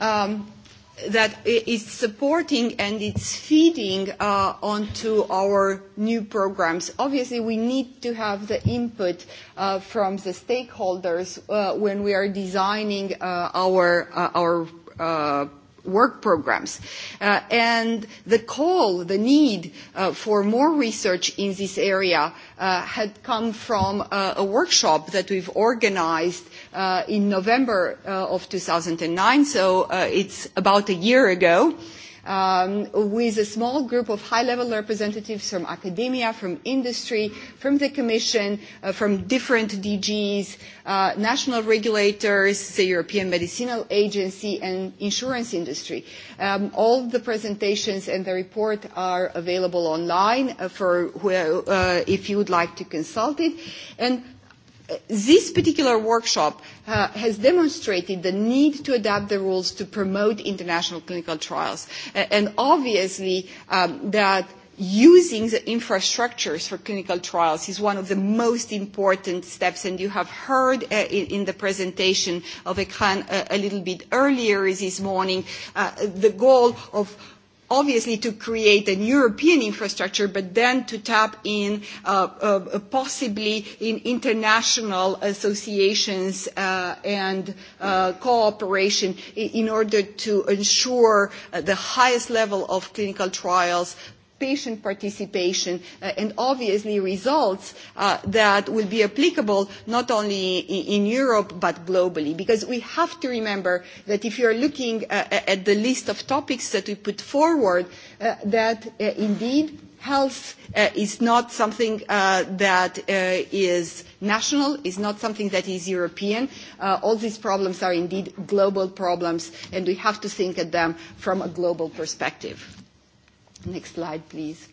that is supporting and it's feeding onto our new programs. Obviously, we need to have the input from the stakeholders when we are designing our work programs. And the call, the need for more research in this area had come from a workshop that we've organised in November of 2009, so it's about a year ago with a small group of high-level representatives from academia, from industry, from the Commission, from different DGs, national regulators, the European Medicinal Agency, and insurance industry. All the presentations and the report are available online for if you would like to consult it. This particular workshop has demonstrated the need to adapt the rules to promote international clinical trials. And obviously that using the infrastructures for clinical trials is one of the most important steps. And you have heard in the presentation of Ekran a little bit earlier this morning the goal of obviously to create a European infrastructure, but then to tap in possibly in international associations and cooperation in order to ensure the highest level of clinical trials patient participation and obviously results that will be applicable not only in Europe but globally because we have to remember that if you are looking at the list of topics that we put forward that indeed health is not something that is national, is not something that is European. All these problems are indeed global problems and we have to think at them from a global perspective. Next slide, please.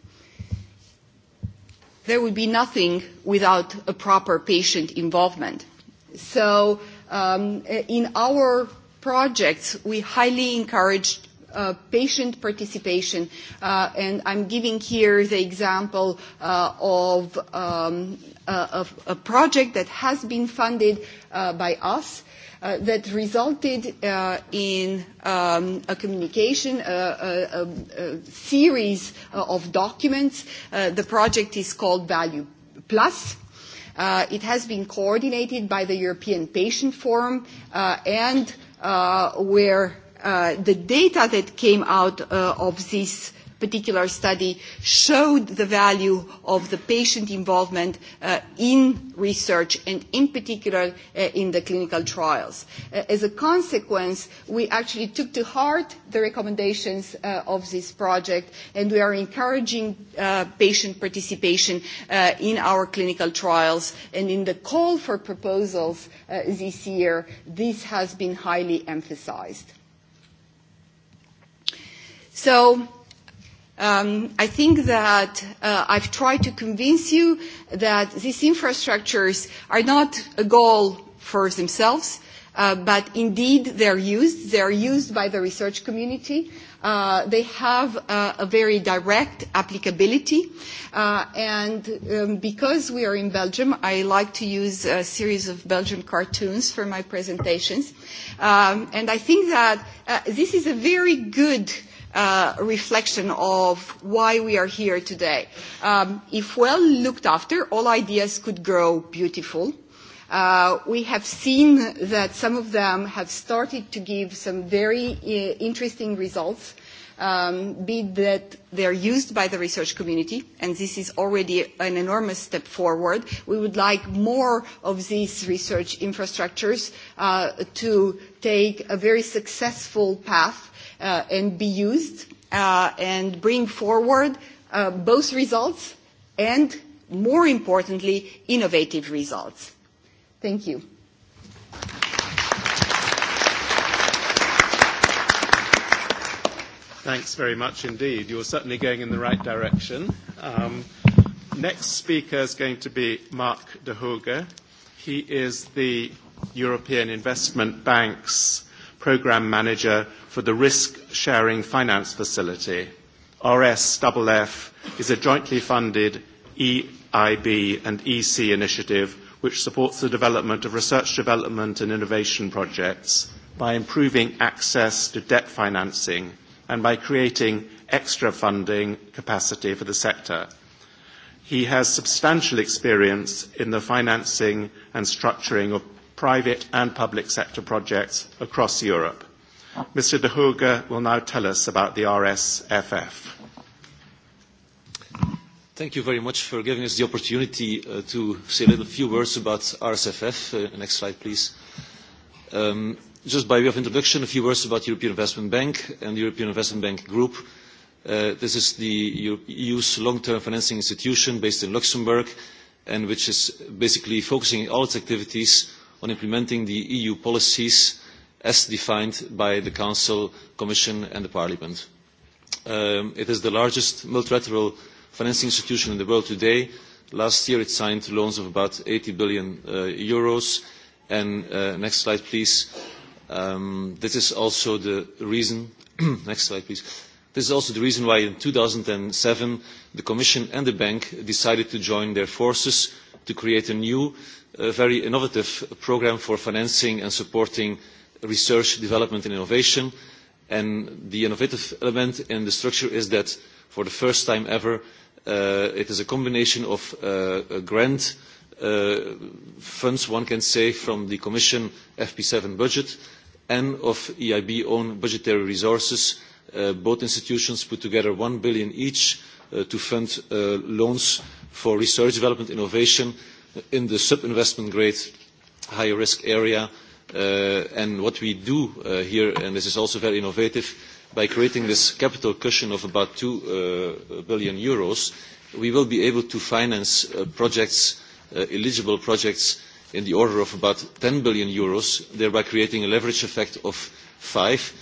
There would be nothing without a proper patient involvement. So in our projects, we highly encourage patient participation, and I'm giving here the example of a project that has been funded by us that resulted in a communication, a series of documents. The project is called Value Plus. It has been coordinated by the European Patient Forum and where the data that came out of this particular study showed the value of the patient involvement in research and in particular in the clinical trials. As a consequence, we actually took to heart the recommendations of this project and we are encouraging patient participation in our clinical trials and in the call for proposals this year, this has been highly emphasized. So I think that I've tried to convince you that these infrastructures are not a goal for themselves, but indeed they are used. They are used by the research community. They have a very direct applicability. And because we are in Belgium, I like to use a series of Belgian cartoons for my presentations. And I think that this is a very good reflection of why we are here today. If well looked after, all ideas could grow beautiful. We have seen that some of them have started to give some very interesting results, be that they are used by the research community, and this is already an enormous step forward. We would like more of these research infrastructures to take a very successful path and be used and bring forward both results and, more importantly, innovative results. Thank you. Thanks very much indeed. You're certainly going in the right direction. Next speaker is going to be Mark de Hooge. He is the European Investment Bank's Programme Manager for the Risk Sharing Finance Facility. RSFF is a jointly funded EIB and EC initiative which supports the development of research development and innovation projects by improving access to debt financing and by creating extra funding capacity for the sector. He has substantial experience in the financing and structuring of private and public sector projects across Europe. Mr. De Hooge will now tell us about the RSFF. Thank you very much for giving us the opportunity to say a little few words about RSFF. Next slide, please. Just by way of introduction, a few words about the European Investment Bank and the European Investment Bank Group. This is the EU's long-term financing institution based in Luxembourg and which is basically focusing all its activities on implementing the EU policies as defined by the Council, Commission and Parliament. It is the largest multilateral financing institution in the world today. Last year it signed loans of about 80 billion euros. And next slide, please. This is also the reason. Next slide, please. This is also the reason why in 2007 the Commission and the Bank decided to join their forces to create a new a very innovative programme for financing and supporting research, development and innovation. And the innovative element in the structure is that for the first time ever, it is a combination of grant funds, one can say, from the Commission FP7 budget and of EIB-own budgetary resources. Both institutions put together 1 billion each to fund loans for research, development, innovation in the sub-investment grade high risk area. And what we do here, and this is also very innovative, by creating this capital cushion of about 2 billion euros, we will be able to finance projects, eligible projects, in the order of about 10 billion euros, thereby creating a leverage effect of 5,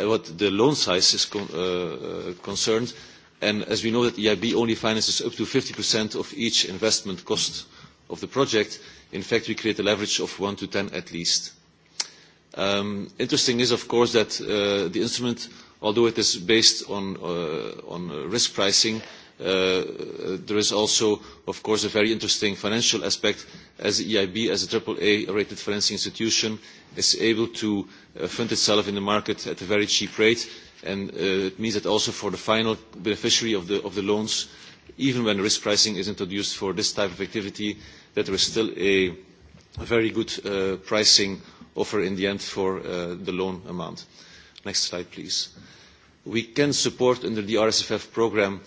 what the loan size is concerned. And as we know that EIB only finances up to 50% of each investment cost of the project, in fact, we create a leverage of 1 to 10 at least. Interesting is, of course, that the instrument, although it is based on risk pricing, there is also, of course, a very interesting financial aspect as the EIB, as a A rated financing institution, is able to fund itself in the market at a very cheap rate, and it means that also for the final beneficiary of the loans, even when risk pricing is introduced for this type of activity, that there is still a very good pricing offer in the end for the loan amount. Next slide, please. We can support under the RSFF program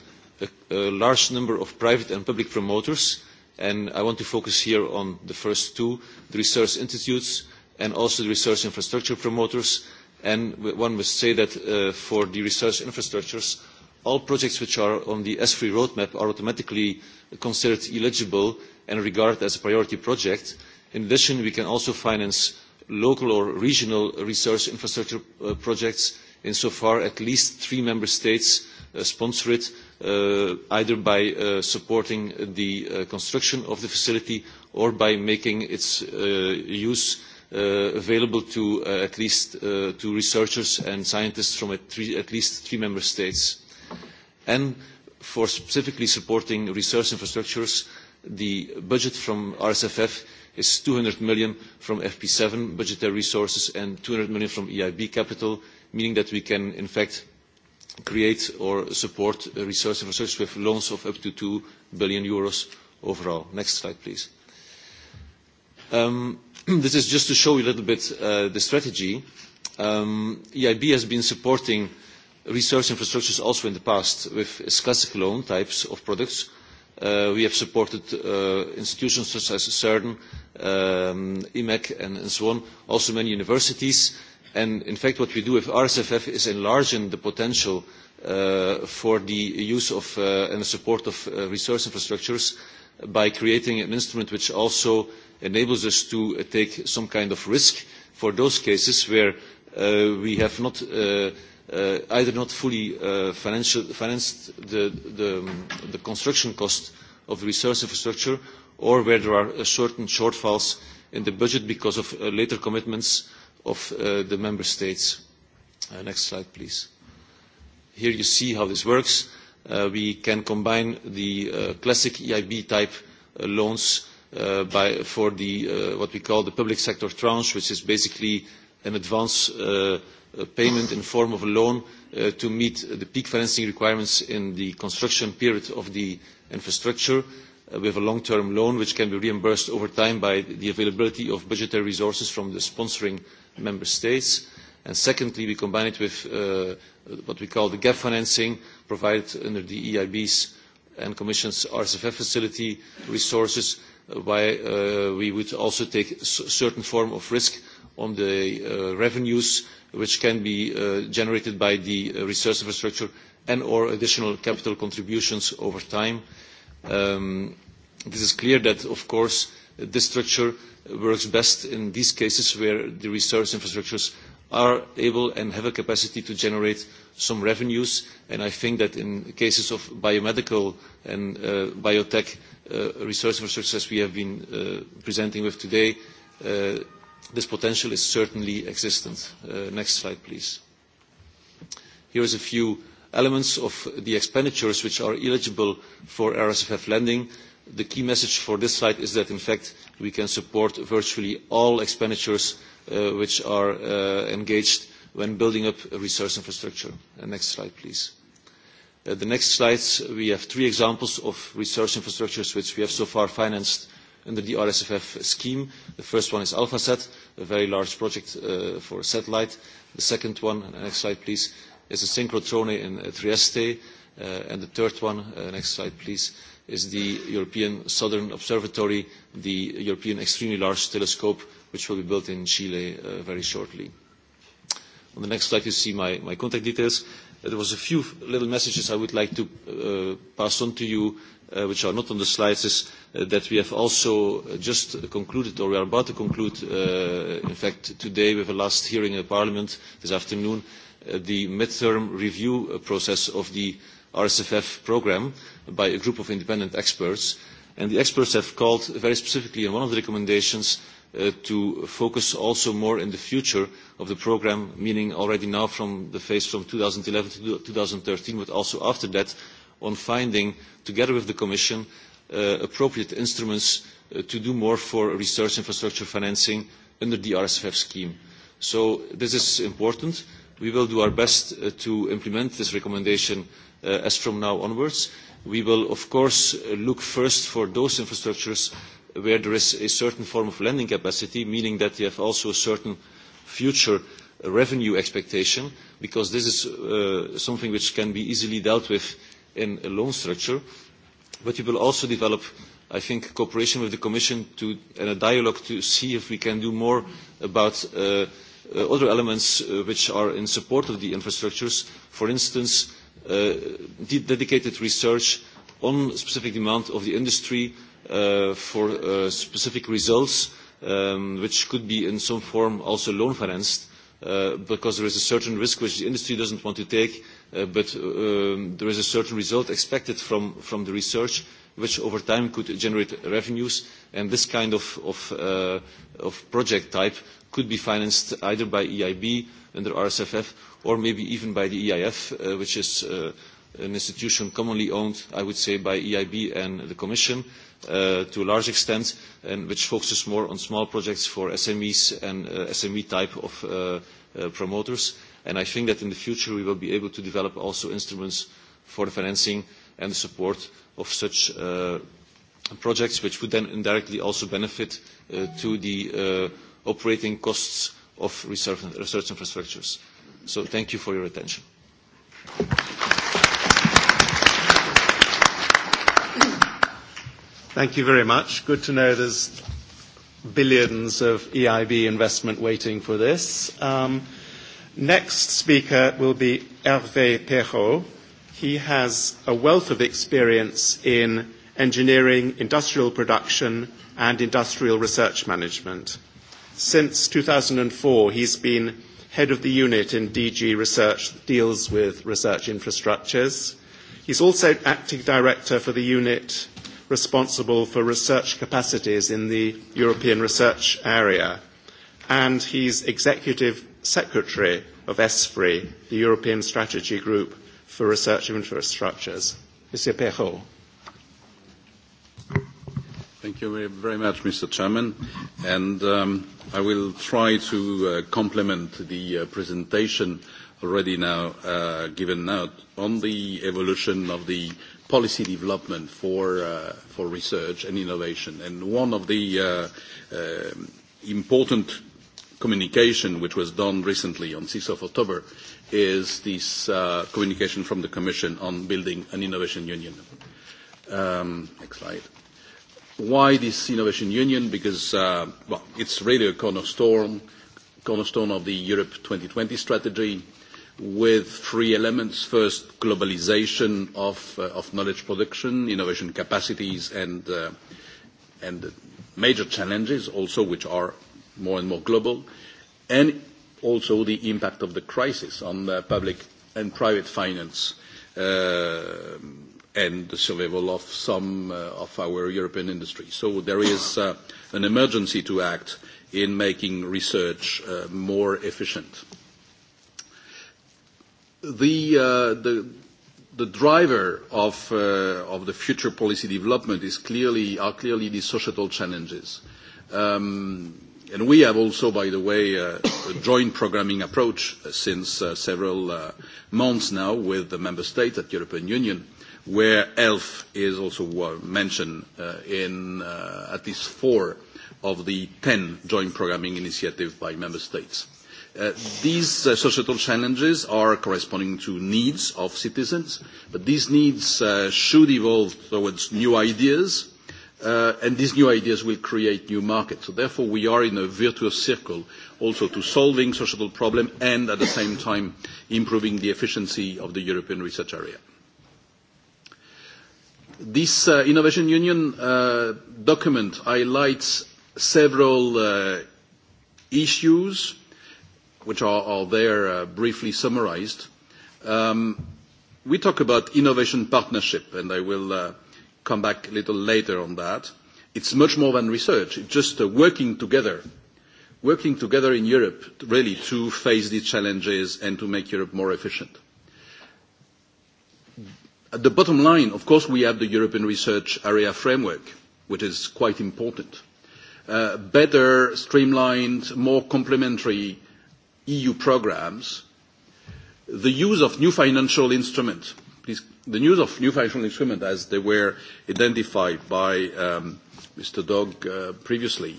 a large number of private and public promoters, and I want to focus here on the first two, the research institutes and also the research infrastructure promoters. And one must say that for the research infrastructures, all projects which are on the S3 roadmap are automatically considered eligible and regard as a priority project. In addition, we can also finance local or regional research infrastructure projects insofar at least three member states sponsor it, either by supporting the construction of the facility or by making its use available to at least to researchers and scientists from at least three member states. And for specifically supporting research infrastructures, the budget from RSFF is 200 million from FP7 budgetary resources and 200 million from EIB capital, meaning that we can, in fact, create or support research infrastructure with loans of up to 2 billion euros overall. Next slide, please. This is just to show you a little bit the strategy. EIB has been supporting research infrastructures also in the past with classic loan types of products We have supported institutions such as CERN, IMEC and so on, also many universities. And in fact what we do with RSFF is enlarging the potential for the use of and the support of resource infrastructures by creating an instrument which also enables us to take some kind of risk for those cases where we have not either not fully financed the construction cost of the research infrastructure or where there are certain shortfalls in the budget because of later commitments of the member states. Next slide, please. Here you see how this works. We can combine the classic EIB-type loans for what we call the public sector tranche, which is basically an advance payment in form of a loan to meet the peak financing requirements in the construction period of the infrastructure with a long-term loan which can be reimbursed over time by the availability of budgetary resources from the sponsoring member states. And secondly, we combine it with what we call the gap financing provided under the EIB's and Commission's RCF facility resources, where we would also take a certain form of risk on the revenues which can be generated by the research infrastructure and or additional capital contributions over time. It is clear that, of course, this structure works best in these cases where the research infrastructures are able and have a capacity to generate some revenues. And I think that in cases of biomedical and biotech research infrastructures we have been presenting with today, This potential is certainly existent. Next slide, please. Here is a few elements of the expenditures which are eligible for RSFF lending. The key message for this slide is that, in fact, we can support virtually all expenditures which are engaged when building up a infrastructure. Next slide, please. The next slides, we have three examples of research infrastructures which we have so far financed under the RSFF scheme. The first one is AlphaSat, a very large project for a satellite. The second one, next slide please, is a Synchrotrone in Trieste. And the third one, next slide please, is the European Southern Observatory, the European Extremely Large Telescope, which will be built in Chile very shortly. On the next slide you see my contact details. There was a few little messages I would like to pass on to you, which are not on the slides that we have also just concluded, or we are about to conclude, in fact, today with the last hearing in Parliament this afternoon, the mid-term review process of the RSFF programme by a group of independent experts. And the experts have called very specifically in one of the recommendations to focus also more in the future of the programme, meaning already now from the phase from 2011 to 2013, but also after that, on finding, together with the Commission, appropriate instruments to do more for research infrastructure financing under the RSFF scheme. So this is important. We will do our best to implement this recommendation as from now onwards. We will, of course, look first for those infrastructures where there is a certain form of lending capacity, meaning that they have also a certain future revenue expectation, because this is something which can be easily dealt with in a loan structure. But you will also develop, I think, cooperation with the Commission and a dialogue to see if we can do more about other elements which are in support of the infrastructures. For instance, dedicated research on specific demand of the industry for specific results, which could be in some form also loan financed, because there is a certain risk which the industry doesn't want to take but there is a certain result expected from the research which over time could generate revenues and this kind of project type could be financed either by EIB under RSFF or maybe even by the EIF which is an institution commonly owned I would say by the EIB and the Commission to a large extent and which focuses more on small projects for SMEs and SME type of promoters And I think that in the future we will be able to develop also instruments for the financing and the support of such projects, which would then indirectly also benefit to the operating costs of research infrastructures. So thank you for your attention. Thank you very much. Good to know there's billions of EIB investment waiting for this. Next speaker will be Hervé Perrault. He has a wealth of experience in engineering, industrial production, and industrial research management. Since 2004, he's been head of the unit in DG Research that deals with research infrastructures. He's also acting director for the unit responsible for research capacities in the European research area. And he's executive Secretary of ESFRI, the European Strategy Group for Research Infrastructures. Mr. Perrault. Thank you very much, Mr. Chairman. And I will try to complement the presentation already now given out on the evolution of the policy development for research and innovation. And one of the important communication which was done recently on 6 of October is this communication from the Commission on building an innovation union. Why this innovation union? Because it's really a cornerstone, cornerstone of the Europe 2020 strategy with three elements. First, globalization of knowledge production, innovation capacities, and major challenges also which are more and more global, and also the impact of the crisis on public and private finance and the survival of some of our European industries. So there is an emergency to act in making research more efficient. The driver of the future policy development is clearly are clearly the societal challenges. And we have also, by the way, a joint programming approach since several months now with the member states at European Union, where ELF is also mentioned in at least four of the ten joint programming initiatives by member states. These societal challenges are corresponding to needs of citizens, but these needs should evolve towards new ideas and these new ideas will create new markets. So therefore, we are in a virtuous circle also to solving societal problems and at the same time improving the efficiency of the European research area. This Innovation Union document highlights several issues which are there briefly summarized. We talk about innovation partnership, and I will come back a little later on that. It's much more than research. It's just working together, working together in Europe, really, to face these challenges and to make Europe more efficient. At the bottom line, of course, we have the European Research Area Framework, which is quite important. Better, streamlined, more complementary EU programmes. the use of new financial instruments the news of new financial instruments as they were identified by Mr. Dog previously.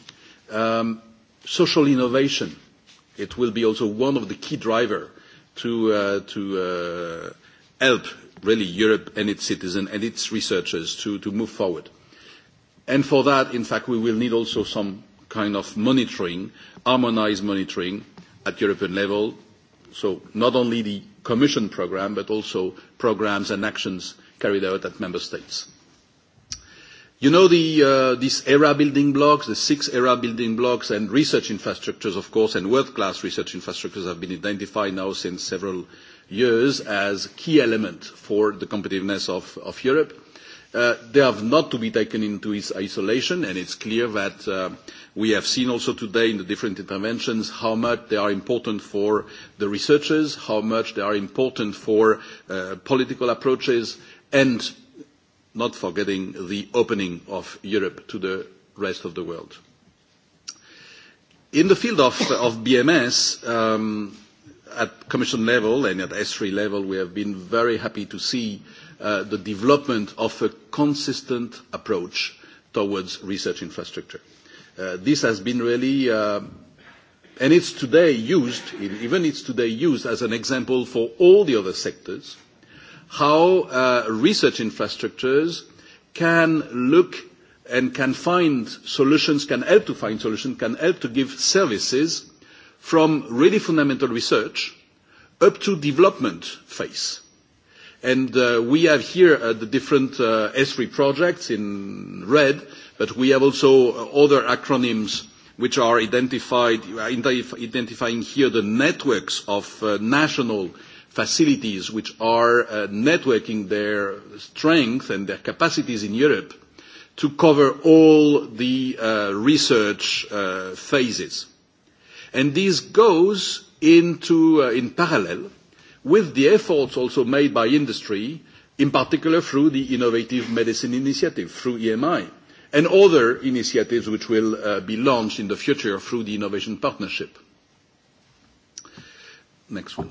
Social innovation, it will be also one of the key drivers to help really Europe and its citizens and its researchers to move forward. And for that, in fact, we will need also some kind of monitoring, harmonised monitoring at European level. So not only the Commission programme, but also programmes and actions carried out at Member States. You know these era building blocks, the six era building blocks and research infrastructures, of course, and world-class research infrastructures have been identified now since several years as key elements for the competitiveness of Europe. They have not to be taken into isolation, and it's clear that we have seen also today in the different interventions how much they are important for the researchers, how much they are important for political approaches, and not forgetting the opening of Europe to the rest of the world. In the field of BMS, at Commission level and at S3 level, we have been very happy to see the development of a consistent approach towards research infrastructure. This has been really, and it's today used, even it's today used as an example for all the other sectors, how research infrastructures can look and can find solutions, can help to find solutions, can help to give services from really fundamental research up to development phase And we have here the different S3 projects in red, but we have also other acronyms which are identified, identifying here the networks of national facilities which are networking their strength and their capacities in Europe to cover all the research phases. And this goes into in parallel with the efforts also made by industry, in particular through the Innovative Medicine Initiative, through EMI, and other initiatives which will be launched in the future through the Innovation Partnership. Next one.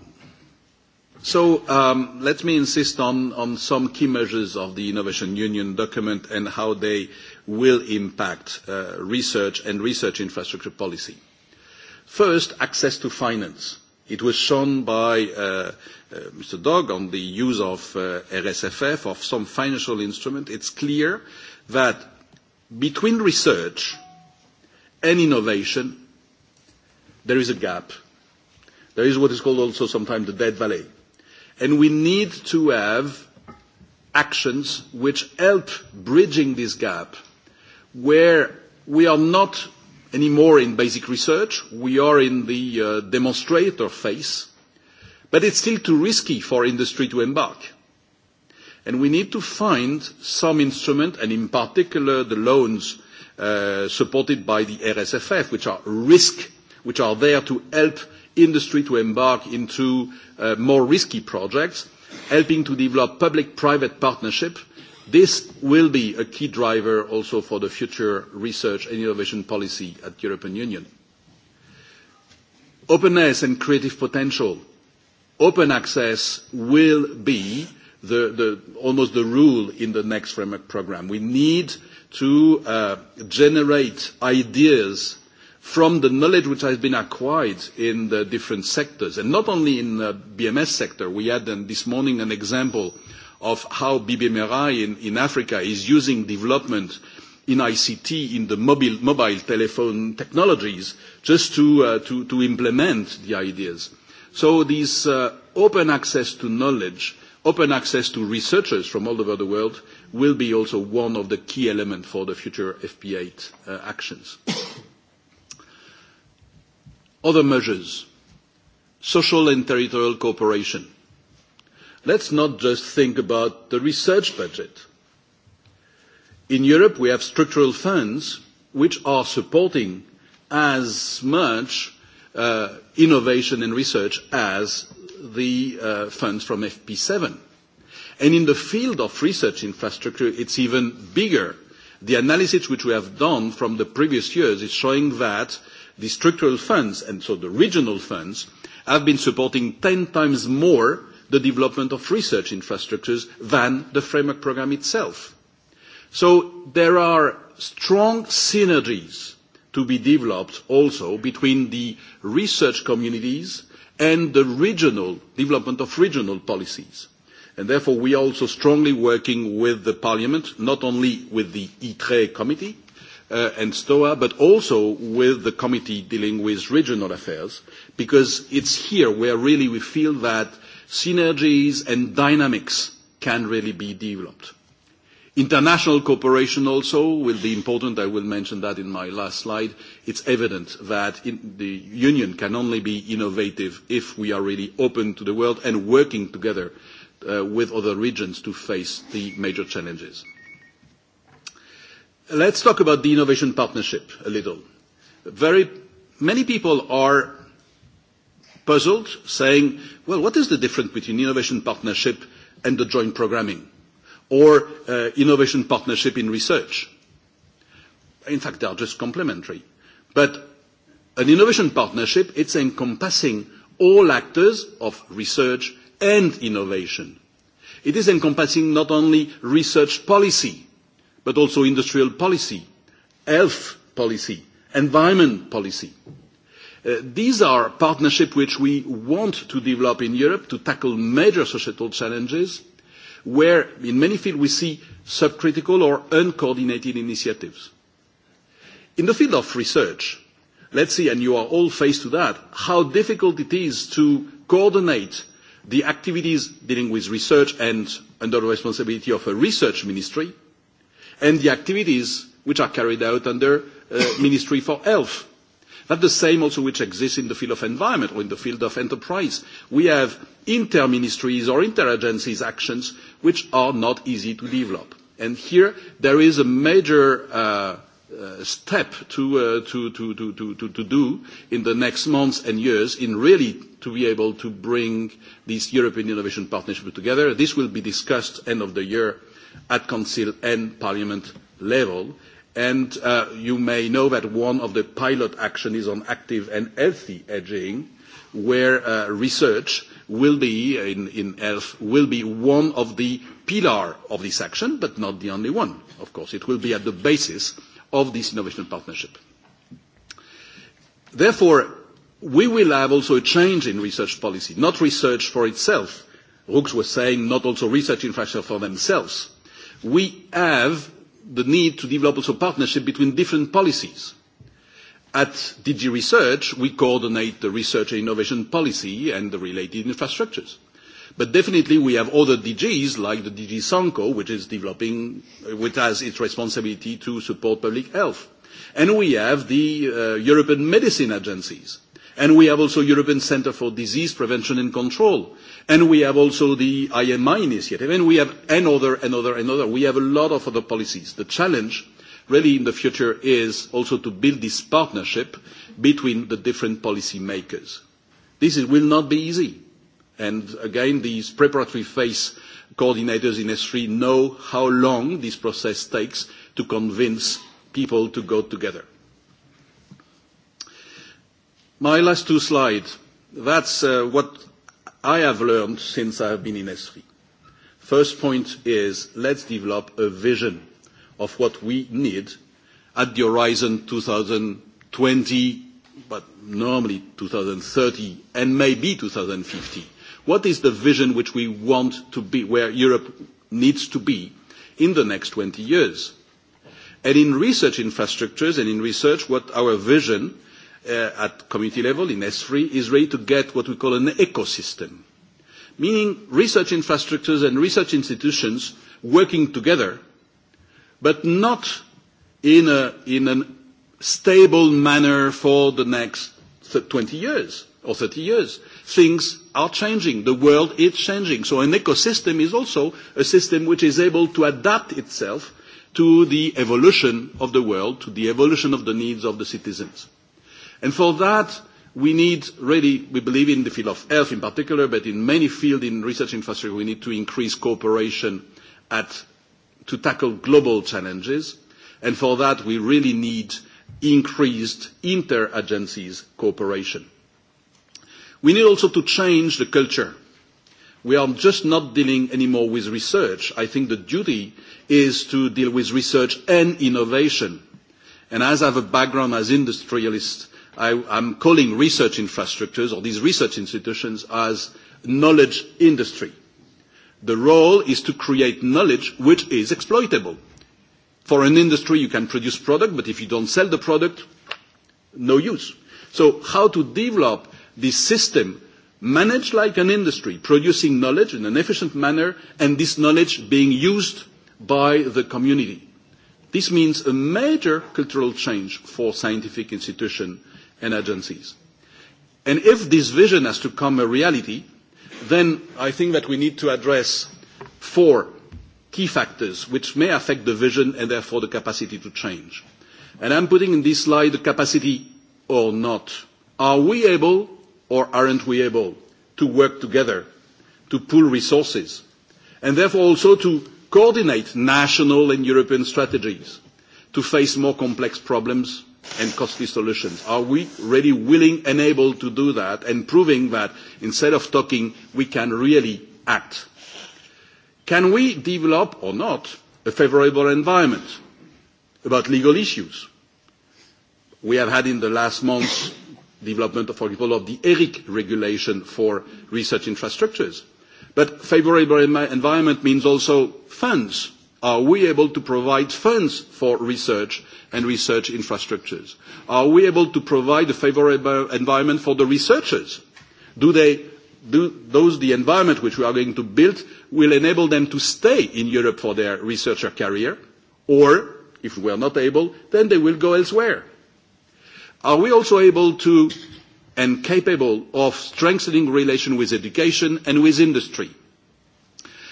So let me insist on some key measures of the Innovation Union document and how they will impact research and research infrastructure policy. First, access to finance. It was shown by Mr. Dogg on the use of RSFF, of some financial instrument. It's clear that between research and innovation, there is a gap. There is what is called also sometimes the dead valley. And we need to have actions which help bridging this gap where we are not anymore in basic research. We are in the demonstrator phase, but it's still too risky for industry to embark. And we need to find some instrument, and in particular the loans supported by the RSFF, which are risk, which are there to help industry to embark into more risky projects, helping to develop public-private partnership This will be a key driver also for the future research and innovation policy at European Union. Openness and creative potential. Open access will be almost the rule in the next framework programme. We need to generate ideas from the knowledge which has been acquired in the different sectors, and not only in the BMS sector. We had this morning an example of how BBMRI in Africa is using development in ICT, in the mobile telephone technologies, just to implement the ideas. So this open access to knowledge, open access to researchers from all over the world, will be also one of the key elements for the future FP8 actions. Other measures. Social and territorial cooperation. Let's not just think about the research budget. In Europe, we have structural funds which are supporting as much innovation and research as the funds from FP7. And in the field of research infrastructure, it's even bigger. The analysis which we have done from the previous years is showing that the structural funds, and so the regional funds, have been supporting 10 times more the development of research infrastructures than the framework programme itself. So there are strong synergies to be developed also between the research communities and the regional development of regional policies. And therefore we are also strongly working with the Parliament, not only with the ITRE committee and STOA, but also with the committee dealing with regional affairs, because it's here where really we feel that synergies and dynamics can really be developed. International cooperation also will be important. I will mention that in my last slide. It's evident that the Union can only be innovative if we are really open to the world and working together with other regions to face the major challenges. Let's talk about the innovation partnership a little. Very many people are puzzled, saying, well, what is the difference between innovation partnership and the joint programming, or innovation partnership in research? In fact, they are just complementary. But an innovation partnership, it's encompassing all actors of research and innovation. It is encompassing not only research policy, but also industrial policy, health policy, environment policy. These are partnerships which we want to develop in Europe to tackle major societal challenges, where in many fields we see subcritical or uncoordinated initiatives. In the field of research, let's see, and you are all faced to that, how difficult it is to coordinate the activities dealing with research and under the responsibility of a research ministry, and the activities which are carried out under the Ministry for Health is the same also which exists in the field of environment or in the field of enterprise. We have interministries or interagencies actions which are not easy to develop. And here there is a major step to do in the next months and years in really to be able to bring this European Innovation Partnership together. This will be discussed end of the year at Council and Parliament level And you may know that one of the pilot actions is on active and healthy edging, where research will be in health will be one of the pillar of this action, but not the only one. Of course, it will be at the basis of this innovation partnership. Therefore, we will have also a change in research policy, not research for itself. Rooks was saying, not also research infrastructure for themselves. We have the need to develop also partnership between different policies. At DG Research, we coordinate the research and innovation policy and the related infrastructures. But definitely we have other DGs like the DG Sanko, which is developing, which has its responsibility to support public health. And we have the European medicine agencies and we have also European Centre for Disease Prevention and Control, and we have also the IMI initiative, and we have another, another, another. We have a lot of other policies. The challenge really in the future is also to build this partnership between the different policy makers. This will not be easy. And again, these preparatory phase coordinators in S3 know how long this process takes to convince people to go together. My last two slides, that's what I have learned since I have been in ESRI. First point is let's develop a vision of what we need at the horizon 2020, but normally 2030 and maybe 2050. What is the vision which we want to be, where Europe needs to be in the next 20 years? And in research infrastructures and in research, what our vision at community level in S3 is ready to get what we call an ecosystem, meaning research infrastructures and research institutions working together, but not in a stable manner for the next 20 years or 30 years. Things are changing. The world is changing. So an ecosystem is also a system which is able to adapt itself to the evolution of the world, to the evolution of the needs of the citizens. And for that, we need really, we believe in the field of health in particular, but in many fields in research infrastructure, we need to increase cooperation to tackle global challenges. And for that, we really need increased inter-agencies cooperation. We need also to change the culture. We are just not dealing anymore with research. I think the duty is to deal with research and innovation. And as I have a background as industrialist, I am calling research infrastructures or these research institutions as knowledge industry. The role is to create knowledge which is exploitable. For an industry, you can produce product, but if you don't sell the product, no use. So how to develop this system managed like an industry, producing knowledge in an efficient manner, and this knowledge being used by the community. This means a major cultural change for scientific institutions and agencies. And if this vision has to come a reality, then I think that we need to address four key factors which may affect the vision and therefore the capacity to change. And I'm putting in this slide the capacity or not. Are we able or aren't we able to work together, to pool resources, and therefore also to coordinate national and European strategies to face more complex problems and costly solutions. Are we really willing and able to do that and proving that instead of talking we can really act? Can we develop or not a favourable environment about legal issues? We have had in the last months development, for example, of the ERIC regulation for research infrastructures. But favourable environment means also funds Are we able to provide funds for research and research infrastructures? Are we able to provide a favorable environment for the researchers? Do they, do those the environment which we are going to build will enable them to stay in Europe for their researcher career? Or, if we are not able, then they will go elsewhere. Are we also able to and capable of strengthening relations with education and with industry?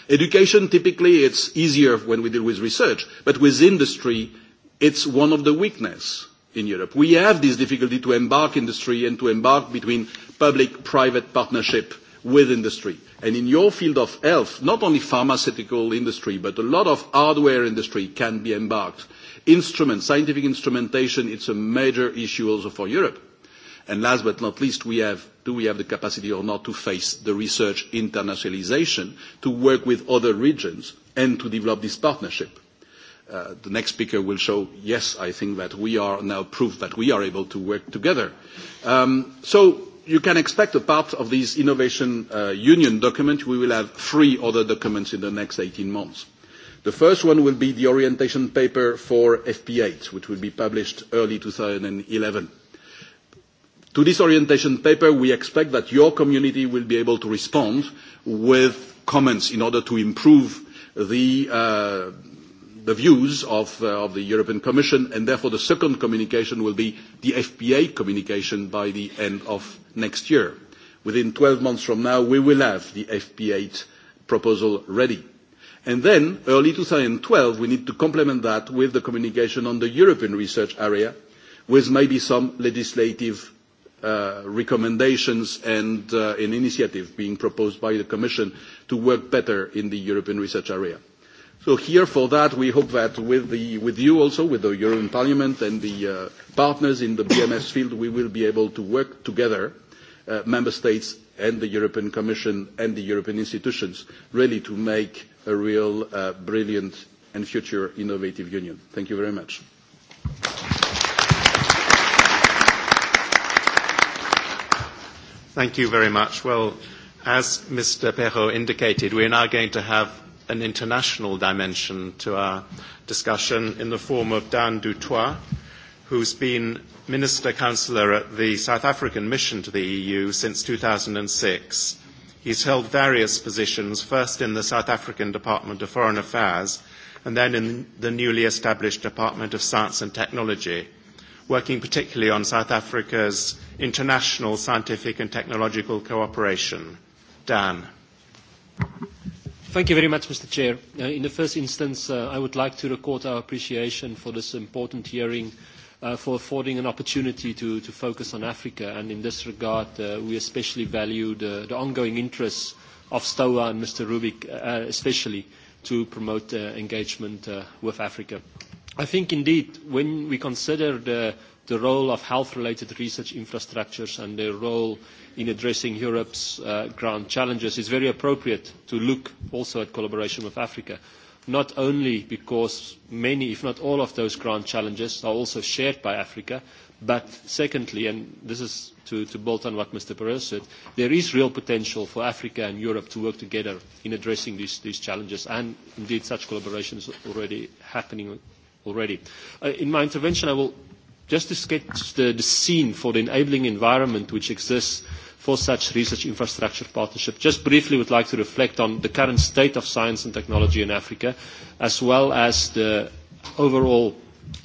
Education, typically, it's easier when we deal with research, but with industry, it's one of the weaknesses in Europe. We have this difficulty to embark industry and to embark between public-private partnership with industry. And in your field of health, not only pharmaceutical industry, but a lot of hardware industry can be embarked. Instruments, scientific instrumentation, it's a major issue also for Europe. And last but not least, do we have the capacity or not to face the research internationalization, to work with other regions and to develop this partnership. The next speaker will show, yes, I think that we are now proof that we are able to work together. So you can expect a part of this Innovation Union document. We will have three other documents in the next 18 months. The first one will be the orientation paper for FP8, which will be published early 2011. To this orientation paper, we expect that your community will be able to respond with comments in order to improve the views of the European Commission, and therefore the second communication will be the FPA communication by the end of next year. Within 12 months from now, we will have the FP8 proposal ready. And then, early 2012, we need to complement that with the communication on the European research area, with maybe some legislative recommendations and an initiative being proposed by the Commission to work better in the European research area. So here for that we hope that with you also, with the European Parliament and the partners in the BMS field, we will be able to work together, Member States and the European Commission and the European institutions, really to make a real brilliant and future innovative union. Thank you very much. Thank you very much. Well, as Mr. Perrault indicated, we are now going to have an international dimension to our discussion in the form of Dan Dutoit, who's been Minister Councillor at the South African Mission to the EU since 2006. He's held various positions, first in the South African Department of Foreign Affairs and then in the newly established Department of Science and Technology working particularly on South Africa's international scientific and technological cooperation. Dan. Thank you very much, Mr. Chair. In the first instance, I would like to record our appreciation for this important hearing for affording an opportunity to focus on Africa. And in this regard, we especially value the ongoing interests of STOA and Mr. Rubik especially to promote engagement with Africa. I think indeed when we consider the role of health-related research infrastructures and their role in addressing Europe's grand challenges, it is very appropriate to look also at collaboration with Africa, not only because many, if not all, of those grand challenges are also shared by Africa, but secondly, and this is to bolt on what Mr. Perez said, there is real potential for Africa and Europe to work together in addressing these challenges, and indeed such collaboration is already happening already. In my intervention, I will just to sketch the scene for the enabling environment which exists for such research infrastructure partnership. Just briefly would like to reflect on the current state of science and technology in Africa, as well as the overall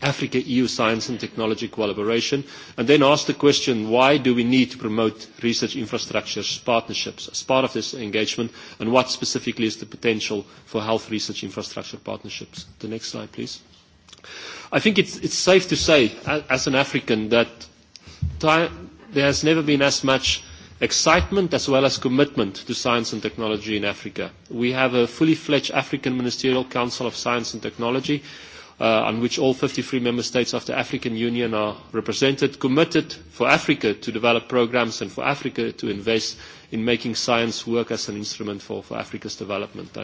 Africa-EU science and technology collaboration, and then ask the question, why do we need to promote research infrastructure partnerships as part of this engagement, and what specifically is the potential for health research infrastructure partnerships? The next slide, please. I think it's it's safe to say, as an African, that there has never been as much excitement as well as commitment to science and technology in Africa. We have a fully fledged African Ministerial Council of Science and Technology on which all 53 member states of the African Union are represented, committed for Africa to develop programs and for Africa to invest in making science work as an instrument for Africa's development.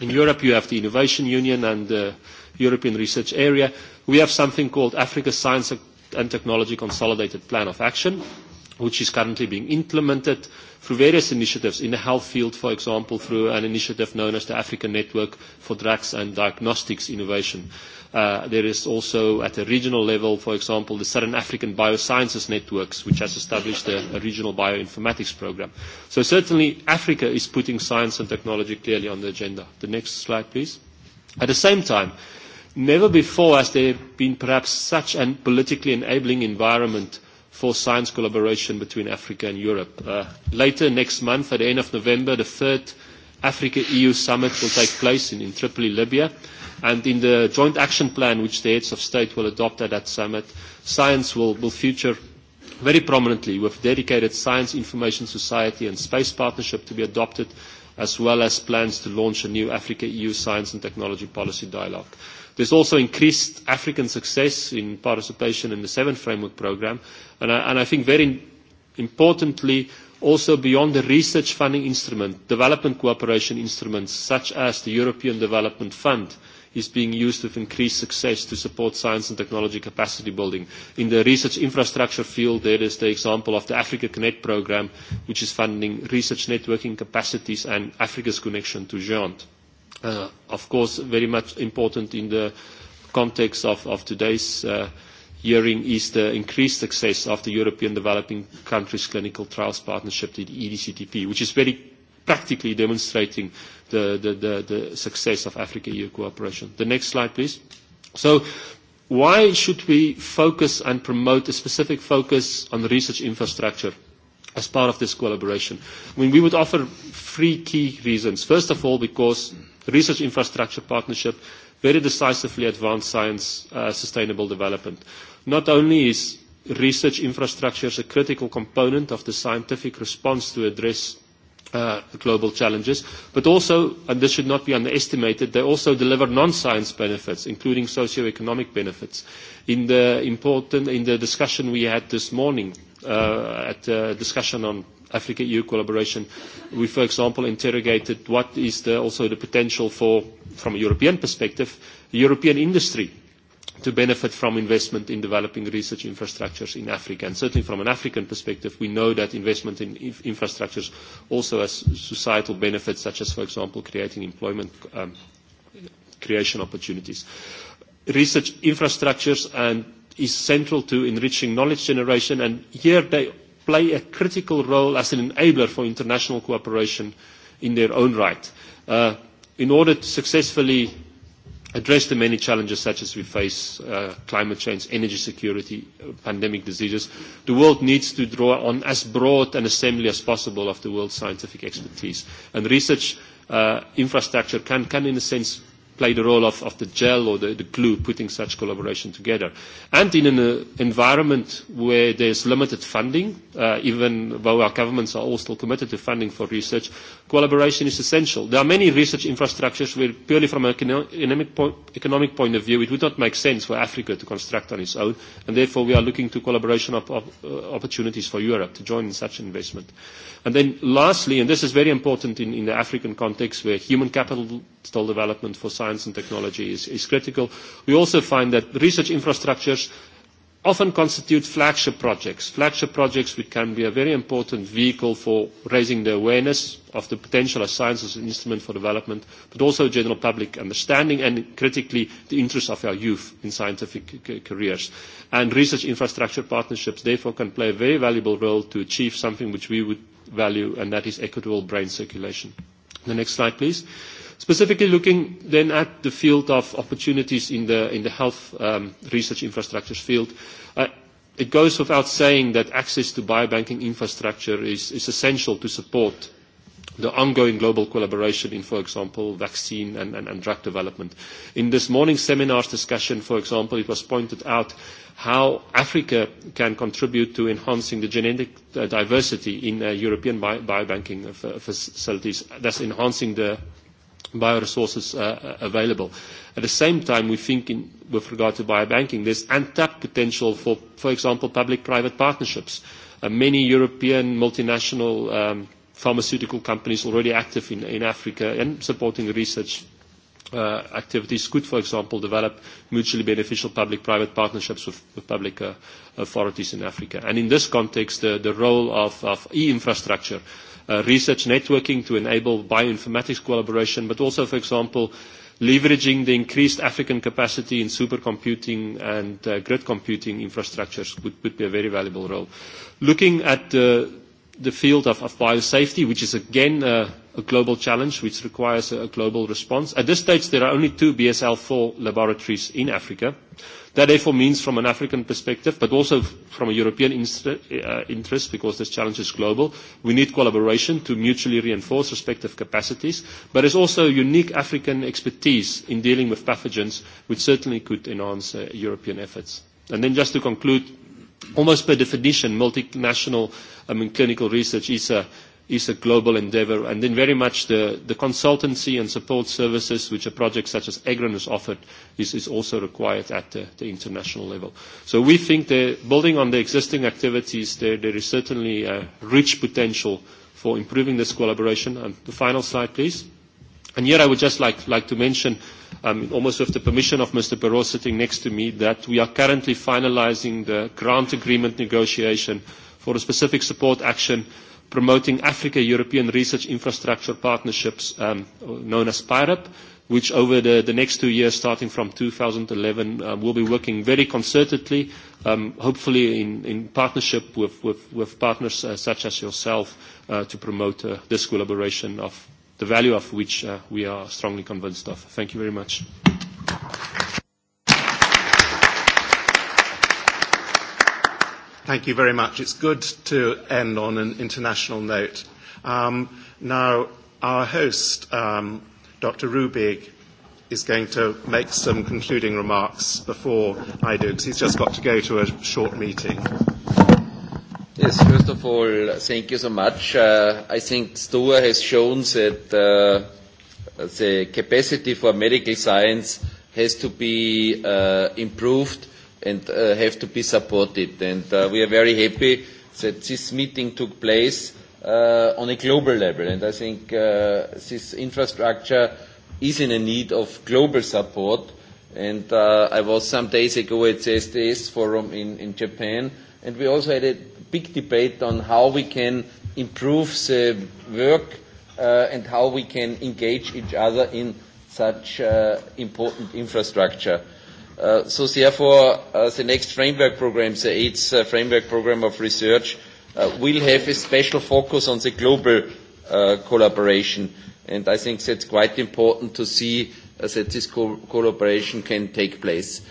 In Europe, you have the Innovation Union and the European Research Area. We have something called Africa Science and Technology Consolidated Plan of Action which is currently being implemented through various initiatives in the health field, for example, through an initiative known as the African Network for Drugs and Diagnostics Innovation. There is also, at a regional level, for example, the Southern African Biosciences Networks, which has established a regional bioinformatics program. So certainly Africa is putting science and technology clearly on the agenda. The next slide, please. At the same time, never before has there been perhaps such a politically enabling environment for science collaboration between Africa and Europe. Later next month, at the end of November, the third Africa-EU summit will take place in Tripoli, Libya. And in the joint action plan which the heads of state will adopt at that summit, science will feature very prominently with dedicated Science Information Society and Space Partnership to be adopted, as well as plans to launch a new Africa-EU science and technology policy dialogue. There is also increased African success in participation in the seventh framework programme and I think very importantly also beyond the research funding instrument, development cooperation instruments such as the European Development Fund is being used with increased success to support science and technology capacity building. In the research infrastructure field, there is the example of the Africa Connect programme, which is funding research networking capacities and Africa's connection to of course very much important in the context of today's hearing is the increased success of the European Developing Countries Clinical Trials Partnership, the EDCTP, which is very practically demonstrating the success of Africa-EU cooperation. The next slide, please. So why should we focus and promote a specific focus on research infrastructure as part of this collaboration? we would offer three key reasons. First of all, because research infrastructure partnership very decisively advance science sustainable development. Not only is research infrastructure a critical component of the scientific response to address global challenges, but also, and this should not be underestimated, they also deliver non-science benefits, including socio-economic benefits. In the discussion we had this morning, at the discussion on Africa-EU collaboration, we, for example, interrogated what is also the potential for, from a European perspective, the European industry to benefit from investment in developing research infrastructures in Africa. And certainly from an African perspective, we know that investment in infrastructures also has societal benefits, such as, for example, creating employment creation opportunities. Research infrastructures and is central to enriching knowledge generation, and here they play a critical role as an enabler for international cooperation in their own right in order to successfully address the many challenges such as we face climate change energy security pandemic diseases the world needs to draw on as broad an assembly as possible of the world's scientific expertise and research infrastructure can in a sense play the role of the gel or the glue putting such collaboration together. And in an environment where there is limited funding, even though our governments are all still committed to funding for research, collaboration is essential. There are many research infrastructures where purely from an economic point of view it would not make sense for Africa to construct on its own, and therefore we are looking to collaboration opportunities for Europe to join in such investment. And then lastly, and this is very important in the African context where human capital development for science and technology is critical. We also find that research infrastructures often constitute flagship projects. Flagship projects which can be a very important vehicle for raising the awareness of the potential of science as an instrument for development, but also general public understanding and, critically, the interests of our youth in scientific careers. And research infrastructure partnerships, therefore, can play a very valuable role to achieve something which we would value, and that is equitable brain circulation. The next slide, please. Specifically looking then at the field of opportunities in the health research infrastructures field, it goes without saying that access to biobanking infrastructure is essential to support the ongoing global collaboration in, for example, vaccine and drug development. In this morning's seminar's discussion, for example, it was pointed out how Africa can contribute to enhancing the genetic diversity in European biobanking facilities, thus enhancing the bioresources available. At the same time, we think with regard to biobanking, there's untapped potential for, for example, public-private partnerships. Many European multinational pharmaceutical companies already active in Africa and supporting research activities could, for example, develop mutually beneficial public-private partnerships with public authorities in Africa. And in this context, the role of e-infrastructure research networking to enable bioinformatics collaboration, but also, for example, leveraging the increased African capacity in supercomputing and grid computing infrastructures would be a very valuable role. Looking at the field of biosafety, which is again a global challenge which requires a global response. At this stage, there are only two BSL-4 laboratories in Africa. That therefore means from an African perspective, but also from a European interest, because this challenge is global, we need collaboration to mutually reinforce respective capacities, but there's also unique African expertise in dealing with pathogens, which certainly could enhance European efforts. And then just to conclude, almost by definition, multinational clinical research is a is a global endeavour. And then very much the consultancy and support services which a project such as EGRIN has offered is also required at the international level. So we think that building on the existing activities, there is certainly a rich potential for improving this collaboration. And the final slide, please. And here I would just like to mention, almost with the permission of Mr. Perot sitting next to me, that we are currently finalising the grant agreement negotiation for a specific support action promoting Africa-European Research Infrastructure Partnerships, known as PIREP, which over the next two years, starting from 2011, will be working very concertedly, hopefully in partnership with partners such as yourself, to promote this collaboration of the value of which we are strongly convinced of. Thank you very much. Thank you very much. It's good to end on an international note. Now, our host, Dr. Rubig, is going to make some concluding remarks before I do, because he's just got to go to a short meeting. Yes, first of all, thank you so much. I think STOA has shown that the capacity for medical science has to be improved and have to be supported. And we are very happy that this meeting took place on a global level. And I think this infrastructure is in a need of global support. And I was some days ago at the SDS forum in Japan, and we also had a big debate on how we can improve the work and how we can engage each other in such important infrastructure. So therefore, the next framework program, the AIDS framework program of research, will have a special focus on the global collaboration. And I think that's quite important to see that this collaboration can take place.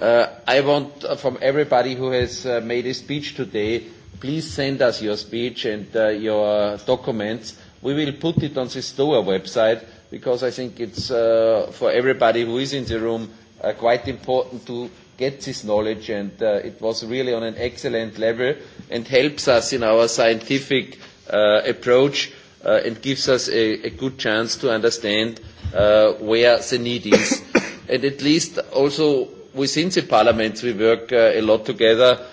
I want from everybody who has made a speech today, please send us your speech and your documents. We will put it on the STOA website because I think it's for everybody who is in the room quite important to get this knowledge and it was really on an excellent level and helps us in our scientific approach and gives us a good chance to understand where the need is. And at least also within the parliaments we work a lot together.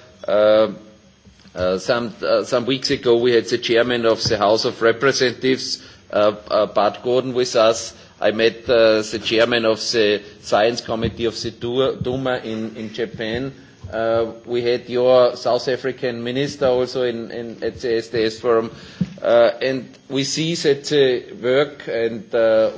Some weeks ago we had the chairman of the House of Representatives, Bart Gordon, with us I met the chairman of the science committee of the Duma in Japan. We had your South African minister also at the SDS forum. And we see that the work and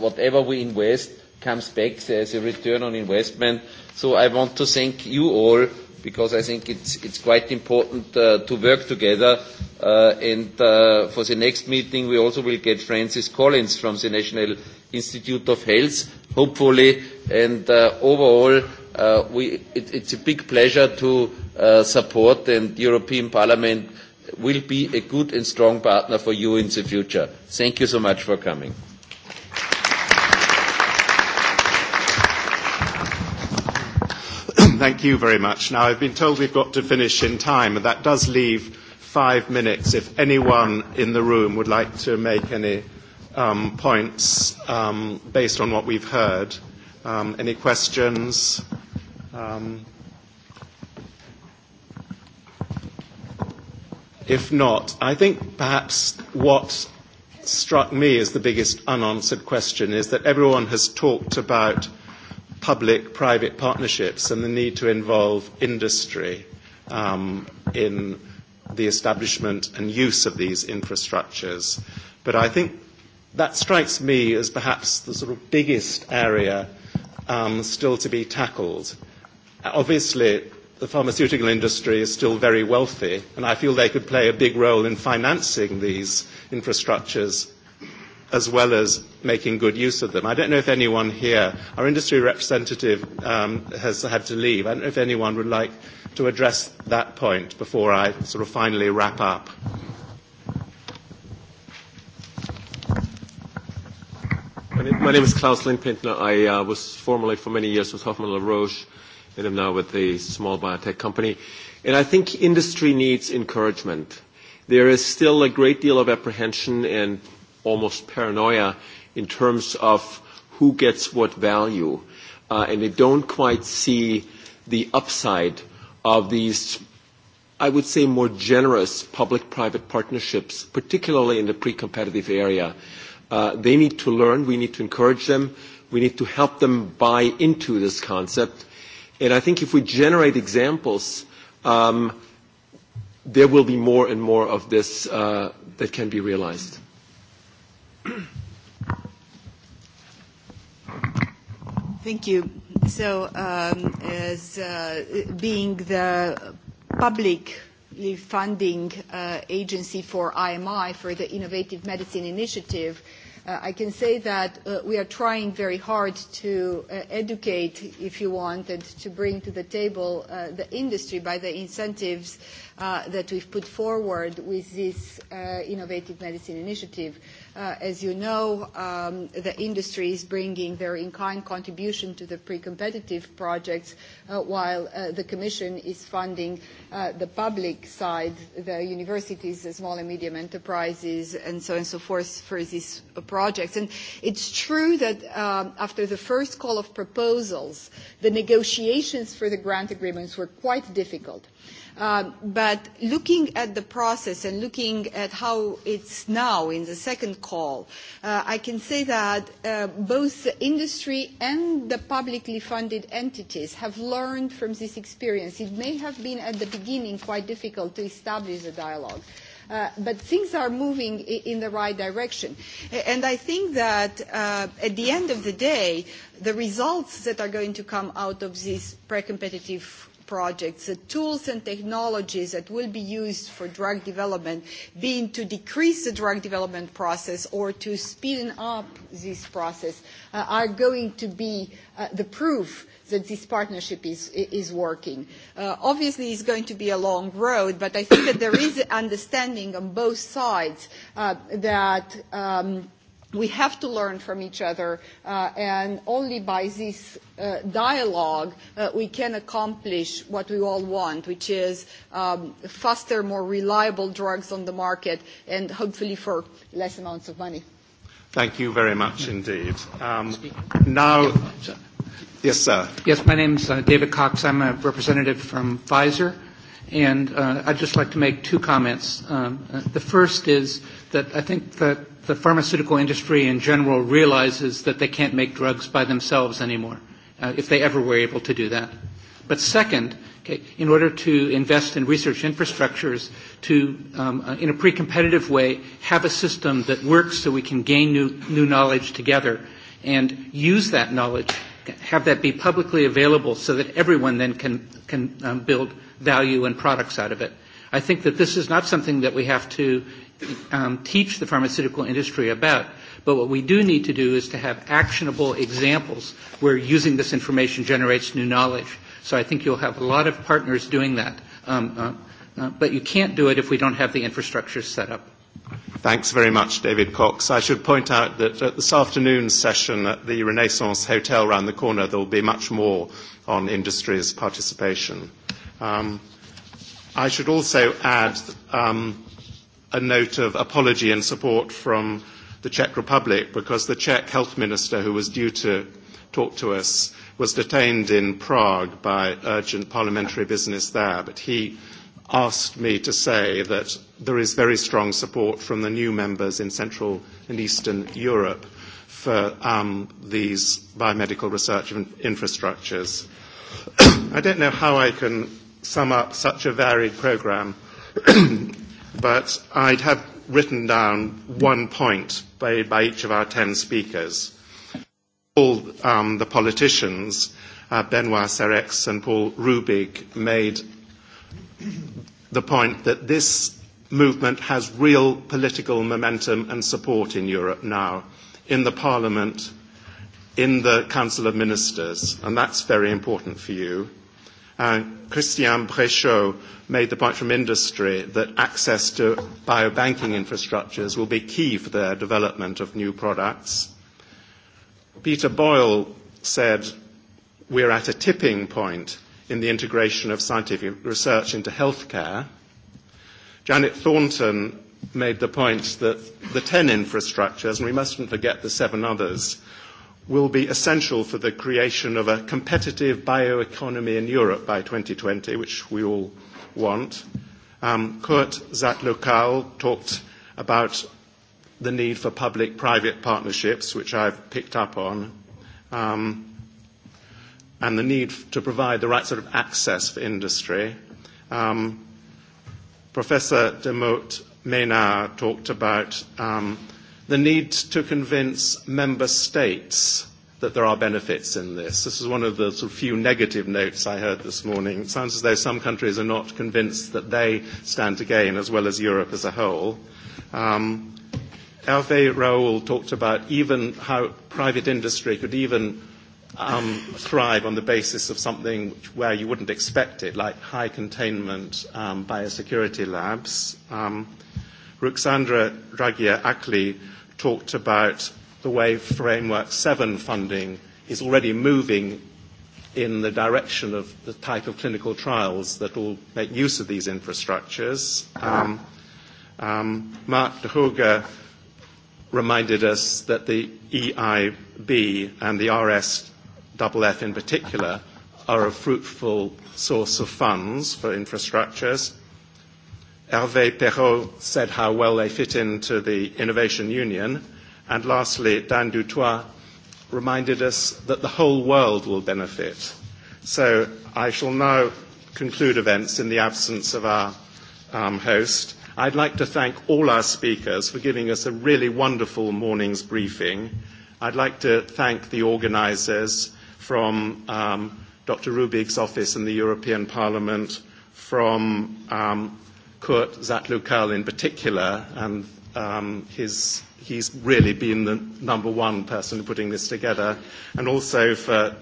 whatever we invest comes back as a return on investment. So I want to thank you all because I think it's quite important to work together. And for the next meeting, we also will get Francis Collins from the National Institute of Health, hopefully. And overall, it's a big pleasure to support, and the European Parliament will be a good and strong partner for you in the future. Thank you so much for coming. Thank you very much. Now, I've been told we've got to finish in time, and that does leave five minutes if anyone in the room would like to make any points based on what we've heard. Any questions? If not, I think perhaps what struck me as the biggest unanswered question is that everyone has talked about public-private partnerships and the need to involve industry in the establishment and use of these infrastructures. But I think that strikes me as perhaps the sort of biggest area still to be tackled. Obviously, the pharmaceutical industry is still very wealthy, and I feel they could play a big role in financing these infrastructures as well as making good use of them. I don't know if anyone here, our industry representative has had to leave. I don't know if anyone would like to address that point before I sort of finally wrap up. My name is Klaus Lindpintner. I was formerly for many years with Hoffmann La Roche and am now with a small biotech company. And I think industry needs encouragement. There is still a great deal of apprehension and almost paranoia in terms of who gets what value. And they don't quite see the upside of these, I would say, more generous public-private partnerships, particularly in the pre-competitive area They need to learn. We need to encourage them. We need to help them buy into this concept. And I think if we generate examples, there will be more and more of this that can be realized. Thank you. So as being the publicly funding agency for IMI, for the Innovative Medicine Initiative, I can say that we are trying very hard to educate, if you want, and to bring to the table the industry by the incentives that we've put forward with this Innovative Medicine Initiative. As you know, the industry is bringing their in-kind contribution to the pre-competitive projects while the Commission is funding the public side, the universities, the small and medium enterprises, and so on and so forth for these projects. And it's true that after the first call of proposals, the negotiations for the grant agreements were quite difficult. But looking at the process and looking at how it's now in the second call, I can say that both the industry and the publicly funded entities have learned from this experience. It may have been at the beginning quite difficult to establish a dialogue, but things are moving in the right direction. And I think that at the end of the day, the results that are going to come out of these pre-competitive projects, the tools and technologies that will be used for drug development, being to decrease the drug development process or to speed up this process, are going to be the proof that this partnership is working. Obviously, it's going to be a long road, but I think that there is understanding on both sides that we have to learn from each other, and only by this dialogue we can accomplish what we all want, which is faster, more reliable drugs on the market, and hopefully for less amounts of money. Thank you very much indeed. Now Yes, sir. Yes, my name is David Cox. I'm a representative from Pfizer, and I'd just like to make two comments. The first is that I think that the pharmaceutical industry in general realizes that they can't make drugs by themselves anymore, if they ever were able to do that. But second, in order to invest in research infrastructures to, in a pre-competitive way, have a system that works so we can gain new knowledge together and use that knowledge have that be publicly available so that everyone then can can build value and products out of it. I think that this is not something that we have to teach the pharmaceutical industry about, but what we do need to do is to have actionable examples where using this information generates new knowledge. So I think you'll have a lot of partners doing that, but you can't do it if we don't have the infrastructure set up. Thanks very much, David Cox. I should point out that at this afternoon's session at the Renaissance Hotel round the corner, there will be much more on industry's participation. I should also add a note of apology and support from the Czech Republic, because the Czech health minister who was due to talk to us was detained in Prague by urgent parliamentary business there, but he asked me to say that there is very strong support from the new members in Central and Eastern Europe for these biomedical research infrastructures. I don't know how I can sum up such a varied program, but I'd have written down one point by each of our ten speakers. All the politicians, Benoit Serex and Paul Rubig, made the point that this movement has real political momentum and support in Europe now, in the Parliament, in the Council of Ministers, and that's very important for you. Christian Bréchot made the point from industry that access to biobanking infrastructures will be key for their development of new products. Peter Boyle said, we're at a tipping point in the integration of scientific research into healthcare. Janet Thornton made the point that the 10 infrastructures, and we mustn't forget the seven others, will be essential for the creation of a competitive bioeconomy in Europe by 2020, which we all want. Kurt Zatlokal talked about the need for public-private partnerships, which I've picked up on and the need to provide the right sort of access for industry. Professor Demote Maynard talked about the need to convince member states that there are benefits in this. This is one of the few negative notes I heard this morning. It sounds as though some countries are not convinced that they stand to gain as well as Europe as a whole. Hervé Raoul talked about even how private industry could even thrive on the basis of something where you wouldn't expect it, like high containment biosecurity labs. Ruxandra dragia Akli talked about the way Framework 7 funding is already moving in the direction of the type of clinical trials that will make use of these infrastructures. Mark de Hooge reminded us that the EIB and the RS double F in particular, are a fruitful source of funds for infrastructures. Hervé Perrault said how well they fit into the Innovation Union. And lastly, Dan Dutois reminded us that the whole world will benefit. So I shall now conclude events in the absence of our host. I'd like to thank all our speakers for giving us a really wonderful morning's briefing. I'd like to thank the organisers from Dr. Rubig's office in the European Parliament, from Kurt Zatlukal in particular, and his he's really been the number one person putting this together, and also for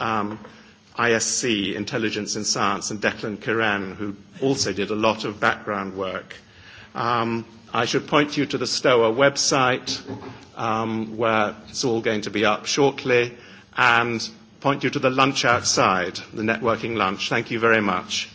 ISC, Intelligence in Science, and Declan Kiran, who also did a lot of background work. I should point you to the STOA website, where it's all going to be up shortly, and point you to the lunch outside, the networking lunch. Thank you very much.